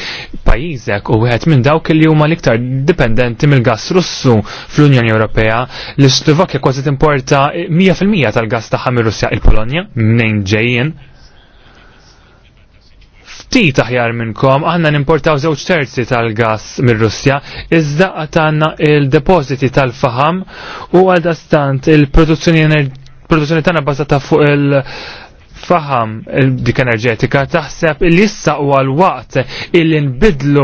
Pajjiżek u wieħed minn dawk li huma l-iktar dipendenti mill-gas Russu fl-Unjoni Ewropea li slovakja kważi timporta 100% tal-gas tagħha mir-Russja il-Polonja minn ġejjin ftit aħjar minnkom, aħna nimportaw żewġ terzi tal-gas mir-Russja, iżda għandna il-depositi tal-faham u għaldastant il-produzzjoni il-produzzjoni tagħna bbażata fuq il- faham dik enerġetika taħseb il issa huwa l-waqt il nbidlu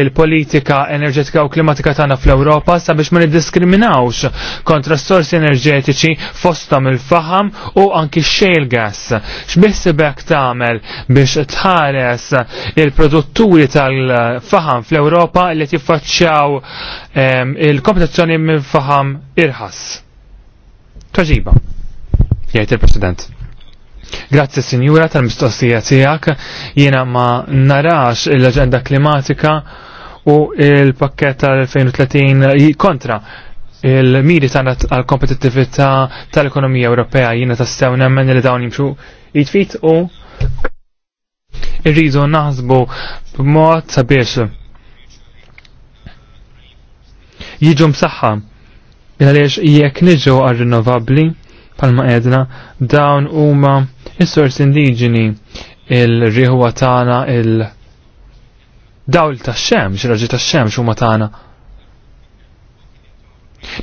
il-politika enerġetika u klimatika tagħna fl-Ewropa sabiex ma niddiskriminawx kontra s-sorsi enerġetiċi fostom il-faham u anki shale gas. X'biħsibek tagħmel biex tħares il-produtturi tal-faham fl-Ewropa li tiffaċċjaw ehm, il-kompetizzjoni mill faham irħas. Taġiba jgħid il-President. Grazzi Sinjura tal-mistoqsija tiegħek. Jiena ma narax l-aġenda klimatika u il-pakket tal-2030 kontra il-miri tagħna għal-kompetittività tal-ekonomija Ewropea jiena tassew nemmen li dawn jimxu jitfit u irridu naħsbu b'mod sabiex jiġu msaħħa għaliex jekk niġu għal-rinnovabli palma edna dawn huma is-sors indiġeni il-riħwa tagħna il- dawl tax-xemx, raġi tax-xemx huma tagħna.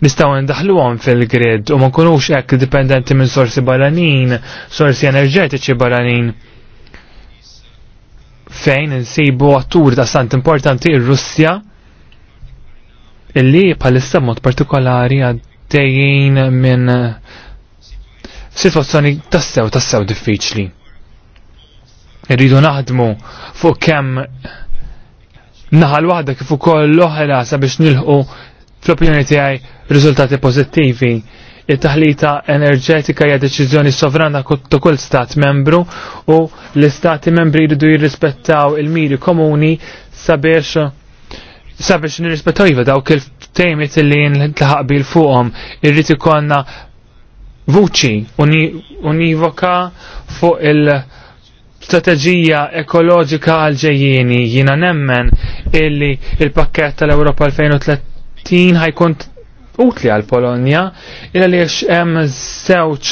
Nistgħu ndaħluhom fil-grid u ma nkunux hekk dipendenti minn sorsi baranin, sorsi enerġetiċi barranin fejn insibu għattur ta' sant importanti il russja illi bħalissa mod partikolari għaddejjin minn situazzjoni tassew tassew diffiċli. Irridu naħdmu fuq kemm naħal waħda kif ukoll l-oħra sabiex nilħu fl-opinjoni tiegħi riżultati pożittivi. It-taħlita enerġetika hija deċiżjoni sovrana ta' kull stat membru u l-istati membri jridu jirrispettaw il-miri komuni sabiex sabiex nirrispettaw jiva dawk il tejmit li nħaqbil fuqhom irrid ikollna vuċi univoka fuq il- strateġija ekoloġika għalġejjini jina nemmen illi il-pakket tal-Europa 2030 ħajkun utli għal Polonja illa li hemm żewġ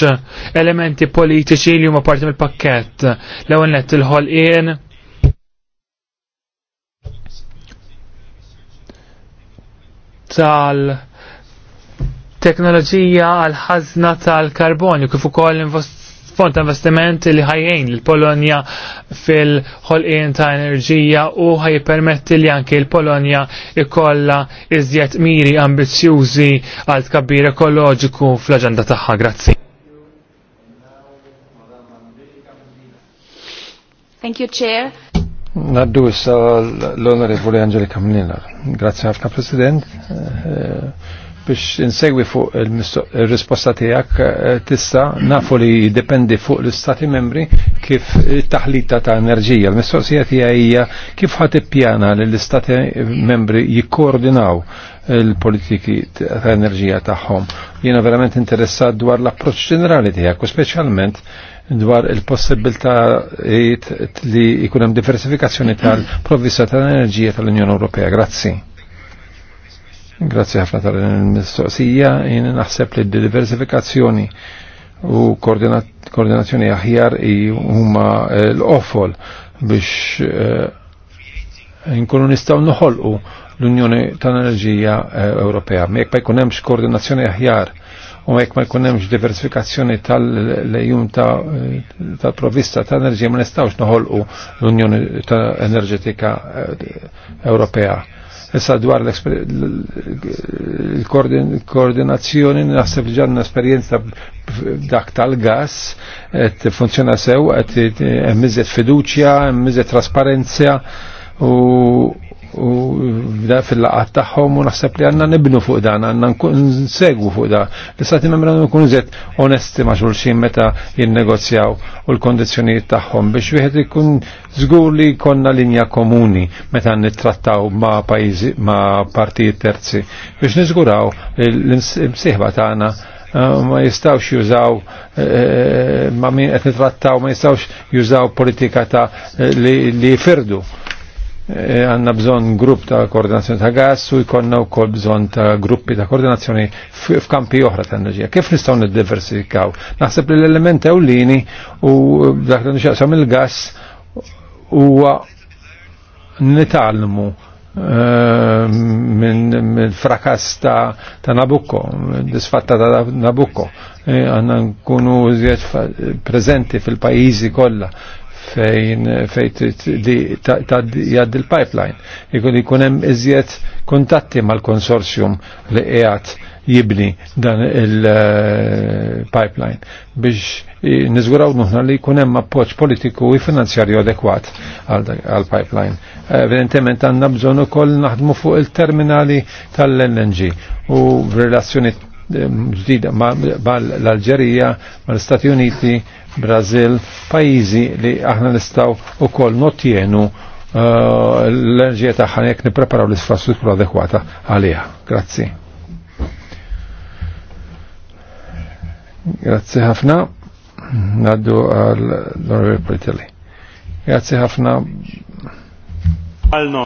elementi politiċi li huma parti mill-pakkett l-ewwel nett il-ħolqien tal- teknoloġija għal ħazna tal-karbonju kif ukoll fond ta' investiment li ħajjejn l-Polonja fil-ħolqien ta' enerġija u ħajpermetti li anke l-Polonja ikolla iżjed miri ambizzjużi għal tkabbir ekoloġiku fl-aġenda tagħha. Grazzi. Thank you, Chair. Naddu issa l-Onorevoli Angelika Mlinar. Grazie ħafna President. Eh, eh, biex insegwi fuq il-risposta tijak eh, tista nafu li dipendi fuq l-istati membri kif taħlita ta' enerġija. L-mistoqsija tija kif ħat ippjana li l-istati membri jikkoordinaw il-politiki ta' enerġija tagħhom. Jiena verament interessat dwar l-approċċ ġenerali tijak u speċjalment dwar il-possibilità li jkun hemm diversifikazzjoni tal-provvista tal-enerġija tal-Unjoni Ewropea. Grazzi. Grazie ħafna tal-mistoqsija, jien naħseb li d-diversifikazzjoni u koordinazzjoni aħjar huma eh, l-offol biex eh, nkunu nistaw noħolqu l-Unjoni tal-Enerġija eh, Ewropea. Jekk ma jkunemx koordinazzjoni aħjar u jekk ma jkunemx diversifikazzjoni tal-lejum tal provista tal enerġija ma nistawx noħolqu l-Unjoni tal Enerġetika Ewropea Issa dwar l-koordinazzjoni naħseb li ġanna esperjenza dak tal-gas qed funzjona sew qed hemm fiduċja, hemm trasparenza u u fil-laqat tagħhom u naħseb li għandna nibnu fuq dan, għanna nsegwu fuq dan. l sa timem għandna nkunu zed onesti ma' xulxin meta jinnegozjaw u l-kondizzjonijiet tagħhom biex wieħed ikun żgur li konna linja komuni meta nittrattaw ma' pajjiżi ma' partijiet terzi biex niżguraw l-imsieħba tagħna eh, ma jistawx jużaw eh, ma min qed nitrattaw ma jistawx jużaw politika ta' eh, li jfirdu E, għanna bżon grupp ta' koordinazzjoni ta' gas u jkonna u kol bżon ta' gruppi ta' koordinazzjoni f'kampi oħra ta' enerġija. Kif nistaw nid-diversifikaw? Naħseb li l-element ewlini u dak li nixaqsam il-gas huwa nitalmu e, minn frakas ta' Nabucco, disfatta ta' Nabucco. E, għanna nkunu prezenti fil-pajizi kolla fejn fejn li jgħaddi l-pipeline. Ikun ikun hemm iżjed kuntatti mal-konsorzjum li qiegħed jibni dan il-pipeline eh, biex eh, niżguraw nuħna li jkun hemm appoġġ politiku u finanzjarju adekwat għal-pipeline. Evidentement għandna bżonn ukoll naħdmu fuq il-terminali tal-LNG u relazzjoni eh, ġdida mal alġerija mal stati Uniti Brazil, pajizi li aħna nistaw u kol notjenu uh, l-enerġija taħħa jek nipreparaw l-infrastruttura adekwata għalija. Grazzi. Grazzi ħafna. Naddu għal l Politelli. Grazzi ħafna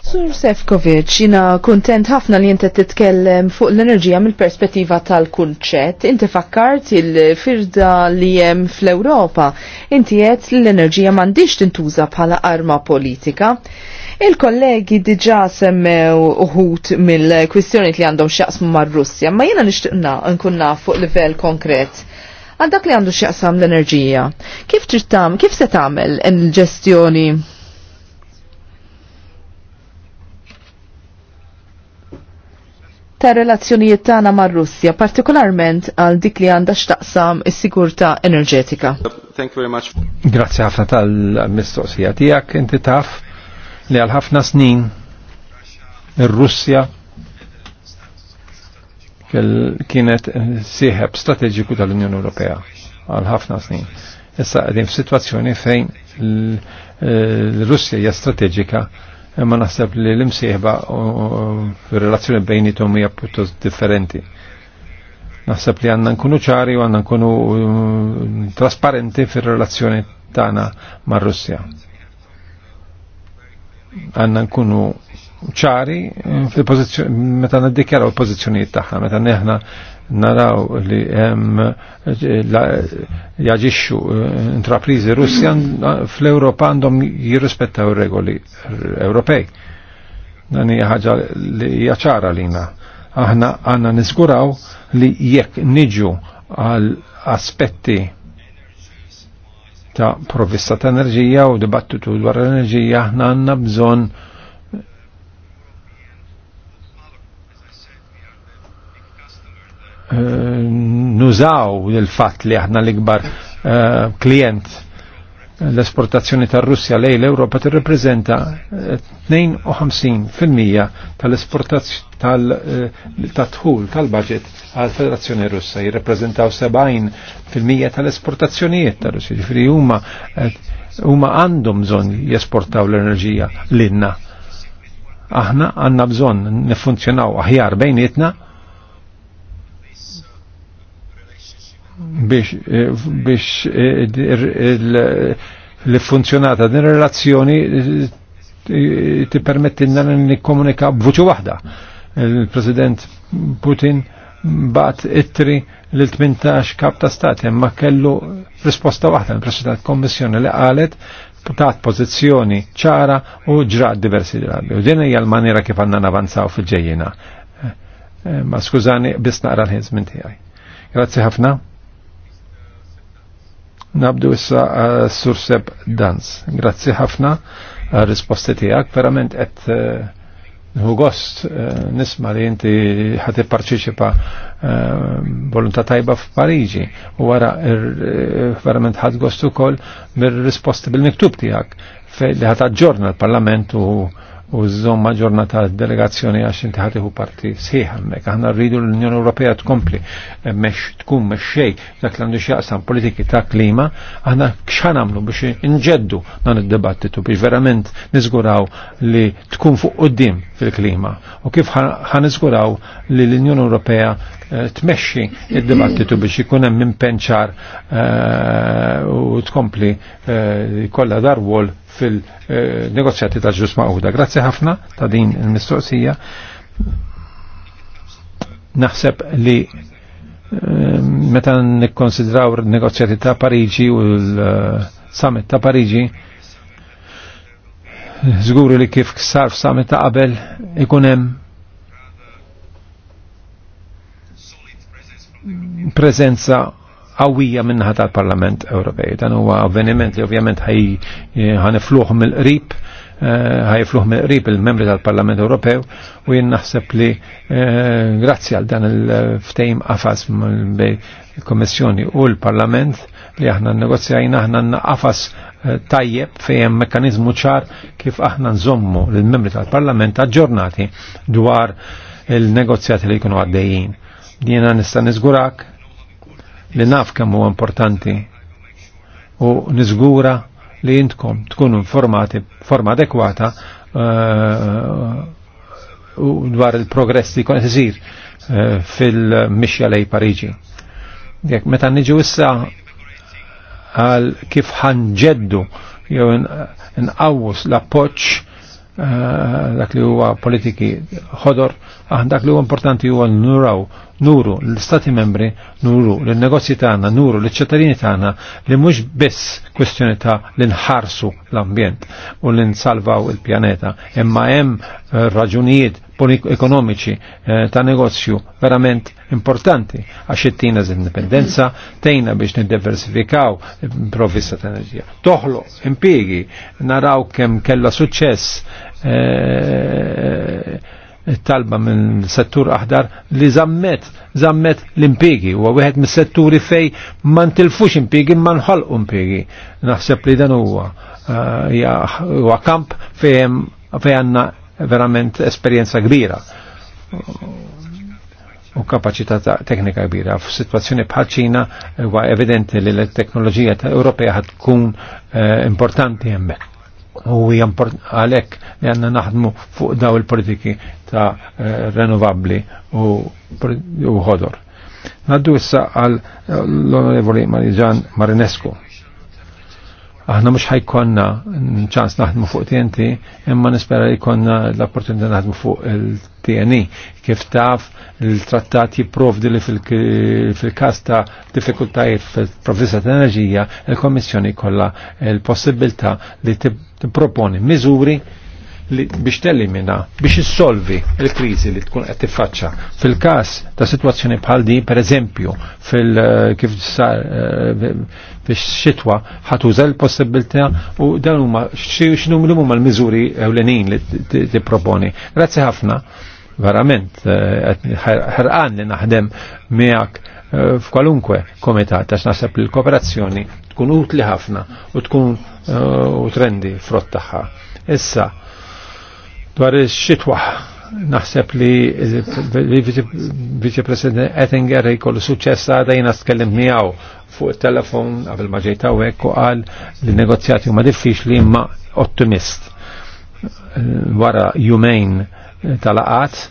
Sur Sefkovic, jina kontent ħafna li jinti titkellem fuq l-enerġija mill-perspettiva tal-kunċett. Inti fakkart il-firda li jem fl-Europa. Inti jett l-enerġija mandiġ tintuża bħala arma politika. Il-kollegi diġa semmew uħut mill-kwistjoni li għandhom xaqsmu mar-Russja, ma jina nishtiqna nkunna fuq livell konkret għal dak li għandu xieqsam l-enerġija. Kif trittam, kif se tagħmel il-ġestjoni ta' relazzjonijiet tagħna mar-Russja, partikolarment għal dik li għandha x'taqsam is-sigurtà enerġetika. Thank you very much. Grazzi ħafna tal-mistoqsija tiegħek, inti taf li għal ħafna snin ir-Russja kienet sieħeb strateġiku tal-Unjoni Ewropea għal ħafna snin. Issa qegħdin f'sitwazzjoni fejn l-Russja hija strateġika imma naħseb li l-imsieħba u relazzjoni bejnietom hija pjuttost differenti. Naħseb li għandna nkunu ċari u għandna nkunu trasparenti fir-relazzjoni tagħna ma' russja Għandna nkunu ċari mm, meta niddikjaraw il-pożizzjonijiet tagħha, meta neħna naraw li hemm jaġixxu eh, intraprizi Russja fl-Ewropa għandhom jirrispettaw regoli Ewropej. Dan hija ħaġa li hija ċara lina. Aħna għandna niżguraw li jekk niġu għal aspetti ta' provvista ta' enerġija u dibattitu dwar l enerġija aħna għandna bżonn Eh, nużaw il-fat li aħna l-ikbar eh, klient l-esportazzjoni tar russja lej l-Europa t-reprezenta 52% eh, tal-esportazzjoni tal-tħul tal-budget għal federazzjoni Russa jirrepreżentaw 70% tal-esportazzjonijiet tar russja ġifri huma huma għandhom bżonn jesportaw l-enerġija l-inna. Aħna għandna bżonn nifunzjonaw aħjar bejnietna biex eh, biex eh, li funzjonata din relazzjoni eh, ti permettinna li nikkomunika b'vuċi waħda. Il-President Putin bat ittri l-18 kap ta' stati ma kellu risposta waħda minn president Kommissjoni li qalet tat pozizjoni ċara u ġrat diversi drabi. U din hija l-maniera kif għandna navanzaw fil-ġejjina. Ma skużani biss naqra l-ħin minn tiegħi. Grazzi ħafna. Nabdu issa eh, surseb dans. Grazzi ħafna eh, risposti tijak, verament et eh, Nħu gost nisma li inti ħati parċiċipa volontà tajba f'Pariġi u wara er, verament ħad gost kol mir-risposti bil-miktub tiegħek li ħad ġorna l-Parlament u u żomma ġurnata delegazzjoni għax inti ħatiħu parti sħiħ hemmhekk. Aħna rridu l-Unjoni Ewropea tkompli mex tkun mexxej dak li għandu x'jaqsam politiki ta' klima, aħna x'ħan nagħmlu biex inġeddu dan id-dibattitu biex verament niżguraw li tkun fuq qudiem fil-klima u kif ħan niżguraw li l-Unjoni Ewropea eh, tmexxi id-dibattitu biex ikun hemm impenċar eh, u tkompli eh, kollha darwol fil-negozjati ta' ġus ma'uda. Grazzi ħafna ta' din il-mistoqsija. Naħseb li eh, meta nikkonsidraw negozjati ta' Pariġi u l-summit ta' Pariġi, żguri li kif sar summit ta' qabel ikun hemm prezenza għawija minnaħa tal-Parlament Ewropej. Dan huwa avveniment li ovvjament eh, ħanifluħ mill-qrib eh, ħajfluħ mill-qrib il-membri tal-Parlament Ewropew u jien naħseb li eh, grazzi għal dan il-ftejm qafas bej il-Kommissjoni u l-Parlament li aħna negozjajna aħna naqafas tajjeb fejjem mekanizmu ċar kif aħna nżommu l-membri tal-Parlament aġġornati dwar il-negozjati li jkunu għaddejjin. Dina nista' niżgurak li naf kemm huwa importanti u niżgura li jintkom tkunu informati forma adekwata eh, u dwar il-progress li kon isir eh, fil-mixja lej Pariġi. Jekk meta niġu issa għal kif ħanġeddu jew nqawwus l-appoġġ Eh, dak li huwa politiki ħodor, dak li huwa importanti huwa nuraw, nuru l-Stati membri, nuru l-negozji tagħna, nuru l-ċittadini tagħna li mhux biss kwestjoni ta' li inħarsu l-ambjent u li nsalvaw il-pjaneta, imma hemm eh, raġunijiet ekonomiċi eh, ta' negozju verament importanti għax ittina z-indipendenza, tejna biex niddiversifikaw provvista ta' enerġija. Toħlo, impiegi, naraw kem kella suċess eh, talba minn settur aħdar li zammet, zammet l-impiegi, u għawihet minn setturi fej man tilfux impiegi, man nħolqu impiegi. Naħseb li dan huwa, eh, huwa kamp fejem fej għanna verament esperienza kbira u kapacità teknika kbira. F'sitwazzjoni situazzjoni bħalċina huwa evidenti li l-teknoloġija ta' Ewropea ħad tkun eh, importanti hemmhekk. U għalhekk li għandna naħdmu fuq daw il-politiki ta' eh, renovabli u ħodor. Naddu issa għal eh, l-Onorevoli Marijan Marinescu. Aħna mhux ħajkonna ċans naħdmu fuq TNT, imma nispera li jkollna l-opportunità naħdmu fuq il-TNI. E. Kif taf, il-trattat jipprovdi li fil-każ ta' diffikultajiet fil provvisa ta' enerġija, il komissjoni kolla l possibilità li tipproponi miżuri biex telimina, biex issolvi il-krizi li tkun qed tiffaċċa. Fil-każ ta' situazzjoni bħal di, per eżempju, fil eh, kif sar biex eh, xitwa ħatuża l-possibilità u dan huma x'inhu huma l-miżuri ewlenin li tipproponi. Grazzi ħafna verament eh, ħerqan li naħdem miegħek f'kwalunkwe komitat għax naħseb li l-kooperazzjoni tkun utli ħafna u tkun u trendi frott tagħha. Issa Dwar is xitwa naħseb li Vice President Ettinger jkollu suċċess għada jina tkellim miegħu fuq il-telefon qabel ma ġejta hekk u qal li negozjati huma diffiċli imma ottimist. Wara jumejn tal-qat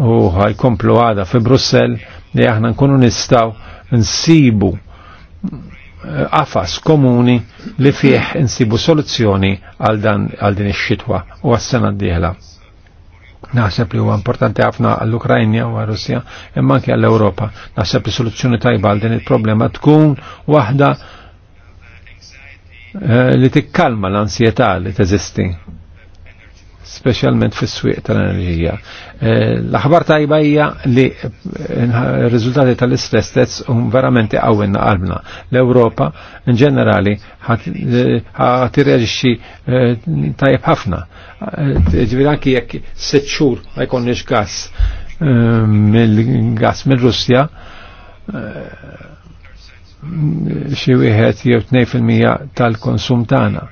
u ħajkomplu għada fi Brussel li aħna nkunu nistaw nsibu għafas eh, komuni li fih insibu soluzzjoni għal dan għal din ix-xitwa u għas-sena d-dieħla. Naħseb li huwa importanti ħafna għall-Ukrajna u għal-Russja imma anke għall europa Naħseb li soluzzjoni tajba għal din il-problema tkun waħda eh, li tikkalma l-ansjetà li teżisti specialment fis swieq tal-enerġija. Eh, l-aħbar tajba hija li eh, r-riżultati tal-istress tests hum verament iqawwinna qalbna. L-Ewropa in ġenerali tirreġixxi eh, tajb ħafna. Ġifieri anki jekk sitt xhur ma jkollniex gas mill-gas mill-Russja xi wieħed jew 2% tal-konsum tagħna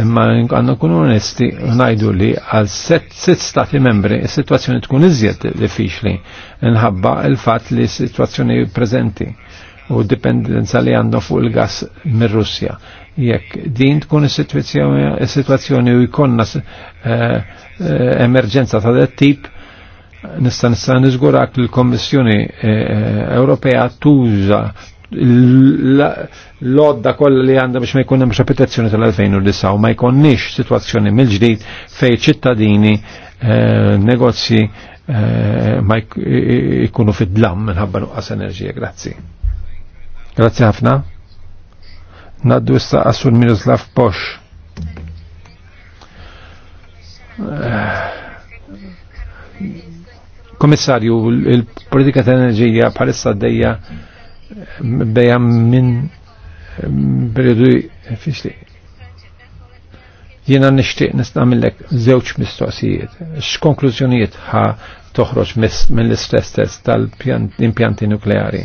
Imma għanna kun onesti najdu li għal sitt stati membri il-situazzjoni tkun iżjed diffiċli nħabba il-fat li situazzjoni prezenti u dipendenza li għandu fuq il-gas mir russja Jekk din tkun is-sitwazzjoni u jkollna eh, eh, emerġenza ta' dat tip, nista nista nizgurak l-Kommissjoni eh, Ewropea tuża l-odda kolla li għanda biex ma jkun hemm repetizzjoni tal-2009 u ma jkonniex situazzjoni mill-ġdid fej ċittadini eh, negozji eh, ma jkunu fid-dlam minħabba nuqqas enerġija. Grazzi. Grazzi ħafna. Naddu issa Assun Miroslav Pox. Eh, Komissarju, il-politika tal-enerġija bħalissa d-dejja bejja minn bridu fisli. Jena nishtiq nistamillek zewċ mistoqsijiet. X'konklużjonijiet ħa toħroġ mill-istress test tal-impjanti nukleari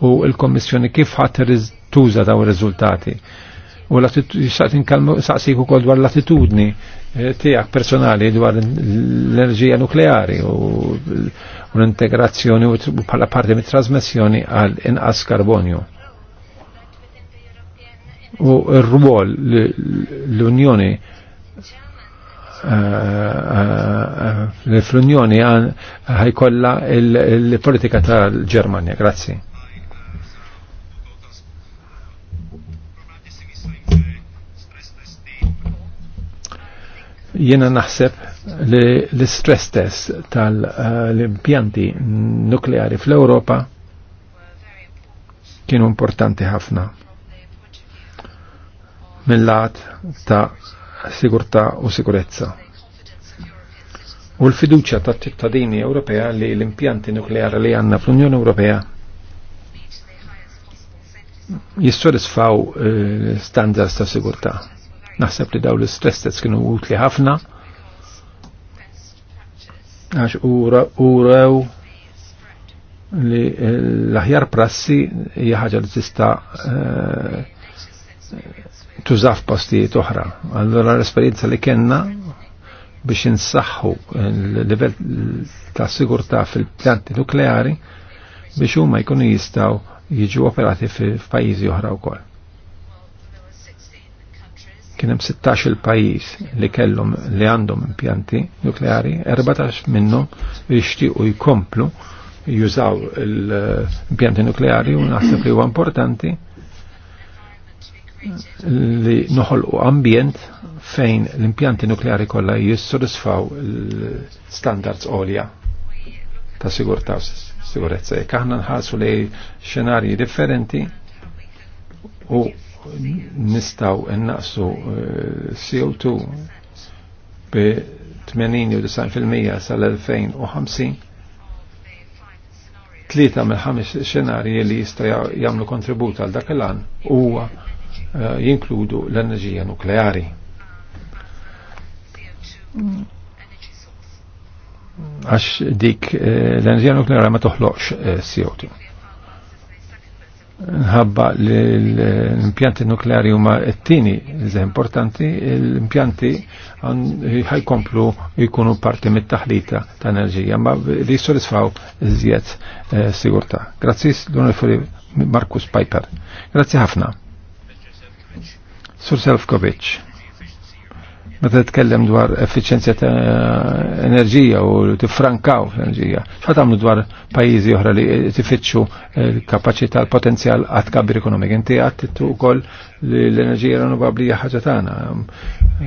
u l-Kommissjoni kif ħat tuża daw ir-riżultati. U saqsik u kol dwar l-attitudni eh, tijak personali dwar l-enerġija nukleari u u l-integrazzjoni u bħala parti mit trasmissjoni għal inqas karbonju. U r ruol l-Unjoni eh, eh, eh, fl-Unjoni ħajkolla il-politika tal germania Grazzi. Jena naħseb l-stress test tal-impjanti nukleari fl-Europa kienu importanti ħafna mill-lat ta' sigurta u sigurezza. U l-fiduċa ta' ċittadini Ewropea li l-impjanti nukleari li għanna fl-Unjoni Ewropea jissodisfaw eh, standards ta' sigurta. Naħseb li daw l-stress test kienu utli ħafna għax uraw li l-aħjar prassi hija ħaġa li tista' eh, tużaf postijiet oħra. Allora l-esperienza li kena biex insaħħu l-level ta' sigurtà fil-pjanti nukleari biex huma jkunu jistgħu jiġu operati f'pajjiżi oħra wkoll kien hemm 16 il-pajjiż li kellhom li għandhom impjanti nukleari, 14 minnhom jixtiequ jkomplu jużaw l-impjanti nukleari u naħseb li huwa importanti li noħolqu ambjent fejn l-impjanti nukleari kollha jissodisfaw l-standards għolja ta' sigurta u sigurezza. Jekk aħna nħarsu lej xenarji differenti u nistaw innaqsu eh, CO2 bi 80-90% sal-2050 tlita mill ħames xenarji li jista' jamlu kontribut għal dak il-għan huwa eh, jinkludu l-enerġija nukleari. Għax dik eh, l-enerġija nukleari ma toħloqx CO2 nħabba li l-impjanti nukleari huma t-tini iżda importanti, l-impjanti ħajkomplu jkunu parti mit-taħlita ta' enerġija, ma li jissolisfaw iżjed eh, sigurta. Grazzi l unifuri Markus Piper. Grazzi ħafna. Sur Selfkovic. Meta tkellem dwar effiċenzja ta' enerġija u tifrankaw l-enerġija, xa tagħmlu dwar pajjiżi oħra li tifittxu l-kapaċità l-potenzjal għad kabir ekonomik. Inti għad wkoll li l-enerġija rinnovabbli hija ħaġa tagħna.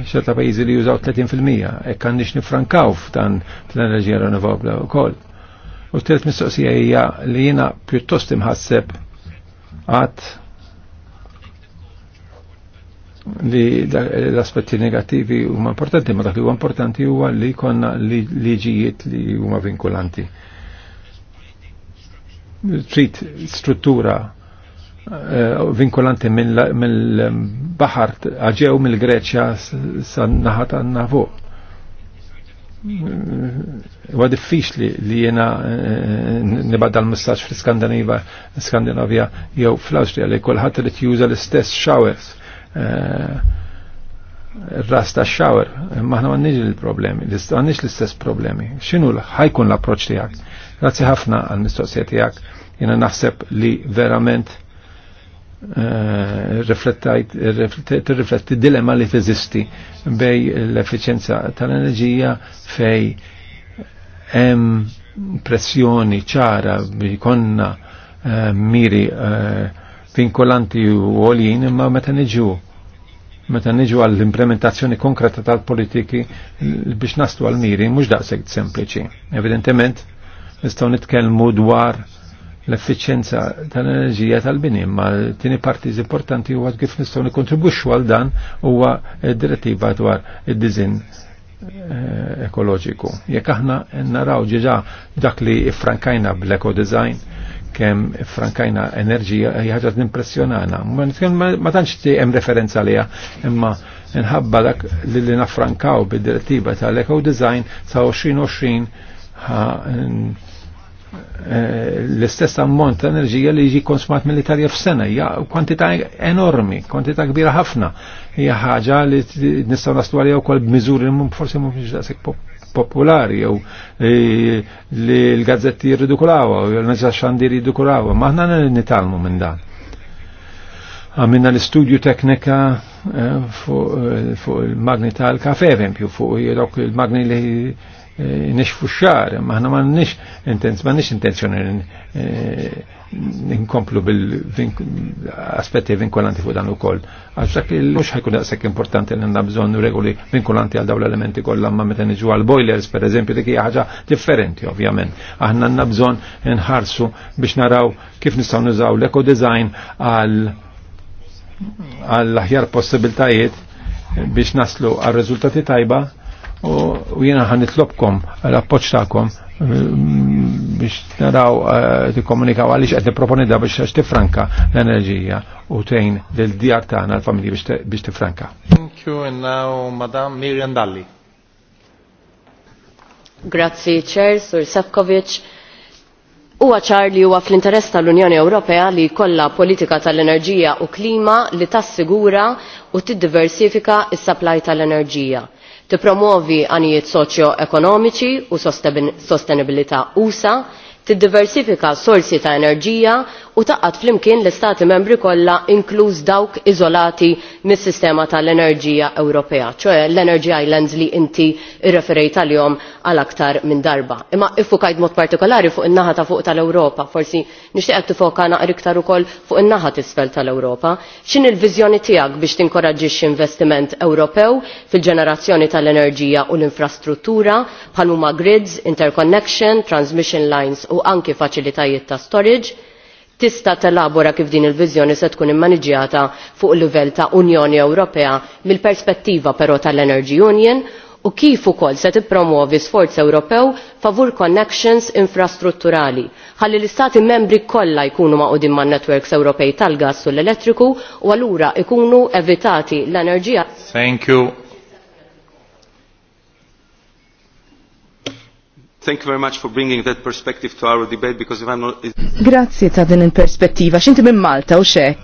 Xerta pajjiżi li jużaw 30% hekk għandix nifrankaw f'dan l-enerġija rinnovabbli wkoll. U t-tret mistoqsija hija li jiena pjuttost imħasseb għad li l-aspetti negativi huma importanti, ma dak li huwa importanti huwa li konna liġijiet li huma vinkulanti. Trid struttura eh, vinkulanti mill-baħar għaġew mill-Greċja san naħat tan fuq. Eh, huwa diffiċli li jena eh, nibadda l-messaġġ fl-Skandinavja jew fl-Awstrija li li t juża l-istess xawers. Eh, ras ta' xawer, maħna ma' nix l problemi għannix l-istess problemi. Xinu ħajkun l-approċ tijak? Grazzi ħafna għal-mistoqsija tijak, jena naħseb li verament eh, rifletti dilemma li teżisti bej l-efficienza tal-enerġija fej em pressjoni ċara bi konna eh, miri uh, vinkolanti u għoljin imma meta niġu meta niġu għall-implementazzjoni konkreta tal-politiki biex naslu għal-miri mhux daqshekk sempliċi. Evidentement nistgħu nitkellmu dwar l efficienza tal-enerġija tal-bini, ma tini partiz importanti huwa kif nistgħu nikontribuxu għal dan huwa direttiva dwar id-dizin eh, ekoloġiku. Jekk aħna naraw ġiġa dak li frankajna bl-eco design, kem frankajna enerġija ħaġa impressjonana. Ma tanċ ti jem referenza għaliha, imma nħabba dak li li naffrankaw bid-direttiva tal-eco design sa 2020 e, l-istess ammont ta' enerġija li jiġi konsumat militarja f'sena hija kwantita enormi, kwantita kbira ħafna. Hija ħaġa li nistaw nastu għalija wkoll b'miżuri forsi mhumiex daqshekk popolari jew e, li l-gazzetti jirridikulawa jew l-mezza xandir ma ħna nitalmu minn dan. għamina l studio teknika e, e, fuq il-magni tal-kafe, fuq il-magni li Eh, nixfu xar, maħna ma nix intenz, ma nix intenzjoni eh, nkomplu bil-aspetti vinkolanti fuq dan u koll. Għaxak il-mux ħajkun daqsek importanti li għanna bżonnu regoli vinkolanti għal daw l-elementi kollha ma meta niġu għal boilers per eżempju dik hija ħaġa differenti ovvjament. Aħna għandna bżonn nħarsu biex naraw kif nistgħu nużaw l-eco design għal għall aħjar possibiltajiet biex naslu għal rezultati tajba u jena ħan nitlobkom l-appoċ ta'kom mm, biex naraw eh, tikkomunikaw għaliex qed proponi da biex tifranka l-enerġija u tejn lil djar tagħna l-familji biex tifranka. Thank you and now Madam Miriam Dalli. Grazzi Chair, Sur Sefkovic. Huwa ċar li huwa fl-interess tal-Unjoni Ewropea li jkollha politika tal-enerġija u klima li tassigura u tiddiversifika s-supply tal-enerġija tippromovi għanijiet soċjo ekonomiċi u sostenibilità usa tiddiversifika sorsi ta' enerġija u taqgħod flimkien l-istati membri kollha inkluż dawk iżolati mis-sistema tal-enerġija Ewropea, ċoħe l-Energy Islands li inti irreferejt għalihom għal aktar minn darba. Imma iffukajt mod partikolari fuq in-naħa ta' fuq tal-Ewropa, forsi nixtieq tifoka naqra iktar ukoll fuq in-naħa t'isfel tal-Ewropa. X'in il-viżjoni tiegħek biex tinkoraġġix investiment Ewropew fil-ġenerazzjoni tal-enerġija u l-infrastruttura bħal grids, interconnection, transmission lines u anki faċilitajiet ta' storage tista' telabora kif din il vizjoni se tkun immaniġjata fuq il-livell ta' Unjoni Ewropea mill-perspettiva però tal-Energy Union u kif ukoll se tippromuovi sforz Ewropew favur connections infrastrutturali ħalli l-istati membri kollha jkunu maqudin man-networks Ewropej tal-gass u l-elettriku u allura ikunu evitati l-enerġija. Thank you. Thank you very much for bringing that perspective to our debate because if I'm not... Grazie ta' din il-perspettiva, xinti minn Malta u xek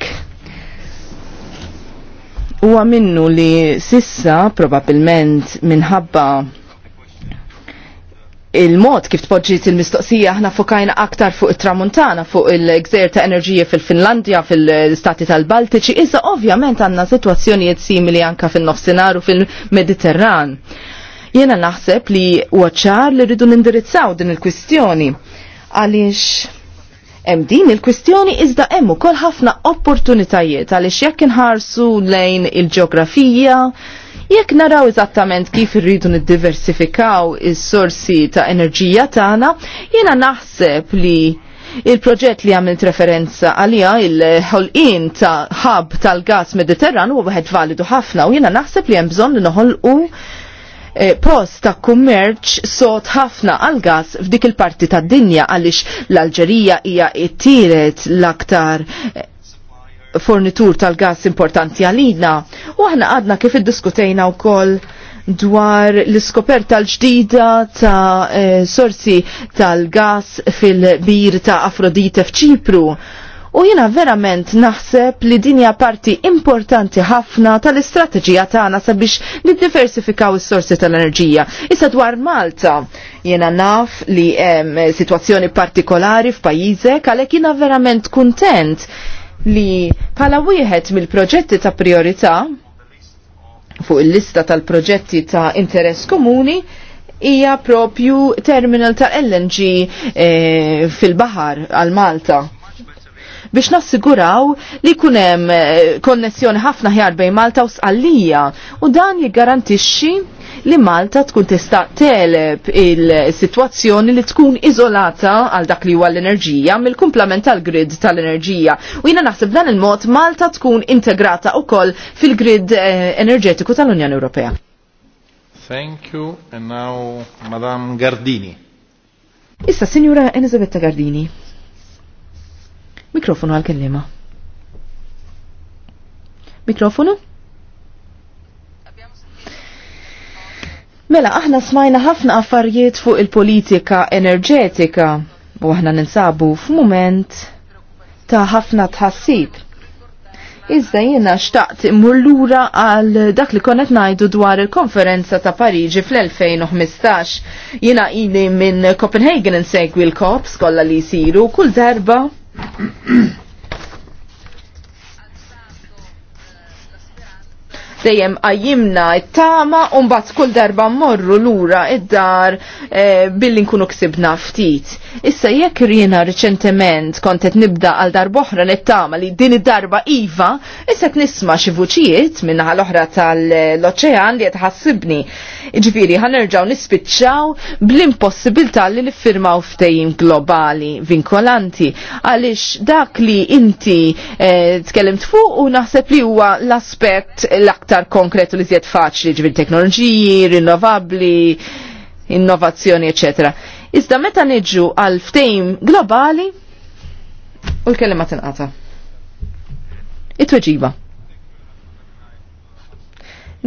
huwa minnu li sissa probabilment minħabba il-mod kif tpoġġiet il-mistoqsija aħna fokajna aktar fuq it-tramuntana, fuq il-gżer ta' enerġija fil-Finlandja, fil-Stati tal-Baltiċi, iżda ovvjament għandna sitwazzjonijiet simili anka fin-nofsinhar u fil-Mediterran. Jena naħseb li uħċar li rridu nindirizzaw din il-kwistjoni. Għaliex hemm din il-kwistjoni iżda hemm ukoll ħafna opportunitajiet għaliex jekk inħarsu lejn il-ġeografija, jekk naraw eżattament kif irridu niddiversifikaw is-sorsi ta' enerġija tagħna, jiena naħseb li il-proġett li għamilt referenza għalija il-ħolqin ta' ħab tal-gas mediterran u għed validu ħafna u jiena naħseb li hemm bżonn li noħolqu Eh, post ta' kummerċ sot ħafna għal gas f'dik il-parti ta' dinja għaliex l-Alġerija hija it-tielet l-aktar eh, fornitur tal-gas importanti għalina. U aħna għadna kif iddiskutejna wkoll dwar l-iskoperta l-ġdida ta' eh, sorsi tal-gas fil-bir ta' Afrodite f'Ċipru U jina verament naħseb li dinja parti importanti ħafna tal-istrateġija tagħna sabiex niddiversifikaw is-sorsi tal-enerġija. Issa dwar Malta, jena naf li hemm sitwazzjoni partikolari f'pajjiżek għalhekk jiena verament kuntent li bħala wieħed mill-proġetti ta' priorità fuq il-lista tal-proġetti ta' interess komuni hija propju terminal ta' LNG e, eh, fil-baħar għal Malta biex nassiguraw li kunem eh, konnessjoni ħafna ħjar bejn Malta u Sqallija u dan jiggarantixxi li Malta tkun tista' teleb il-sitwazzjoni li tkun iżolata għal dak li huwa l-enerġija mill-kumplament tal-grid tal-enerġija. U jiena naħseb dan il-mod Malta tkun integrata wkoll fil-grid eh, enerġetiku tal-Unjoni Ewropea. Thank you, and now Madame Gardini. Issa, Signora Elisabetta Gardini. Mikrofonu għal-kellima. Mikrofonu? Mela, aħna smajna ħafna affarijiet fuq il-politika enerġetika u aħna ninsabu f'mument ta' ħafna tħassib. Iżda jiena xtaqt immur lura għal dak li konet najdu dwar il-konferenza ta' Pariġi fl-2015. Jena jini minn Copenhagen insegwi l-kops kolla li jisiru kull darba dejjem għajjimna it-tama un bat kull darba morru lura id-dar eh, billi nkunu ksibna ftit. Issa jekk riċentement reċentement kontet nibda għal oħra li tama li din id-darba iva, issa nisma xi vuċijiet minnaħa l-oħra tal-oċean li jtħassibni. Ġviri, ħanerġaw nispiċċaw bl-impossibilità li niffirmaw ftejim globali vinkolanti. Għalix dak li inti eh, tkellimt fuq u naħseb li huwa l-aspett l-aktar konkretu li zjed faċli ġviri teknoloġiji, rinnovabli, innovazzjoni, eccetera Iżda meta niġu għal ftejm globali u l-kelma tinqata. It-tweġiba.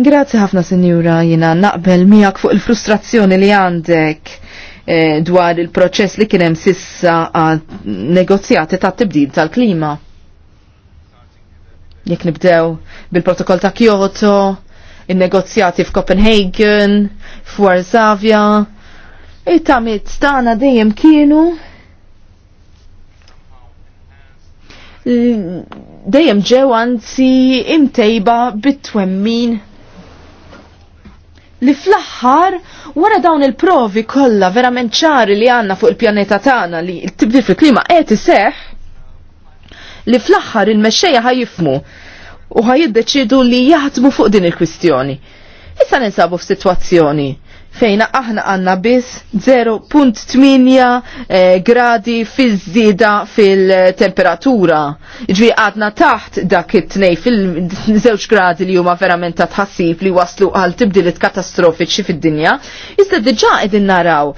Grazzi ħafna sinjura jina naqbel miegħek fuq il-frustrazzjoni li għandek eh, dwar il-proċess li kienem sissa għad negozjati ta' tibdil tal-klima. Jek nibdew bil-protokoll ta' Kyoto, il-negozjati f'Copenhagen, f'Warsavia, it-tamit stana dejjem kienu dejjem ġew anzi imtejba bit-twemmin li fl-aħħar wara dawn il-provi kollha verament ċari li għandna fuq il-pjaneta tagħna li tibdil fil-klima qed iseħħ li fl-aħħar il-mexxejja ħajifmu u ħajiddeċidu li jaħdmu fuq din il-kwistjoni. Issa ninsabu f'sitwazzjoni fejna aħna għanna biss 0.8 eh, gradi fiż-żieda fil-temperatura. Ġvi għadna taħt dak it-tnej fil-żewġ gradi li huma verament ta' tħassib li waslu għal tibdilit katastrofiċi fid-dinja. Iżda diġa qegħdin naraw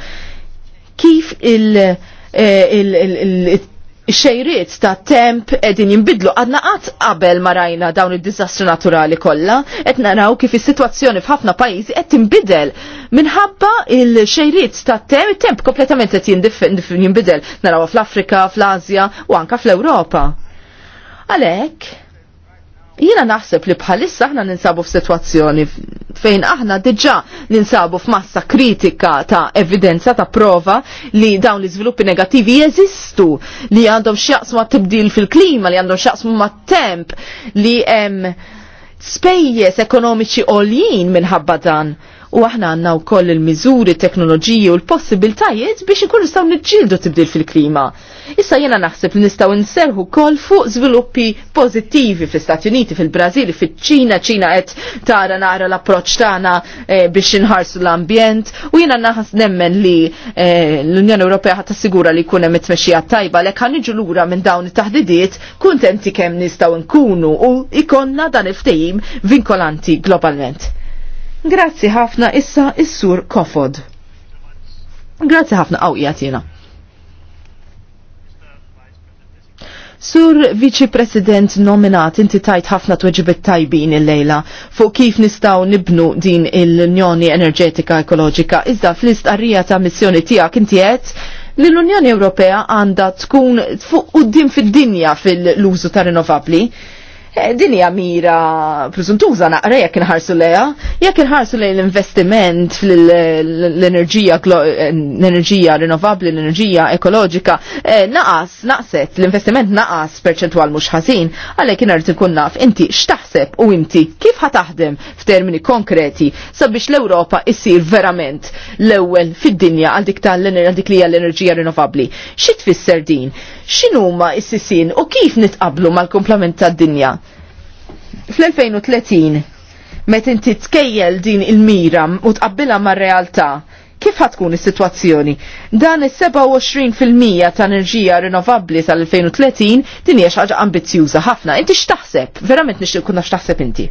kif il- eh, il xejriet ta' temp edin jimbidlu għadna qatt qabel marajna dawn id-dizastru naturali kollha qed naraw kif is-sitwazzjoni f'ħafna pajjiżi qed tinbidel minħabba il-xejriet ta' temp temp kompletament qed jinbidel narawha fl-Afrika, fl azja u anka fl-Ewropa. Għalhekk Jiena naħseb li bħalissa aħna ninsabu f'sitwazzjoni fejn aħna diġà ninsabu f'massa kritika ta' evidenza ta' prova li dawn l-iżviluppi negattivi jeżistu li għandhom x'jaqsmu ma' tibdil fil-klima, li għandhom x'jaqsmu ma' temp li hemm spejjeż ekonomiċi għoljin minħabba dan u aħna għanna u koll il-mizuri, teknoloġiji u l-possibiltajiet biex ikun nistaw nġildu tibdil fil-klima. Issa jena naħseb li nistaw nserħu koll fuq sviluppi pozittivi fil-Stati Uniti, fil-Brazil, fil-ċina, ċina qed tara nara l-approċ tagħna eh, biex inħarsu l-ambjent u jena naħas nemmen li eh, l-Unjoni Ewropea ħat tassigura li jkun hemm it-tmexxija tajba lek ħaniġu lura minn dawn it-taħdidiet kuntenti kemm nistaw nkunu u ikonna dan il ftejim vinkolanti globalment. Grazzi ħafna issa is-sur Kofod. Grazzi ħafna għawqijatina. Sur Viċi President nominat inti tajt ħafna tweġibet tajbin il-lejla fuq kif nistaw nibnu din il-Unjoni Enerġetika Ekoloġika. Iżda fl-istqarrija ta' missjoni tiegħek inti qed li l-Unjoni Ewropea għandha tkun fuq quddiem fid-dinja fil-użu ta' rinnovabbli. Eh, din hija mira preżuntuża naqra jekk inħarsu leha, jekk inħarsu lejn l-investiment fl-enerġija l-enerġija eh, rinnovabbli, l-enerġija ekoloġika, eh, naqas, naqset, l-investiment naqas perċentwal mhux ħażin, għalhekk inher ikun naf inti x'taħseb u inti kif ħataħdem f'termini konkreti sabiex l-Ewropa issir verament l-ewwel fid-dinja għal dik tal-dik li hija l-enerġija rinnovabbli. Xi tfisser din? X'inhuma s-sisin u kif nitqablu mal-komplement tad-dinja? fl-2030 met inti tkejjel din il-mira u tqabbilha mar-realtà kif ħatkun is-sitwazzjoni? Dan is-27% ta' enerġija rinnovabbli tal-2030 din hija ħaġa ambizzjuża ħafna. Inti x'taħseb? Verament nixtieq kun x'taħseb inti.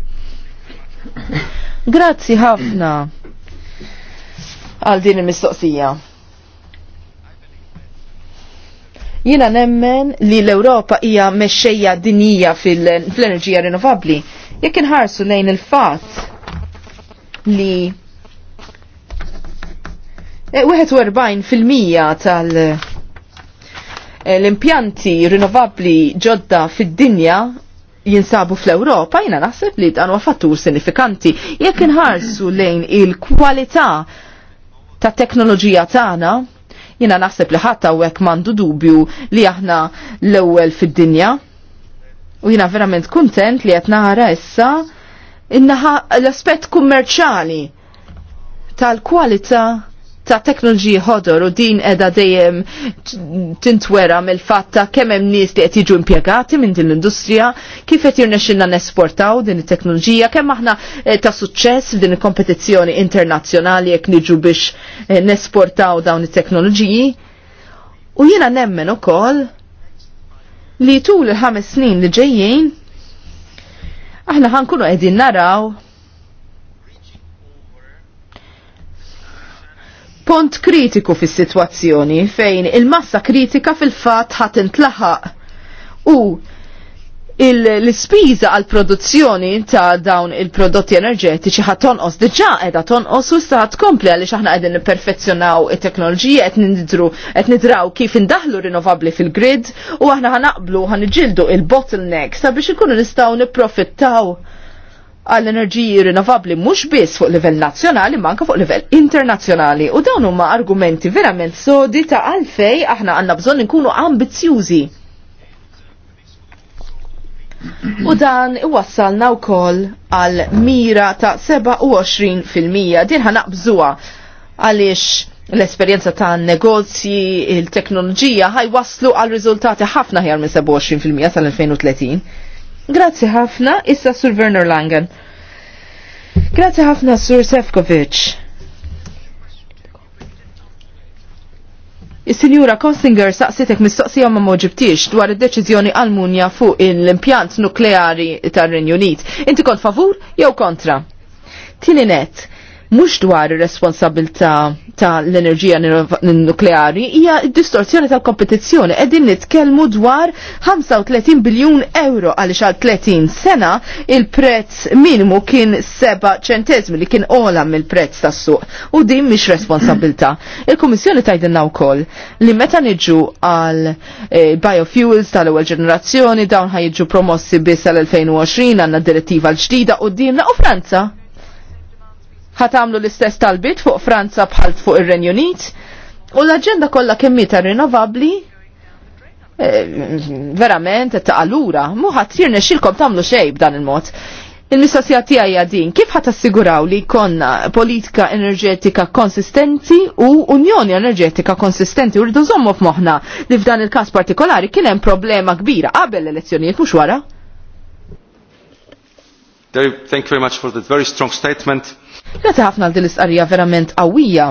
Grazzi ħafna għal din il-mistoqsija. Jiena nemmen li l-Ewropa hija mexxejja dinija fil-enerġija rinnovabbli. Jekk inħarsu lejn il-fatt li 41% e, tal- e, l-impjanti rinnovabbli ġodda fid-dinja jinsabu fl-Europa, jina naħseb li dan fattur sinifikanti. Jekk inħarsu lejn il-kwalità ta' teknoloġija tagħna, Jina naħseb li ħatta u għek m'għandu dubju li aħna l-ewwel fid-dinja. U jina verament kuntent li qed naħara issa innaħa l-aspett kummerċali tal-kwalità ta' teknoloġiji ħodor u din edha dejjem tintwera mill-fatt ta' kemm hemm nies li qed jiġu impjegati minn din l-industrija, kif qed jirnexxilna nesportaw din it-teknoloġija, kemm aħna eh, ta' suċċess f'din il-kompetizzjoni internazzjonali jekk niġu biex eh, nesportaw dawn it-teknoloġiji. U jiena nemmen ukoll li tul il-ħames snin li ġejjin aħna ħankunu qegħdin naraw pont kritiku fis situazzjoni fejn il-massa kritika fil-fat ħat intlaħaq u l-spiża għal produzzjoni ta' dawn il-prodotti enerġetiċi ħat tonqos diġà qiegħda tonqos u issa ħat tkompli għaliex aħna qegħdin nipperfezzjonaw it-teknoloġija qed nidru qed nidraw kif indaħlu rinnovabbli fil-grid u aħna ħanaqblu ħaniġildu il-bottleneck sabiex ikunu nistgħu nipprofittaw għall enerġiji rinnovabli mhux biss fuq livell nazzjonali ma anke fuq livell internazzjonali u dawn huma argumenti verament sodi ta' għalfej aħna għandna bżonn inkunu ambizzjużi. U dan iwassalna wkoll għal mira ta' 27% din ħanaqbżuha għaliex l-esperienza ta' negozji, il-teknoloġija ħaj waslu għal riżultati ħafna ħjar minn 27% tal-2030. Grazzi ħafna, issa Sur Werner Langen. Grazzi ħafna Sur Sefkovic. Is-Sinjura Kossinger saqsitek mistoqsija ma moġibtix dwar id-deċiżjoni Almunja fuq l-impjant nukleari tar-Renju Unit. Inti kont favur jew kontra? Tini net, mhux dwar ir-responsabilità tal-enerġija nukleari hija d-distorzjoni tal-kompetizzjoni. Qegħdin nitkellmu dwar 35 biljun euro għaliex għal 30 sena il-prezz minimu kien 7 ċentesmi li kien ola mill-prezz tas-suq u din mhix responsabilità. Il-Kummissjoni tgħidilna wkoll li meta niġu għal eh, biofuels tal-ewwel ġenerazzjoni dawn ħajġu promossi biss għal 2020 għandna direttiva l-ġdida u dinna u Franza ħatamlu l-istess talbit fuq Franza bħal fuq ir-Renju Unit u l-aġenda kollha kemm ta' rinnovabbli eh, verament ta' allura mu ħadd jirnexxilkom tagħmlu xej b'dan il-mod. Il-mistoqsija tiegħi din kif ħadd assiguraw li jkollna politika enerġetika konsistenti u unjoni enerġetika konsistenti u rridu żommu f'moħħna li f'dan il-każ partikolari kien hemm problema kbira qabel l-elezzjonijiet mhux wara. Thank you very much for that very strong statement. Grazie ħafna għal din l-istqarrija verament qawwija.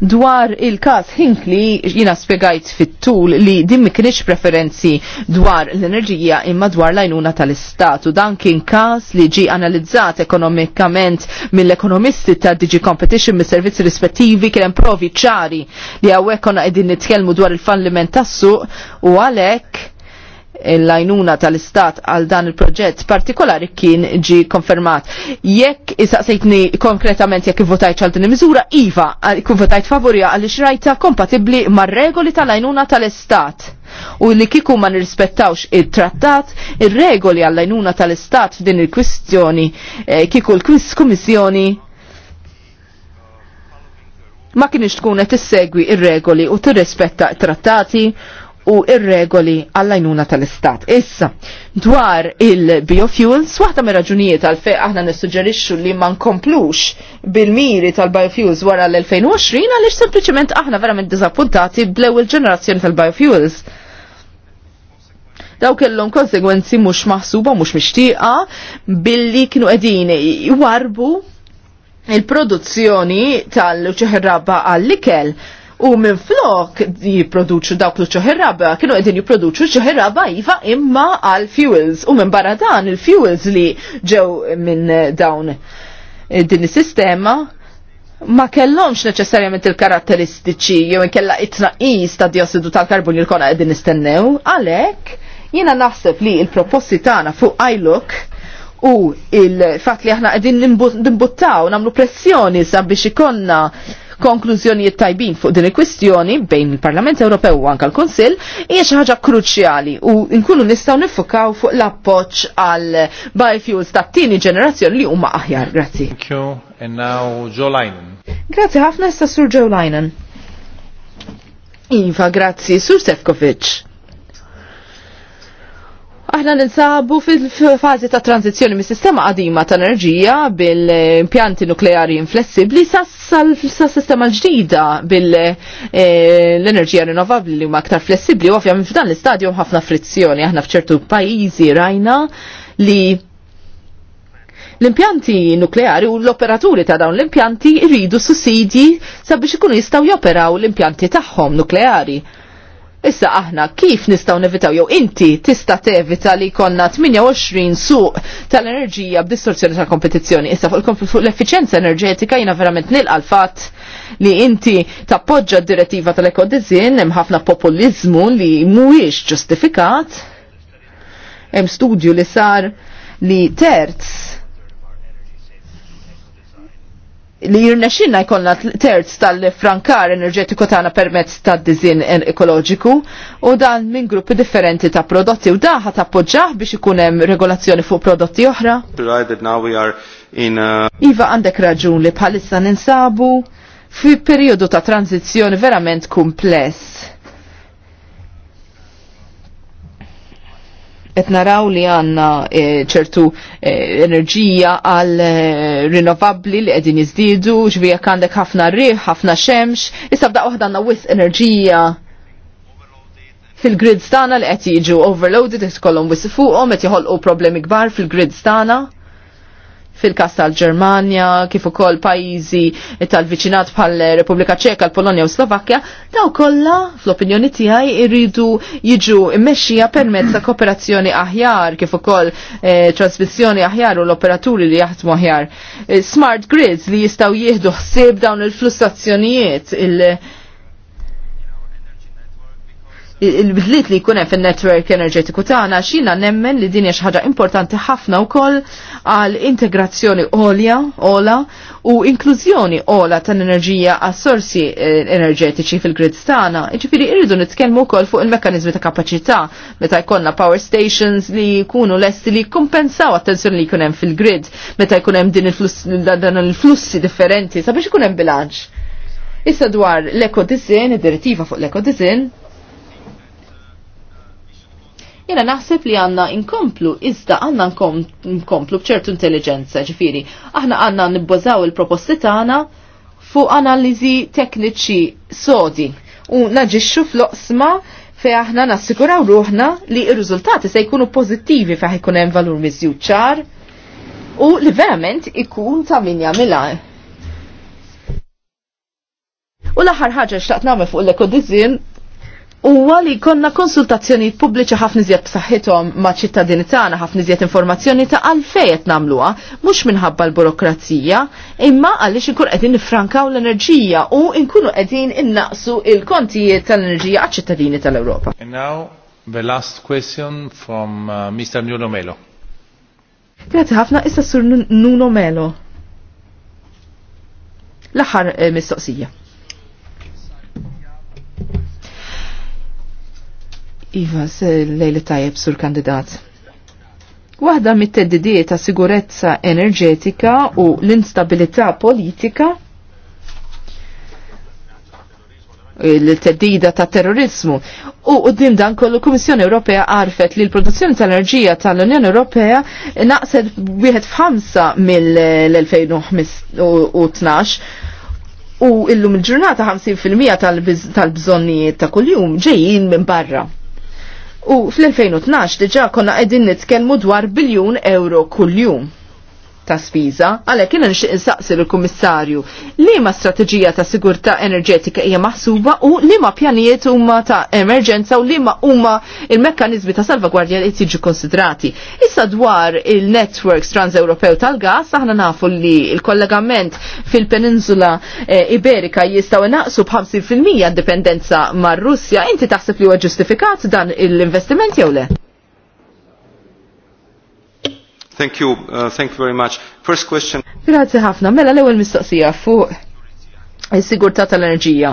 Dwar il-kas Hinkli jina spiegajt fit-tul li din mi kienx preferenzi dwar l-enerġija imma dwar l-għajnuna tal-istat u dan kien kas li ġi analizzat ekonomikament mill-ekonomisti ta' Digi Competition mis servizzi rispettivi kien provi ċari li għawekon għedin nitkelmu dwar il-falliment tas-suq u għalek l-lajnuna tal-istat għal dan il-proġett partikolari kien ġi konfermat. Jekk isaqsejtni konkretament jekk votajt għal din il-miżura, iva, kif votajt favori għal xrajta kompatibli mar-regoli tal-lajnuna tal-istat. U li kiku ma nirrispettawx il-trattat, il-regoli għall-lajnuna tal-istat f'din il-kwistjoni, eh, kiku l komissjoni ma kienx tkun qed tissegwi ir-regoli u tirrispetta t-trattati u ir-regoli għall-għajnuna tal-istat. Issa, dwar il-biofuels, waħda mir raġunijiet għal fej aħna nissuġġerixxu li ma nkomplux bil-miri tal-biofuels wara l-2020 għaliex sempliċement aħna verament diżappuntati bl-ewwel ġenerazzjoni tal-biofuels daw kellhom konsegwenzi mhux maħsuba mhux mixtieqa billi kienu qegħdin jwarbu il-produzzjoni tal-ċeħraba għall-ikel U minn flok jiproduċu dawk li ċoħirraba, kienu għedin jiproduċu ċoħirraba jiva imma għal fuels. U minn barra dan il-fuels li ġew minn dawn eh, din is-sistema ma kellhomx neċessarjament il-karatteristiċi jew inkella it-tnaqqis ta' diossidu tal-karbonju li kona qegħdin nistennew, għalhekk jiena naħseb li l-proposti tagħna fuq iLook u il-fatt li aħna qegħdin nimbuttaw nagħmlu pressjoni sabiex ikonna konklużjonijiet tajbin fuq din il-kwistjoni bejn il-Parlament Ewropew u anka l-Kunsill hija xi ħaġa kruċjali u nkunu nistgħu nifukaw fuq l-appoġġ għal biofuels tat-tieni ġenerazzjoni li huma aħjar. Grazzi. Thank you. And now Joe Linen. Grazzi ħafna issa Sur Joe Linen. Iva, grazzi, Sur Sefkovic. Aħna ninsabu fil-fazi ta' tranzizjoni mis sistema qadima ta' enerġija bil-impjanti nukleari inflessibli sa' sistema l-ġdida bil-enerġija eh, rinnovabli ma' huma aktar flessibli. Ovvja minn f'dan l-istadju ħafna frizzjoni. Aħna f'ċertu pajjiżi rajna li l-impjanti nukleari u l-operaturi ta' dawn l-impjanti rridu sussidji sabiex ikunu jistgħu joperaw l-impjanti tagħhom nukleari Issa aħna kif nistaw nevitaw jew inti tista' tevita li konna 28 suq tal-enerġija b'distorzjoni tal-kompetizzjoni. Issa fuq l-effiċenza enerġetika jina verament nilqa l-fatt li inti tappoġġa d-direttiva tal-ekodizin hemm ħafna populizmu li mhuwiex ġustifikat. Hemm studju li sar li terz li jirna xinna jkollna terz tal-frankar enerġetiku tagħna permezz tad-dizin ekoloġiku u dan minn gruppi differenti ta' prodotti u daħa poġġaħ biex ikun hemm regolazzjoni fuq prodotti oħra. Uh, iva għandek raġun li bħalissa ninsabu fi periodu ta' tranzizzjoni verament kumpless qed naraw li għandna eh, ċertu eh, enerġija għal eh, rinnovabbli li qegħdin jiżdiedu, ġvija għandek ħafna riħ, ħafna xemx, issa bdaq waħda għandna wisq enerġija fil-grid stana li qed jiġu overloaded qed tkollhom wisq fuqhom qed joħolqu problemi kbar fil-grid stana fil-kas tal-Ġermanja, kif ukoll pajjiżi tal-viċinat bħal Repubblika Ċeka, l-Polonja u Slovakkja, daw kollha fl-opinjoni tiegħi jridu jiġu mmexxija permezz ta' kooperazzjoni aħjar, kif ukoll eh, trasmissjoni aħjar u l-operaturi li jaħdmu aħjar. Eh, smart grids li jistgħu jieħdu ħsieb dawn il-flussazzjonijiet il-, -flussazzjonijiet, il il-bidliet li jkun hemm fin-netwerk enerġetiku tagħna xina nemmen li din hija xi ħaġa importanti ħafna wkoll għal integrazzjoni olja ola u inklużjoni ola tan-enerġija għas sorsi eh, enerġetiċi fil-grid tagħna. Jiġifieri irridu nitkellmu wkoll fuq il-mekkaniżmi ta' kapaċità meta jkollna power stations li jkunu lesti li kompensaw attenzjoni li jkun hemm fil-grid meta jkun hemm din il-flussi differenti sabiex ikun hemm bilanċ. Issa dwar l-ekodizin, id-direttiva fuq l-ekodizin, Jena naħseb li għanna inkomplu, iżda għanna inkomplu bċertu intelligenza, ġifiri. Aħna għanna nibbożaw il-proposti tagħna fuq analizi tekniċi sodi u naġixxu fl-oqsma fej aħna nassikuraw ruħna li r-riżultati se jkunu pożittivi fejn ikun hemm valur miżjud ċar u li verament ikun ta' min jagħmilha. U l-aħħar ħaġa xtaqt nagħmel fuq l-ekodizin huwa li konna konsultazzjoni pubbliċi ħafna iżjed b'saħħithom ma' ċittadini tagħna ħafna iżjed informazzjoni ta' għalfejn qed nagħmluha, mhux minħabba l-burokrazija, imma għaliex inkun qegħdin nifrankaw l-enerġija u nkunu qegħdin innaqsu il-kontijiet tal-enerġija għaċ-ċittadini tal-Ewropa. And now the last question from uh, Mr. Nuno Melo. Grazzi ħafna issa sur Nuno Melo. L-aħħar eh, mistoqsija. Iva, lejli tajjeb sur kandidat. Waħda mit-teddidiet ta' sigurezza enerġetika u l-instabilità politika il-teddida ta' terrorizmu. U qoddim dan kollu Kummissjoni Ewropea għarfet li l-produzzjoni tal-enerġija tal-Unjoni Ewropea naqset wieħed f'ħamsa mill-2012 u illum il-ġurnata 50% tal-bżonnijiet ta' kuljum ġejjin minn barra. U fl-2012 diġa konna qegħdin nitkellmu dwar biljun euro kuljum ta' spiża, għalhekk jiena nixtieq insaqsi il kummissarju liema strateġija ta' sigurtà enerġetika hija maħsuba u liema pjanijiet huma ta' emerġenza u liema huma il-mekkaniżmi ta' salvagwardja li tiġi konsidrati. Issa dwar il-networks transeuropew tal-gas aħna nafu li l-kollegament fil-peninsula eh, Iberika jistgħu naqsu b'50% dipendenza mar-Russja, inti taħseb li huwa ġustifikat dan l-investiment jew le? Thank you, uh, thank you very much. First question. Grazie ħafna, mela l-ewel mistoqsija fuq il-sigurta tal-enerġija.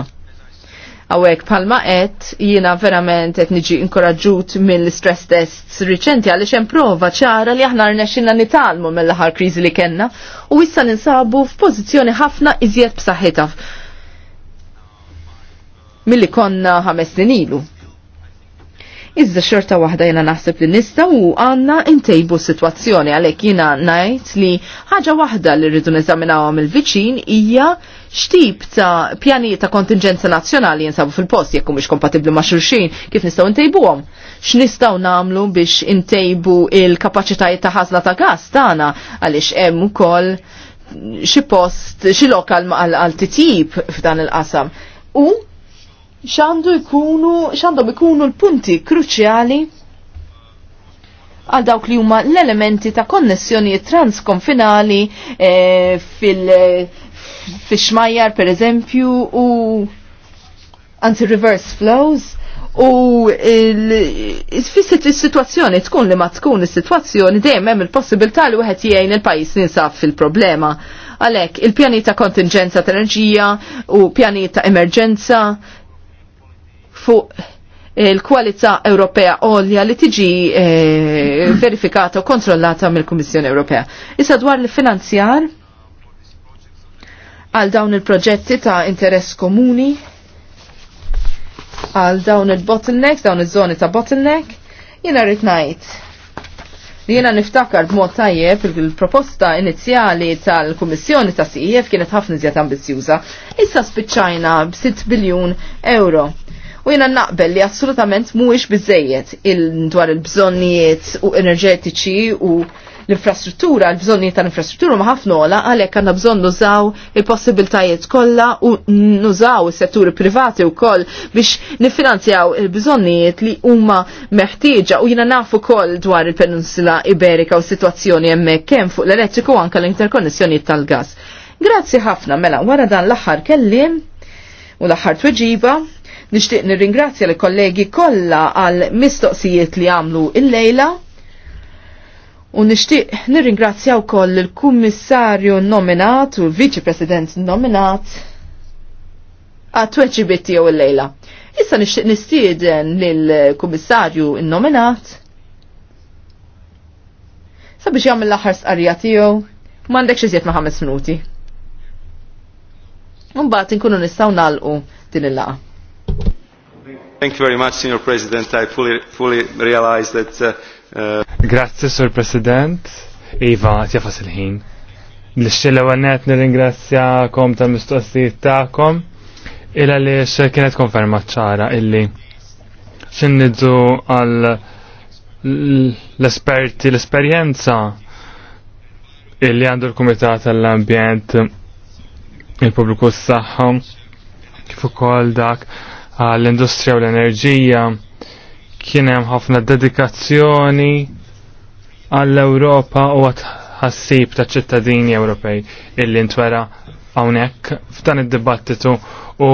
Awek, palma et, jina verament et niġi inkoraġut mill-stress tests riċenti għaliex hemm prova ċara li aħna rnexxinna nitalmu mill-aħħar kriżi li kellna u issa ninsabu f'pożizzjoni ħafna iżjed b'saħħitha milli konna ħames ilu. Iżda xorta waħda jena naħseb li nista u għanna intejbu situazzjoni għalek jena najt li ħaġa waħda li rridu neżaminaw għam il-viċin hija xtib ta' pjani ta' kontingenza nazjonali jinsabu fil-post jekku mux kompatibli ma' xurxin kif nistaw intejbu għom. X'nistgħu namlu biex intejbu il-kapacitajiet ta' ħazla ta' gas tagħna għaliex hemm ukoll xi post xi lokal għal titjib f'dan il-qasam. U xandu jkunu, xandu ikunu l-punti kruċjali għal dawk li huma l-elementi ta' konnessjoni transkonfinali e, fil fil-xmajjar per eżempju u anzi reverse flows u il situazzjoni tkun li ma tkun is-sitwazzjoni dejjem hemm il-possibilità li wieħed jgħin il-pajjiż ninsab fil-problema. Għalhekk il-pjanita kontingenza ta' enerġija u pjanita emerġenza fuq il-kwalità Ewropea għolja li tiġi e, verifikata u kontrollata mill-Kummissjoni Ewropea. Issa dwar l-finanzjar għal dawn il-proġetti ta' interess komuni, għal dawn il-bottleneck, dawn il-żoni ta' bottleneck, jiena rrit najt li jiena niftakar b'mod tajjeb il-proposta inizjali tal-Kummissjoni ta' CIF e kienet ħafna iżjed ambizjuża. Issa spiċċajna b'6 biljun euro. U jina naqbel li assolutament mhuwiex bizzejiet il dwar il-bżonnijiet u enerġetiċi u l-infrastruttura, l-bżonnijiet tal-infrastruttura ma ħafna ola għalhekk għandna bżonn nużaw il-possibiltajiet kollha u nużaw is-setturi privati wkoll biex niffinanzjaw il-bżonnijiet li huma meħtieġa u jiena nafu koll dwar il-Peninsula Iberika u sitwazzjoni hemmhekk kemm fuq l-elettriku anke l-interkonnessjonijiet tal-gas. Grazzi ħafna mela wara dan l-aħħar kellim u l-aħħar tweġiba Nixtieq nirringrazzja li kollegi kollha għal mistoqsijiet li għamlu il-lejla. U nixtieq nirringrazzja wkoll il-kummissarju nominat u l-viċi president nominat għat-tweċi tiegħu il-lejla. Issa nixtieq nistieden lill-kummissarju nominat. sabiex jagħmel l-aħħar sqarrija tiegħu m'għandekx iżjed ma' ħames minuti. Mbagħad inkunu nistgħu nagħlqu din il-laqgħa. Thank you very much, Signor President. I fully, fully realize that... Uh, uh Grazie, Sir President. Iva, tjafas il-ħin. L-xilla għannet nir kom ta' mistoqsi ta' kom. Illa li kienet konferma ċara illi xinnidu għal l-esperti, l-esperienza illi għandu l komitat tal-Ambjent, il publiku s saxħom kif ukoll dak għall-industrija u l-enerġija kien hemm ħafna dedikazzjoni għall-Ewropa u għat-ħassib ta' ċittadini Ewropej illi ntwera hawnhekk f'dan id-dibattitu u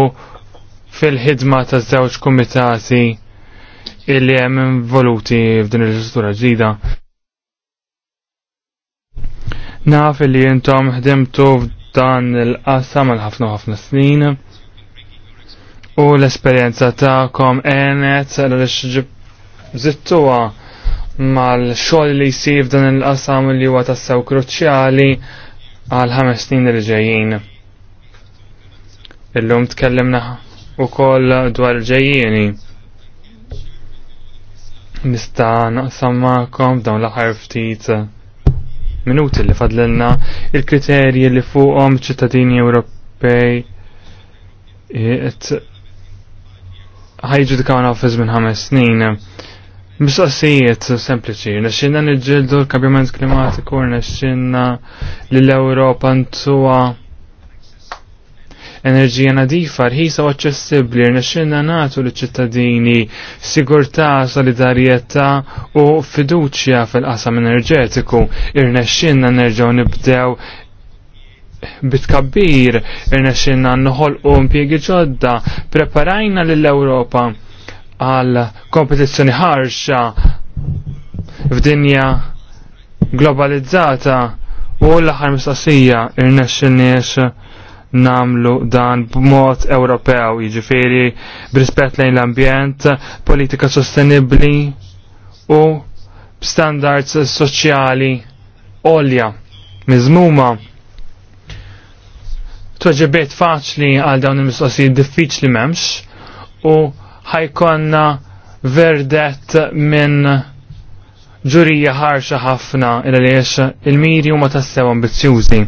fil-ħidma ta' żewġ kumitati illi hemm involuti f'din il-ġistura ġdida. Naf illi intom ħdimtu f'dan il-qasam għal ħafna ħafna snin U l-esperienza ta'kom enet għal zittuwa mal-xogħol li jsir f'dan il-qasam li huwa tassew kruċjali għal ħames snin li ġejjin. Illum tkellimna wkoll dwar ġejjieni. Nista' naqsam magħkom dawn l-aħħar ftit minuti li fadlilna il-kriterji li fuqhom ċittadini Ewropej eh, ħajġudikawna fiż minn ħames snin. Mistoqsijiet sempliċi, nesċinna niġġieldu l-kabjament klimatiku, nesċinna l-Ewropa tua enerġija nadifa, rħisa u aċċessibbli, nexxinna natu l-ċittadini sigurtà, solidarjetà u fiduċja fil-qasam enerġetiku, irnexxinna nerġgħu nibdew bitkabbir irnexxinna u impjiegi ġodda preparajna lill-Ewropa għal kompetizzjoni ħarxa f'dinja globalizzata u l-aħħar mistoqsija irnexxinniex namlu dan b'mod Ewropew, jiġifieri b'rispett lejn l-ambjent, politika sostenibbli u standards soċjali olja Mizmuma, Toġibiet faċli għal dawn il-mistoqsijiet diffiċli memx u ħajkonna verdet minn ġurija ħarxa ħafna il-għaliex il-miri ma tassew ambizzjużi.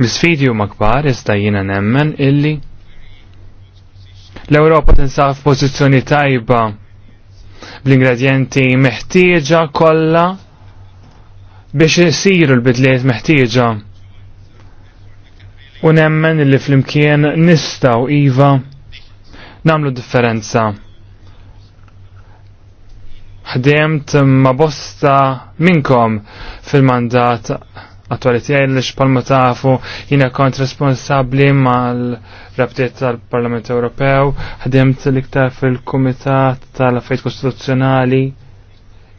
L-sfidi huma kbar jista' jiena nemmen illi l-Ewropa tinsab f'pożizzjoni tajba bl-ingredjenti meħtieġa kollha biex isiru l-bidliet meħtieġa. U nemmen li flimkien u iva namlu differenza. Ħdemt ma bosta minkom fil-mandat attuali tiegħi li xpalma tafu jiena kont responsabli mal-rabtiet tal-Parlament Ewropew, ħdemt l-iktar fil-Kumitat tal-Affajt Kostituzzjonali,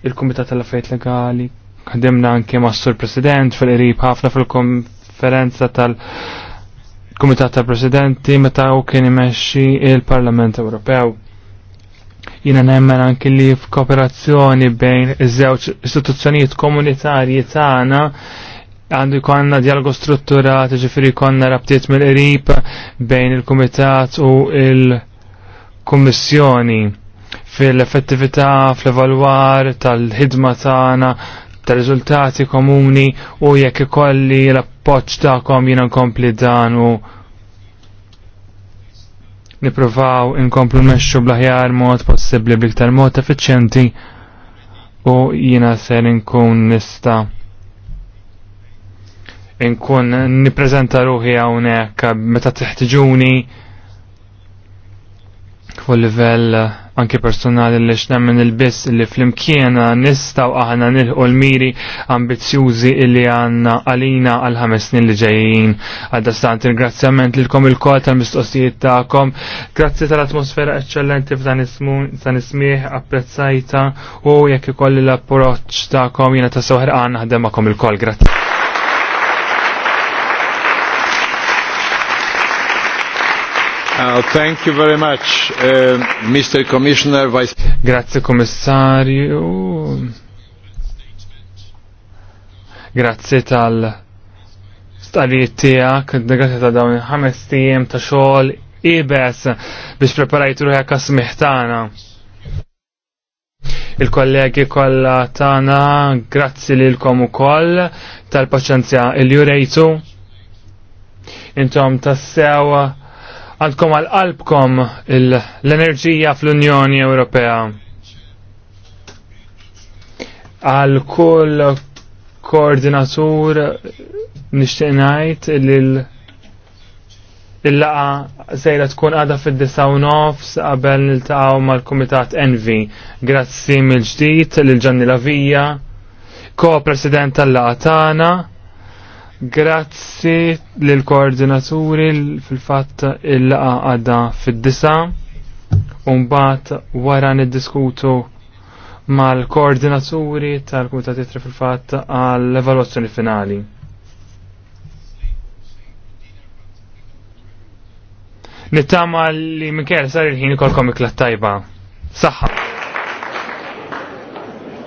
il-Kumitat tal-Affajt Legali, ħdimna anke mas sur President fil-qrib ħafna fil-konferenza tal-Kumitat tal-Presidenti meta u kien imexxi il-Parlament Ewropew. Jiena nemmen anki li f'kooperazzjoni bejn iż-żewġ istituzzjonijiet komunitarji tagħna għandu jkollna dialogu strutturat, ġifiri jkollna rabtiet mill-qrib bejn il-Kumitat u il-Kummissjoni fil-effettività, fl-evalwar tal-ħidma tagħna ta' rizultati komuni u jekk ikolli l-appoġġ tagħkom jiena nkompli dan u nippruvaw nkomplu meċu bl-aħjar mod possibbli bliktar mod effiċjenti u jina ser nkun nista' nkun nippreżenta ruħi hawnhekk meta teħtiġuni fuq livell anki personali li x'nemmen il-biss li flimkiena nistaw aħna nilħu l-miri ambizzjużi illi għanna għalina għal ħames snin li ġejjin. Għadda stant il-grazzjament lilkom il-kol tal-mistoqsijiet tagħkom. Grazzi tal-atmosfera eċċellenti f'dan ismiħ apprezzajta u jekk ikolli l-approċċ tagħkom jena ta' soħrqan naħdem magħkom il-kol. Grazzi. Uh, thank you very much, uh, Mr. Commissioner Vice. Grazie Commissario. Grazie tal starijiet tiegħek, negati ta' dawn ħames tiem ta' xogħol ibes biex preparajt ruħek smiħtana. Il-kollegi kollha tagħna, grazzi lilkom ukoll tal-paċenzja il-jurejtu. Intom tassew għandkom għal-qalbkom l-enerġija fl-Unjoni Ewropea. Għal kull koordinatur nixtieq ngħid li laqa sejra tkun għada fid-disa u nofs qabel niltaqgħu mal-Kumitat Envi. Grazzi mill-ġdid lil Ġanni Lavija, ko-president tal-laqa tagħna. Grazzi l-koordinaturi fil-fatt il-laqa għadda fil-disa un-bat wara niddiskutu mal-koordinaturi tal-Kumitat Itri fil-fatt għall-evaluazzjoni finali. Nittama li Mikel sar il-ħin kolkom iklat tajba. Saħħa.